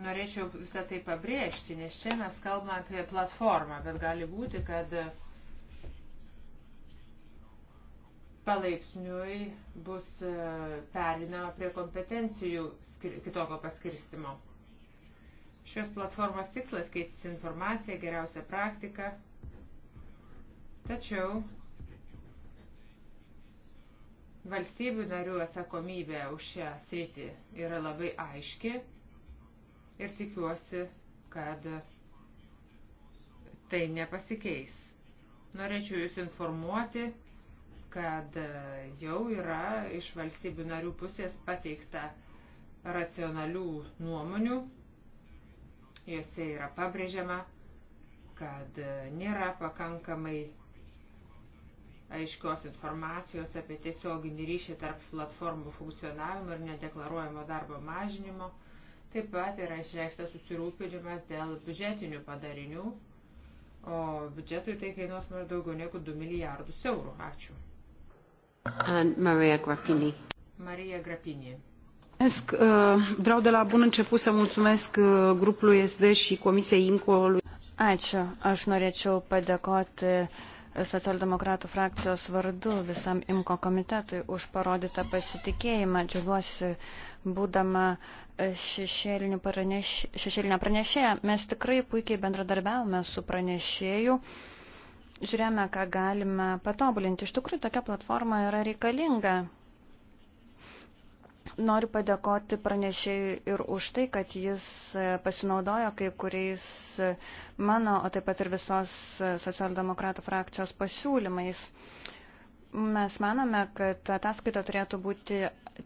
Norėčiau visą tai pabrėžti, nes čia mes kalbame apie platformą, bet gali būti, kad palaipsniui bus e, perinama prie kompetencijų kitokio paskirstimo. Šios platformos tikslas keitis informaciją, geriausią praktiką, tačiau valstybių narių atsakomybė už šią sritį yra labai aiški ir tikiuosi, kad tai nepasikeis. Norėčiau Jūs informuoti, kad jau yra iš valstybių narių pusės pateikta racionalių nuomonių. Jose yra pabrėžiama, kad nėra pakankamai aiškios informacijos apie tiesioginį ryšį tarp platformų funkcionavimo ir nedeklaruojamo darbo mažinimo. Taip pat yra išreikštas susirūpinimas dėl biudžetinių padarinių, o biudžetui tai kainuos man daugiau negu 2 milijardus eurų. Ačiū. And Maria Grappini. Maria Grappini. Uh, vreau de la bun început să mulțumesc uh, grupului SD și Comisiei INCO. Ačiū. Aš norėčiau padėkoti uh, socialdemokratų frakcijos vardu visam IMKO komitetui už parodytą pasitikėjimą. Džiugiuosi, būdama šešėlinę praneš, pranešėją. Mes tikrai puikiai bendradarbiavome su pranešėju, žiūrėjome, ką galime patobulinti. Iš tikrųjų, tokia platforma yra reikalinga. Noriu padėkoti pranešėjui ir už tai, kad jis e, pasinaudojo kai kuriais e, mano, o taip pat ir visos e, socialdemokratų frakcijos pasiūlymais. Mes manome, kad ataskaita turėtų būti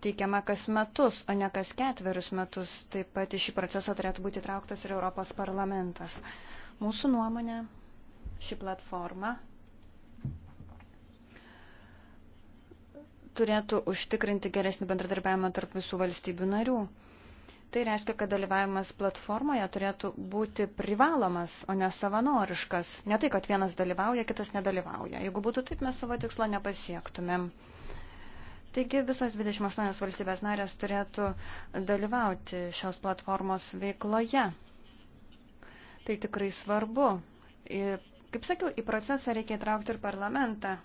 teikiama kas metus, o ne kas ketverius metus. Taip pat į šį procesą turėtų būti trauktas ir Europos parlamentas. Mūsų nuomonė, ši platforma turėtų užtikrinti geresnį bendradarbiavimą tarp visų valstybių narių. Tai reiškia, kad dalyvavimas platformoje turėtų būti privalomas, o ne savanoriškas. Ne tai, kad vienas dalyvauja, kitas nedalyvauja. Jeigu būtų taip, mes savo tikslo nepasiektumėm. Taigi visos 28 valstybės narės turėtų dalyvauti šios platformos veikloje. Tai tikrai svarbu. Kaip sakiau, į procesą reikia įtraukti ir parlamentą,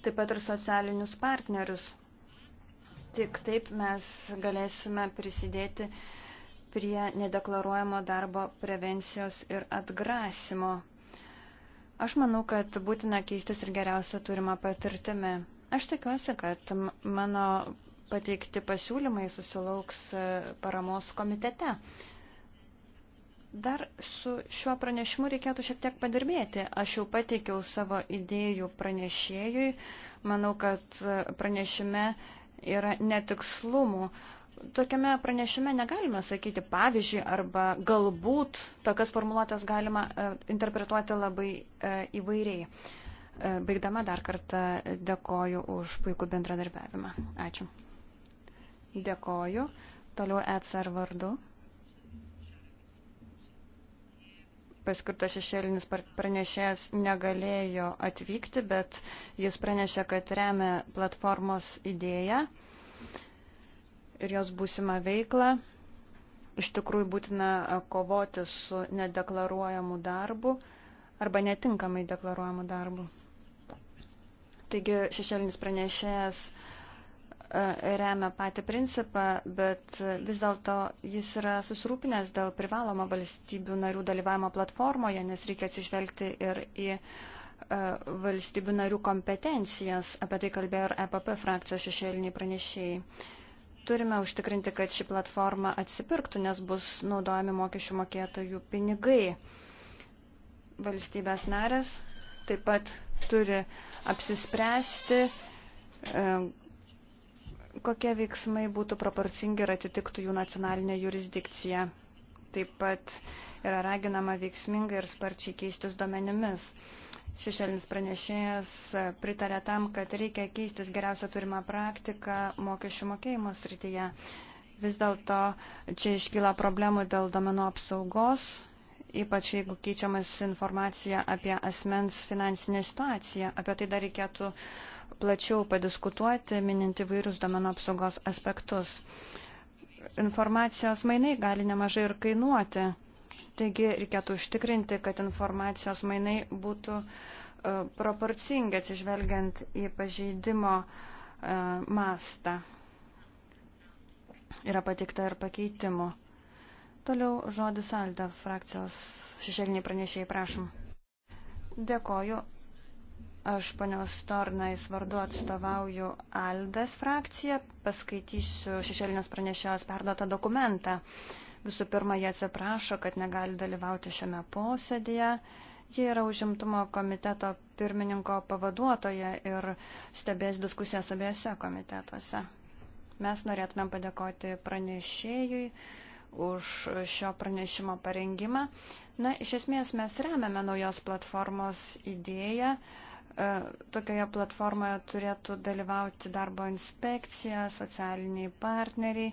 taip pat ir socialinius partnerius Tik taip mes galėsime prisidėti prie nedeklaruojamo darbo prevencijos ir atgrasimo. Aš manau, kad būtina keistis ir geriausia turima patirtimi. Aš tikiuosi, kad mano pateikti pasiūlymai susilauks e, paramos komitete. Dar su šiuo pranešimu reikėtų šiek tiek padirbėti. Aš jau pateikiau savo idėjų pranešėjui. Manau, kad e, pranešime uh, yra netikslumų. Tokiame pranešime negalime sakyti pavyzdžiui arba galbūt tokias formuluotės galima e, interpretuoti labai e, įvairiai. E, baigdama dar kartą dėkoju už puikų bendradarbiavimą. Ačiū. Dėkoju. Toliau ECR vardu. paskirtas šešėlinis pranešėjas negalėjo atvykti, bet jis pranešė, kad remia platformos idėją ir jos būsimą veiklą. Iš tikrųjų būtina kovoti su nedeklaruojamu darbu arba netinkamai deklaruojamu darbu. Taigi šešėlinis pranešėjas E, remia patį principą, bet vis dėlto jis yra susirūpinęs dėl privalomo valstybių narių dalyvavimo platformoje, nes reikia atsižvelgti ir į e, valstybių narių kompetencijas, apie tai kalbėjo ir EPP frakcijos šešėliniai pranešėjai. Turime užtikrinti, kad ši platforma atsipirktų, nes bus naudojami mokesčių mokėtojų pinigai. Valstybės narės taip pat turi apsispręsti, e, kokie veiksmai būtų proporcingi ir atitiktų jų nacionalinę jurisdikciją. Taip pat yra raginama veiksmingai ir sparčiai keistis duomenimis. Šešėlinis pranešėjas pritarė tam, kad reikia keistis geriausią turimą praktiką mokesčių mokėjimo srityje. Vis dėlto čia iškyla problemų dėl domenų apsaugos, ypač jeigu keičiamas informacija apie asmens finansinę situaciją. Apie tai dar reikėtų uh, plačiau padiskutuoti, minint įvairius domenų apsaugos aspektus. Informacijos mainai gali nemažai ir kainuoti, taigi reikėtų užtikrinti, kad informacijos mainai būtų e, proporcingi atsižvelgiant į pažeidimo e, mastą. Yra patikta ir pakeitimų. Toliau žodis Alda frakcijos šešėliniai pranešėjai, prašom. Dėkoju. Aš panios Tornais vardu atstovauju Aldas frakciją, paskaitysiu šešėlinės pranešėjos perduotą dokumentą. Visų pirma, jie atsiprašo, kad negali dalyvauti šiame posėdėje. Jie yra užimtumo komiteto pirmininko pavaduotoja ir stebės diskusijas abiejose komitetuose. Mes norėtumėm padėkoti pranešėjui už šio pranešimo parengimą. Na, iš esmės mes remiame naujos platformos idėją. Uh, E, tokioje platformoje turėtų dalyvauti darbo inspekcija, socialiniai partneriai.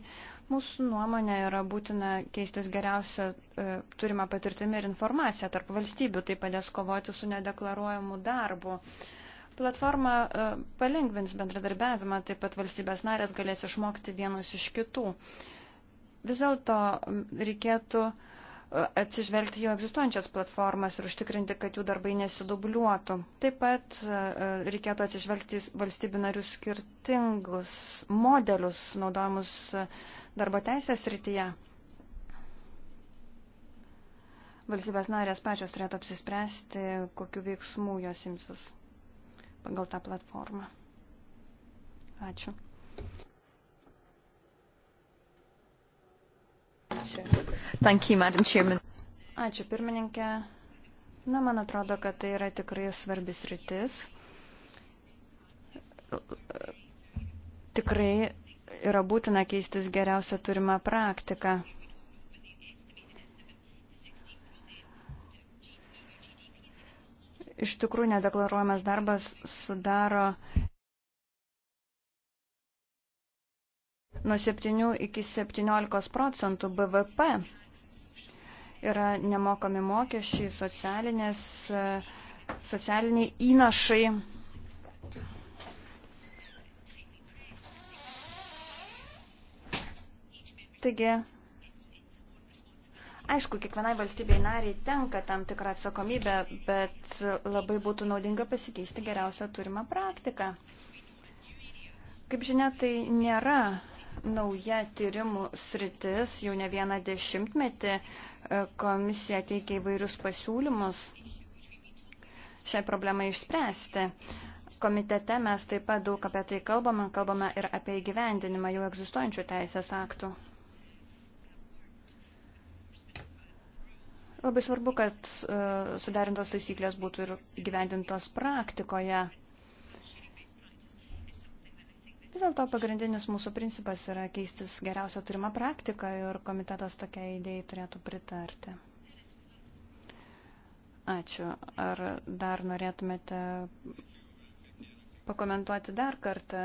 Mūsų nuomonė yra būtina keistis geriausia e, turima patirtimi ir informacija tarp valstybių, tai padės kovoti su nedeklaruojamu darbu. Platforma e, palengvins bendradarbiavimą, taip pat valstybės narės galės išmokti vienus iš kitų. Vis dėlto reikėtų uh, atsižvelgti jau egzistuojančias platformas ir užtikrinti, kad jų darbai nesidubliuotų. Taip pat e, reikėtų atsižvelgti valstybių narių skirtingus modelius naudojamus e, darbo teisės rytyje. Valstybės narės pačios turėtų apsispręsti, kokiu veiksmu jos imsis pagal tą platformą. Ačiū. You, Ačiū pirmininkė. Na, man atrodo, kad tai yra tikrai svarbis rytis. Tikrai yra būtina keistis geriausia turima praktika. Iš tikrųjų, nedeklaruojamas darbas sudaro nuo 7 iki 17 procentų BVP yra nemokami mokesčiai, socialiniai įnašai. Taigi, aišku, kiekvienai valstybei nariai tenka tam tikrą atsakomybę, bet labai būtų naudinga pasikeisti geriausią turimą praktiką. Kaip žinia, tai nėra nauja tyrimų sritis. Jau ne vieną dešimtmetį e, komisija teikia įvairius pasiūlymus šiai problemai išspręsti. Komitete mes taip pat daug apie tai kalbame, kalbame ir apie įgyvendinimą jau egzistuojančių teisės aktų. Labai svarbu, kad e, sudarintos taisyklės būtų ir gyvendintos praktikoje. Vis dėlto pagrindinis mūsų principas yra keistis geriausią turimą praktiką ir komitetas tokia idėjai turėtų pritarti. Ačiū. Ar dar norėtumėte pakomentuoti dar kartą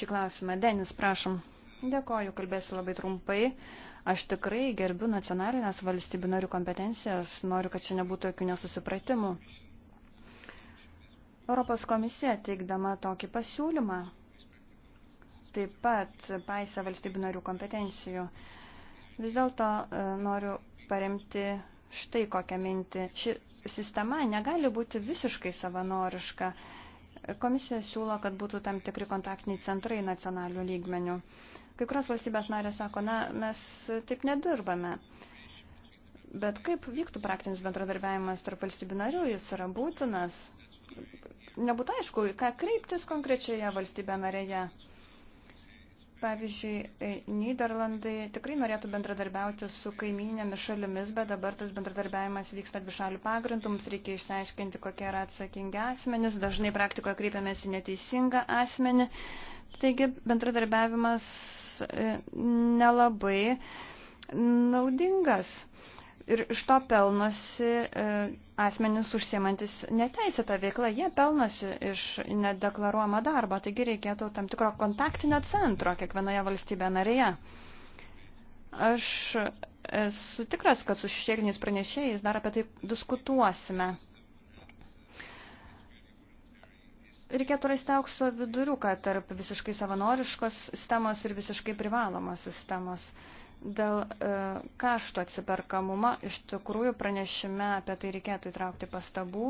šį klausimą? Denis, prašom. Dėkoju, kalbėsiu labai trumpai. Aš tikrai gerbiu nacionalinės valstybių norių kompetencijas, noriu, kad čia nebūtų jokių nesusipratimų. Europos komisija teikdama tokį pasiūlymą taip pat paisa valstybių narių kompetencijų. Vis dėlto e, noriu paremti štai kokią mintį. Ši sistema negali būti visiškai savanoriška. Komisija siūlo, kad būtų tam tikri kontaktiniai centrai nacionalių lygmenių. Kai kurios valstybės narės sako, na, mes taip nedirbame. Bet kaip vyktų praktinis bendradarbiavimas tarp valstybių narių, jis yra būtinas nebūtų aišku, į ką kreiptis konkrečioje valstybė narėje. Pavyzdžiui, e, Niderlandai tikrai norėtų bendradarbiauti su kaimininėmis šalimis, bet dabar tas bendradarbiavimas vyksta dvišalių pagrindų, mums reikia išsiaiškinti, kokie yra atsakingi asmenys, dažnai praktikoje kreipiamės į neteisingą asmenį, taigi bendradarbiavimas e, nelabai naudingas ir iš to pelnosi e, asmenys užsiemantis neteisėtą veiklą, jie pelnosi iš nedeklaruojamą darbą, taigi reikėtų tam tikro kontaktinio centro kiekvienoje valstybėje narėje. Aš esu tikras, kad su šešėliniais pranešėjais dar apie tai diskutuosime. Reikėtų rasti aukso viduriuką tarp visiškai savanoriškos sistemos ir visiškai privalomos sistemos. Uh, Dėl e, kaštų atsiperkamumo iš tikrųjų pranešime apie tai reikėtų įtraukti pastabų.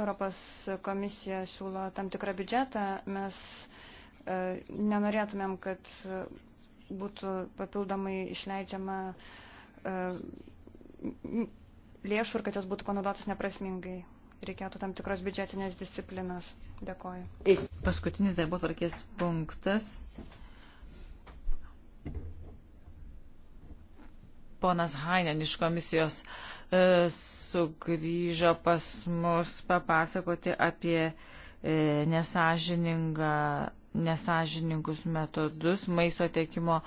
Europos komisija siūlo tam tikrą biudžetą, mes e, nenorėtumėm, kad būtų papildomai išleidžiama e, lėšų ir kad jos būtų panaudotos neprasmingai reikėtų tam tikros biudžetinės disciplinos. Dėkoju. Paskutinis darbo tvarkės punktas. Ponas Hainen iš komisijos e, sugrįžo pas mus papasakoti apie e, nesažiningą, nesažiningus metodus maisto tiekimo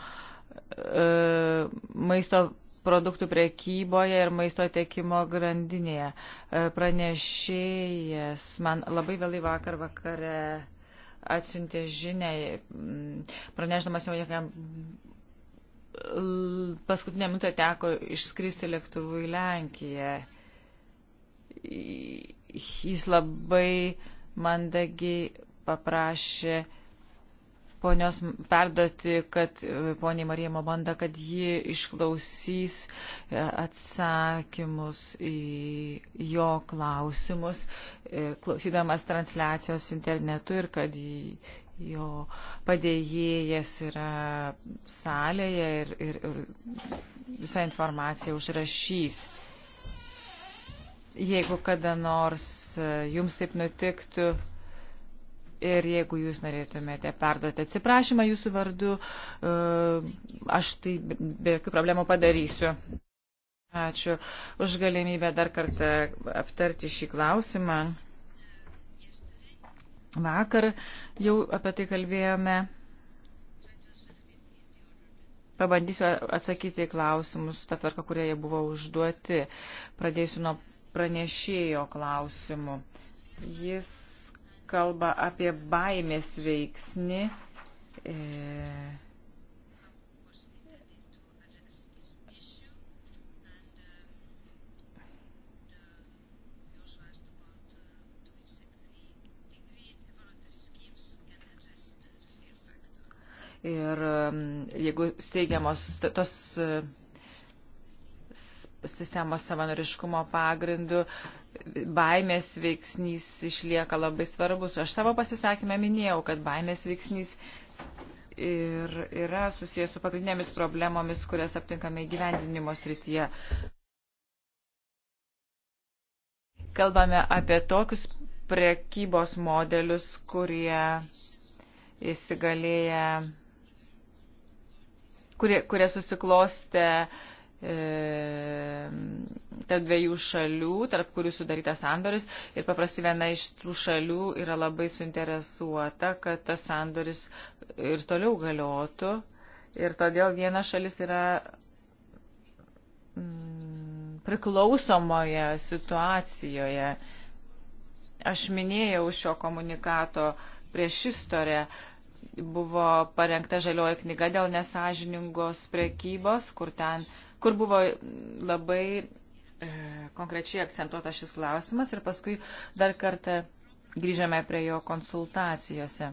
e, maisto produktų prekyboje ir maisto tiekimo grandinėje. E, pranešėjas man labai vėlai vakar vakare atsiuntė žinę, pranešdamas jau jokiam paskutinę minutę teko išskristi lėktuvu į Lenkiją. Jis labai mandagiai paprašė ponios perduoti, kad e, poniai Marija Mobanda, kad ji išklausys e, atsakymus į jo klausimus, e, klausydamas transliacijos internetu ir kad jo padėjėjas yra salėje ir, ir, ir visą informaciją užrašys. Jeigu kada nors jums taip nutiktų, ir jeigu jūs norėtumėte perduoti atsiprašymą jūsų vardu, e, aš tai be jokių problemų padarysiu. Ačiū už galimybę dar kartą aptarti šį klausimą. Vakar jau apie tai kalbėjome. Pabandysiu atsakyti į klausimus, tą tvarką, kurie jie buvo užduoti. Pradėsiu nuo pranešėjo klausimų. Jis kalba apie baimės veiksnį. E, Ir jeigu steigiamos tos e, sistemos savanoriškumo pagrindų, baimės veiksnys išlieka labai svarbus. Aš savo pasisakymę minėjau, kad baimės veiksnys ir yra susijęs su pagrindinėmis problemomis, kurias aptinkame įgyvendinimo srityje. Kalbame apie tokius prekybos modelius, kurie įsigalėja, kurie, kurie susiklostė uh, E, tarp dviejų šalių, tarp kurių sudarytas sandoris ir paprastai viena iš tų šalių yra labai suinteresuota, kad tas sandoris ir toliau galiotų ir todėl viena šalis yra mm, priklausomoje situacijoje. Aš minėjau šio komunikato priešistorę, buvo parengta žalioji knyga dėl nesažiningos prekybos, kur ten uh, kur buvo labai e, konkrečiai akcentuotas šis klausimas ir paskui dar kartą grįžame prie jo konsultacijose.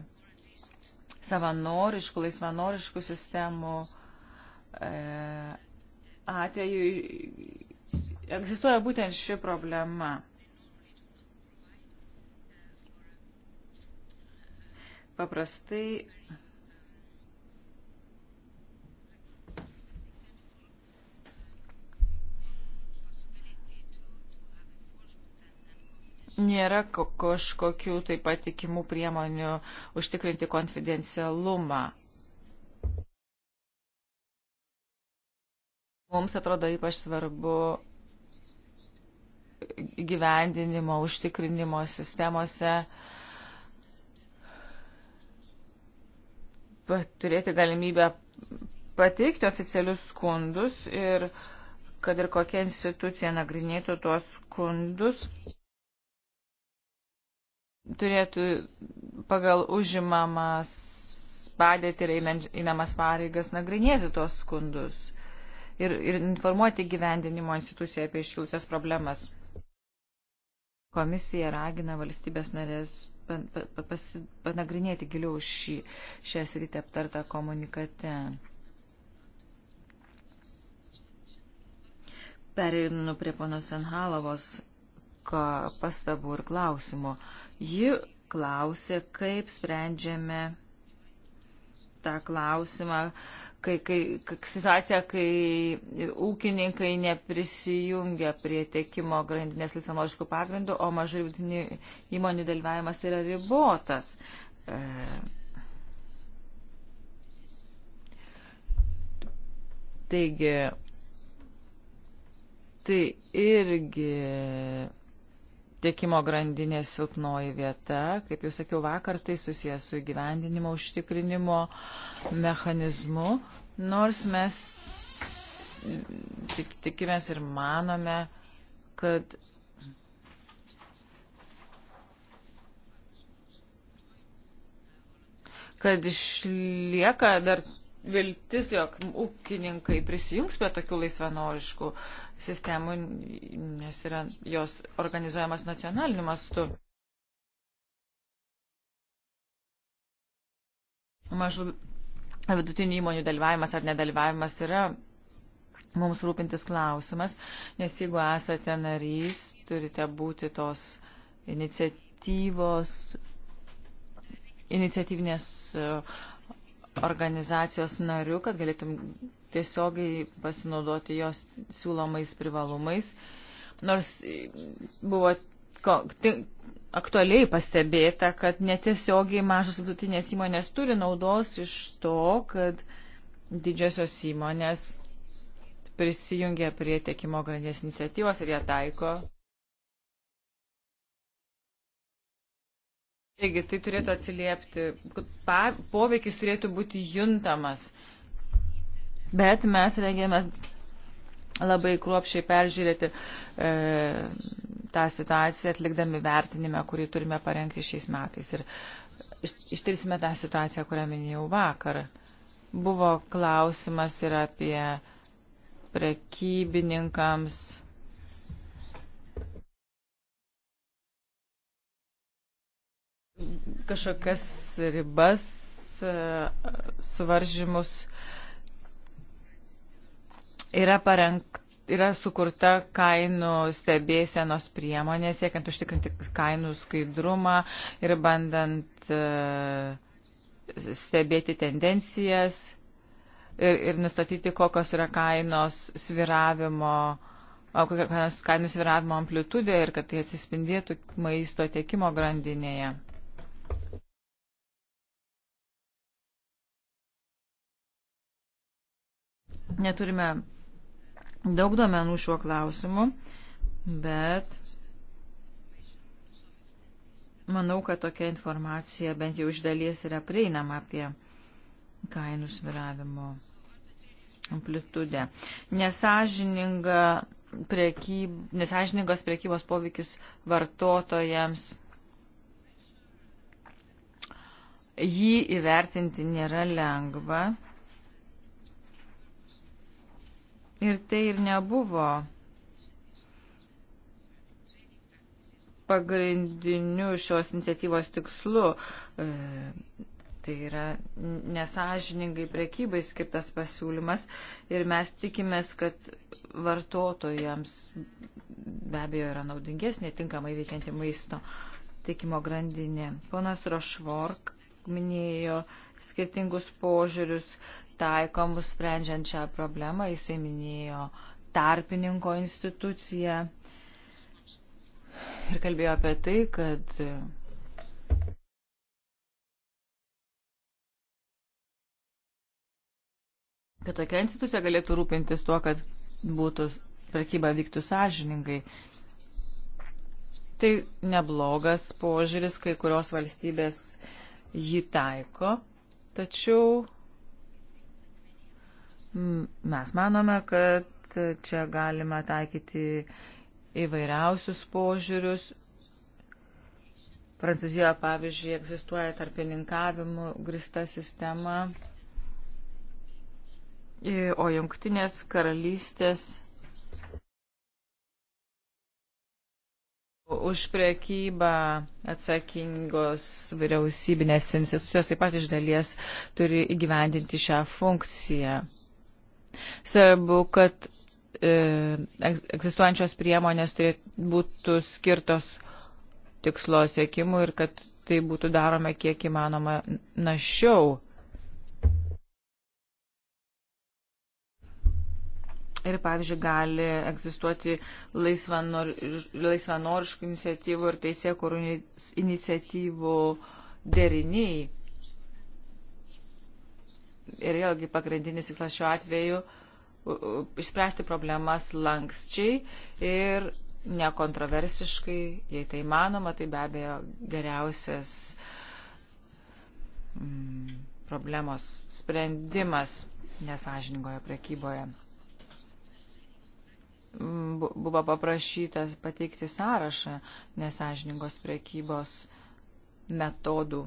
Savanoriškų, laisvanoriškų sistemų e, atveju egzistuoja būtent ši problema. Paprastai nėra kažkokių taip patikimų priemonių užtikrinti konfidencialumą. Mums atrodo ypač svarbu gyvendinimo, užtikrinimo sistemose turėti galimybę pateikti oficialius skundus ir kad ir kokia institucija nagrinėtų tuos skundus turėtų pagal užimamas padėti ir einamas pareigas nagrinėti tos skundus ir, ir informuoti gyvendinimo instituciją apie iškilusias problemas. Komisija ragina valstybės narės panagrinėti giliau šį, šią sritį aptartą komunikate. Pereinu prie ponos Senhalovos pastabų ir klausimų. Uh, Ji klausė, kaip sprendžiame tą klausimą, kai, kai, situacija, kai ūkininkai neprisijungia prie tiekimo grandinės lisamoriškų pagrindų, o mažai vidutinių įmonių dalyvavimas yra ribotas. E, Taigi, tai irgi tiekimo grandinės silpnoji vieta. Kaip jau sakiau vakar, tai susijęs su įgyvendinimo užtikrinimo mechanizmu. Nors mes tik, tikimės ir manome, kad kad išlieka dar viltis, jog ūkininkai prisijungs prie tokių laisvanoriškų sistemų, nes yra jos organizuojamas nacionaliniu mastu. Mažų vidutinių įmonių dalyvavimas ar nedalyvavimas yra mums rūpintis klausimas, nes jeigu esate narys, turite būti tos iniciatyvos, iniciatyvinės e, organizacijos nariu, kad galėtum tiesiogiai pasinaudoti jos siūlomais privalumais, nors buvo aktualiai pastebėta, kad netiesiogiai mažos vidutinės įmonės turi naudos iš to, kad didžiosios įmonės prisijungia prie tiekimo grandies iniciatyvos ir ją taiko. Taigi tai turėtų atsiliepti, poveikis turėtų būti juntamas Bet mes rengėmės labai kruopšiai peržiūrėti e, tą situaciją, atlikdami vertinimą, kurį turime parengti šiais metais. Ir ištirsime tą situaciją, kurią minėjau vakar. Buvo klausimas ir apie prekybininkams. kažkokias ribas, e, suvaržymus yra, parengt, yra sukurta kainų stebėsenos priemonė, siekiant užtikrinti kainų skaidrumą ir bandant e, stebėti tendencijas ir, ir nustatyti, kokios yra kainos sviravimo kokios kainų sviravimo amplitudė ir kad tai atsispindėtų maisto tiekimo grandinėje. Neturime daug duomenų šiuo klausimu, bet manau, kad tokia informacija bent jau iš dalies yra prieinama apie kainų sviravimo amplitudę. Nesažininga prekyb, nesažiningos prekybos poveikis vartotojams. Jį įvertinti nėra lengva. Ir tai ir nebuvo pagrindiniu šios iniciatyvos tikslu. E, tai yra nesažiningai prekybai skirtas pasiūlymas ir mes tikimės, kad vartotojams be abejo yra naudingesnė tinkamai veikianti maisto tikimo grandinė. Ponas Rošvork minėjo skirtingus požiūrius taikomus sprendžiant šią problemą. Jisai minėjo tarpininko instituciją ir kalbėjo apie tai, kad kad tokia institucija galėtų rūpintis tuo, kad būtų prekyba vyktų sąžiningai. Tai neblogas požiūris, kai kurios valstybės jį taiko, tačiau Mes manome, kad čia galima taikyti įvairiausius požiūrius. Prancūzijoje, pavyzdžiui, egzistuoja tarpininkavimų grista sistema, o jungtinės karalystės už priekybą atsakingos vyriausybinės institucijos taip pat iš dalies turi įgyvendinti šią funkciją. Svarbu, kad e, egzistuojančios priemonės būtų skirtos tikslo siekimui ir kad tai būtų darome kiek įmanoma našiau. Ir, pavyzdžiui, gali egzistuoti laisvanor, laisvanoriškų iniciatyvų ir teisėkurų iniciatyvų deriniai ir vėlgi pagrindinis tikslas šiuo atveju išspręsti problemas lankščiai ir nekontroversiškai, jei tai manoma, tai be abejo geriausias mm, problemos sprendimas nesažiningoje prekyboje. Mm, buvo paprašytas pateikti sąrašą nesažiningos prekybos metodų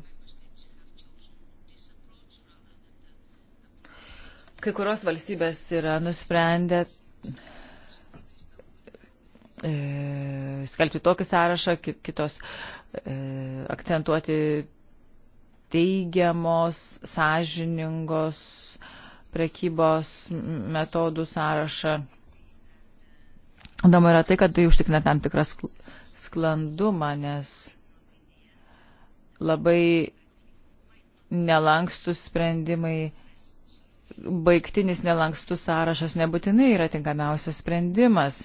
Kai kurios valstybės yra nusprendę e, skelbti tokį sąrašą, kitos e, akcentuoti teigiamos, sąžiningos prekybos metodų sąrašą. Įdomu yra tai, kad tai užtikrina tam tikras sklandumą, nes labai nelankstus sprendimai baigtinis nelankstus sąrašas nebūtinai yra tinkamiausias sprendimas,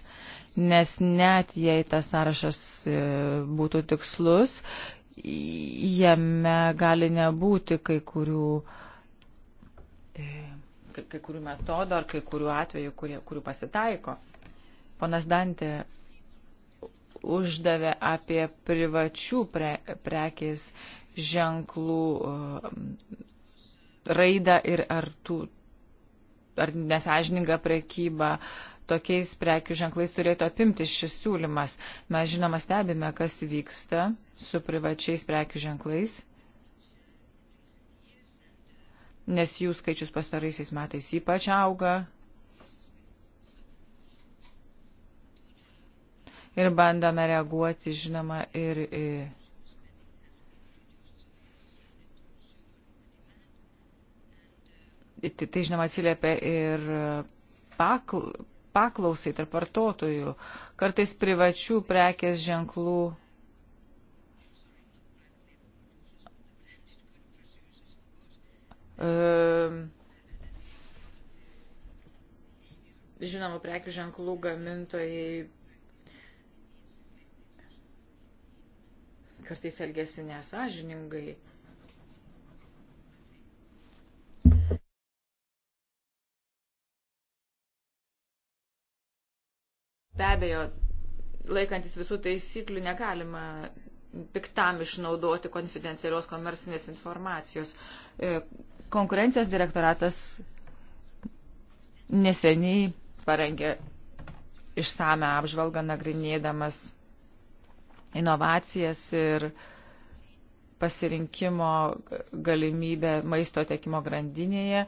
nes net jei tas sąrašas e, būtų tikslus, jame gali nebūti kai kurių, e, kai, kai kurių metodų ar kai kurių atvejų, kurie, kurių pasitaiko. Ponas Dantė uždavė apie privačių pre, prekės ženklų e, raidą ir ar tų, ar nesažininga prekyba. Tokiais prekių ženklais turėtų apimti šis siūlymas. Mes žinoma stebime, kas vyksta su privačiais prekių ženklais, nes jų skaičius pastaraisiais metais ypač auga. Ir bandome reaguoti, žinoma, ir į Tai, tai žinoma atsiliepia ir e, pakl, paklausai tarp vartotojų. Kartais privačių prekės ženklų e, žinoma, prekių ženklų gamintojai kartais elgesi nesažiningai. Be abejo, laikantis visų taisyklių negalima piktam išnaudoti konfidencialios komersinės informacijos. E, konkurencijos direktoratas neseniai parengė išsame apžvalgą nagrinėdamas inovacijas ir pasirinkimo galimybę maisto tiekimo grandinėje.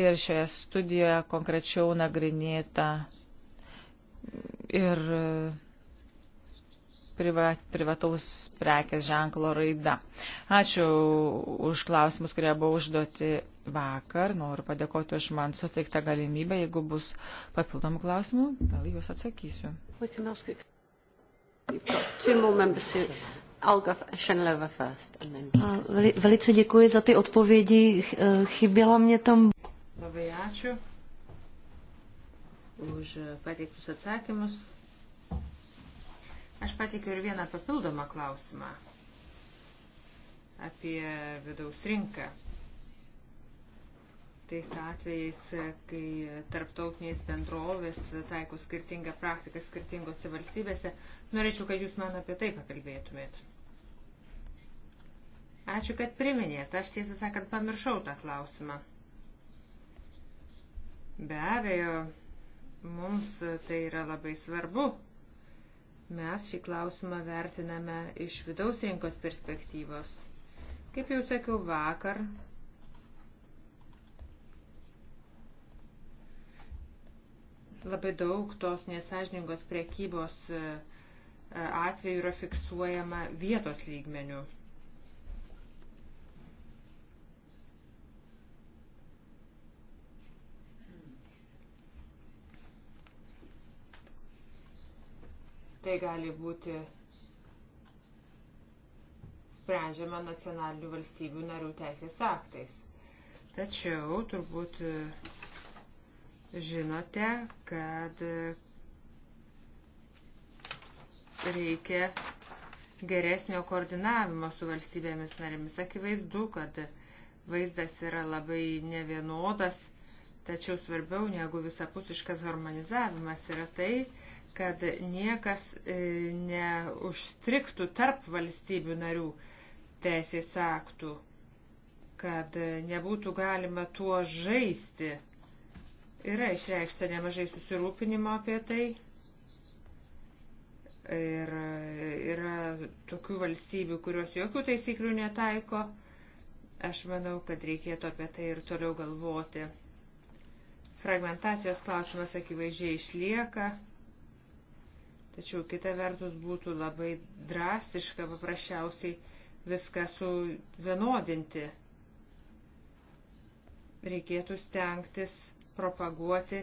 Ir šioje studijoje konkrečiau nagrinėta ir e, priva, privataus prekės ženklo raida. Ačiū už klausimus, kurie buvo užduoti vakar. Noriu padėkoti už man suteiktą galimybę. Jeigu bus papildomų klausimų, vėl juos atsakysiu. Velice děkuji za ty odpovědi. E, chyběla mě tam. Labai ačiū už pateiktus atsakymus. Aš pateikiu ir vieną papildomą klausimą apie vidaus rinką. Tais atvejais, kai tarptautinės bendrovės taiko skirtingą praktiką skirtingose valstybėse, norėčiau, kad jūs man apie tai pakalbėtumėt. Ačiū, kad priminėt. Aš tiesą sakant pamiršau tą klausimą. Be abejo, Mums tai yra labai svarbu. Mes šį klausimą vertiname iš vidaus rinkos perspektyvos. Kaip jau sakiau vakar, labai daug tos nesažiningos priekybos e, atvejų yra fiksuojama vietos lygmenių. Tai gali būti sprendžiama nacionalinių valstybių narių teisės aktais. Tačiau turbūt e, žinote, kad e, reikia geresnio koordinavimo su valstybėmis narėmis. Akivaizdu, kad vaizdas yra labai nevienodas, tačiau svarbiau negu visapusiškas harmonizavimas yra tai, kad niekas e, neužstriktų tarp valstybių narių teisės aktų, kad nebūtų galima tuo žaisti. Yra išreikšta nemažai susirūpinimo apie tai. Ir e, yra tokių valstybių, kurios jokių taisyklių netaiko. Aš manau, kad reikėtų apie tai ir toliau galvoti. Fragmentacijos klausimas akivaizdžiai išlieka Tačiau kita vertus būtų labai drastiška paprasčiausiai viską suvienodinti. Reikėtų stengtis propaguoti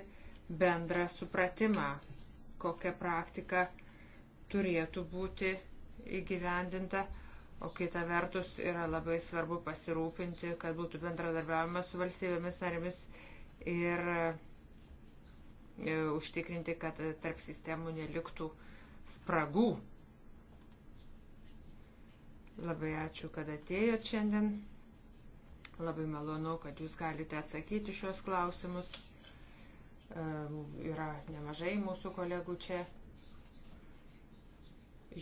bendrą supratimą, kokia praktika turėtų būti įgyvendinta, o kita vertus yra labai svarbu pasirūpinti, kad būtų bendradarbiavimas su valstybėmis narėmis ir E, užtikrinti, kad tarp sistemų neliktų spragų. Labai ačiū, kad atėjot šiandien. Labai malonu, kad jūs galite atsakyti šios klausimus. E, yra nemažai mūsų kolegų čia.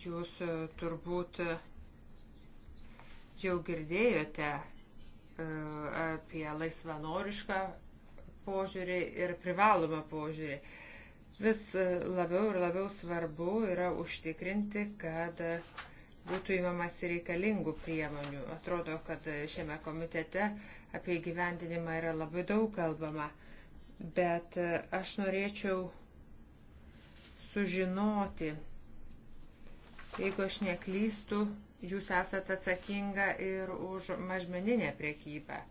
Jūs e, turbūt jau girdėjote apie laisvanorišką požiūrį ir privalomą požiūrį. Vis labiau ir labiau svarbu yra užtikrinti, kad būtų įmamasi reikalingų priemonių. Atrodo, kad šiame komitete apie gyvendinimą yra labai daug kalbama, bet aš norėčiau sužinoti, jeigu aš neklystu, jūs esate atsakinga ir už mažmeninę priekybę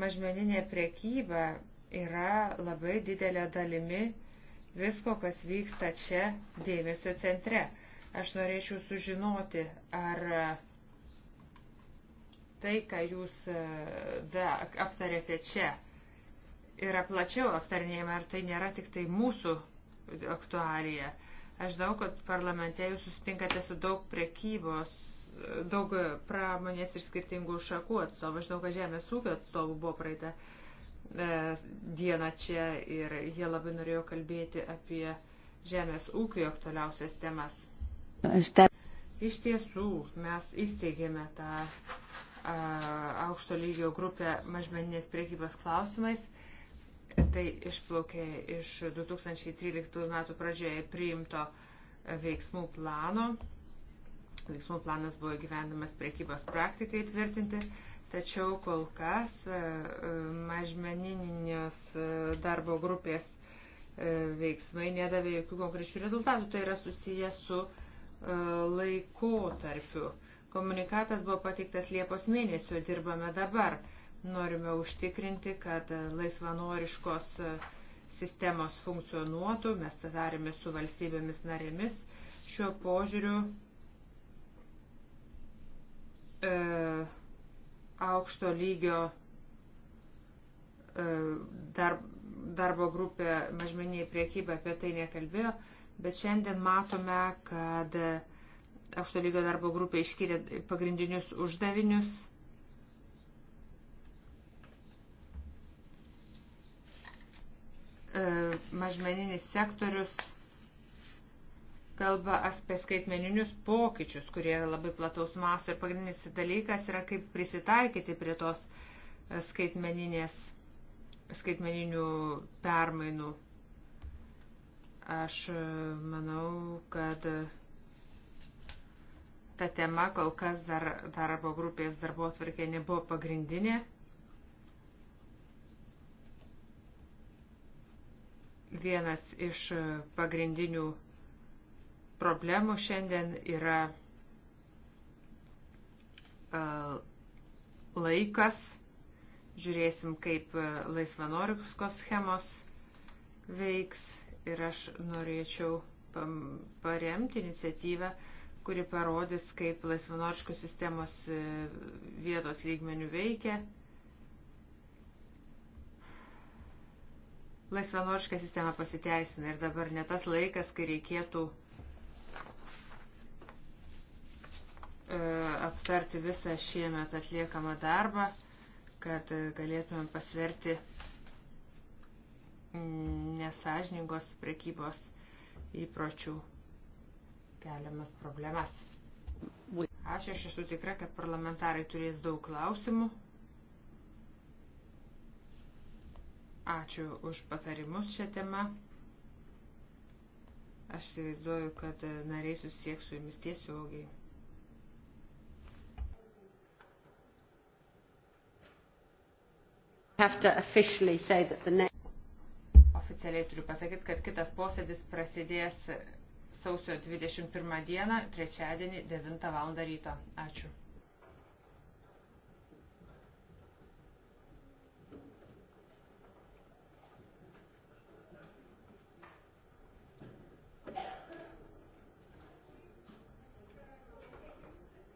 mažmeninė priekyba yra labai didelė dalimi visko, kas vyksta čia dėmesio centre. Aš norėčiau sužinoti, ar tai, ką jūs e, da, aptarėte čia, yra plačiau aptarnėjama, ar tai nėra tik tai mūsų aktualija. Aš žinau, kad parlamente jūs susitinkate su daug prekybos daug pramonės ir skirtingų šakų atstovų. Žinau, kad žemės ūkio atstovų buvo praeitą e, dieną čia ir jie labai norėjo kalbėti apie žemės ūkio aktualiausias temas. Iš tiesų, mes įsteigėme tą a, aukšto lygio grupę mažmeninės priekybos klausimais. Tai išplaukė iš 2013 metų pradžioje priimto e, veiksmų plano Veiksmų planas buvo gyvendamas priekybos praktikai tvirtinti, tačiau kol kas e, e, mažmeninės e, darbo grupės veiksmai nedavė jokių konkrečių rezultatų. Tai yra susiję su laikotarpiu. Komunikatas buvo pateiktas Liepos mėnesio, dirbame dabar. Norime užtikrinti, kad laisvanoriškos sistemos funkcionuotų, mes tą darėme su valstybėmis narėmis. Šiuo požiūriu e, aukšto lygio e, dar, darbo grupė mažmeniai priekyba apie tai nekalbėjo, bet šiandien matome, kad aukšto lygio darbo grupė iškyrė pagrindinius uždavinius. E, mažmeninis sektorius kalba apie skaitmeninius pokyčius, kurie yra labai plataus masto ir pagrindinis dalykas yra kaip prisitaikyti prie tos e, skaitmeninės, skaitmeninių permainų. Aš e, manau, kad e, ta tema kol kas dar darbo grupės darbo atvarkė nebuvo pagrindinė. Vienas iš pagrindinių problemų šiandien yra e, laikas, žiūrėsim, kaip e, laisvanoriškos schemos veiks ir aš norėčiau paremti iniciatyvą, kuri parodys, kaip laisvanoriškos sistemos e, vietos lygmenių veikia. Laisvanoriška sistema pasiteisina ir dabar ne tas laikas, kai reikėtų uh, E, aptarti visą šiemet atliekamą darbą, kad galėtumėm pasverti nesažningos prekybos įpročių keliamas problemas. Aš aš esu tikra, kad parlamentarai turės daug klausimų. Ačiū už patarimus šią temą. Aš įsivaizduoju, kad nariai susieks su jumis tiesiogiai. Oficialiai turiu pasakyti, kad kitas posėdis prasidės sausio 21 dieną, trečiadienį 9 val. ryto. Ačiū.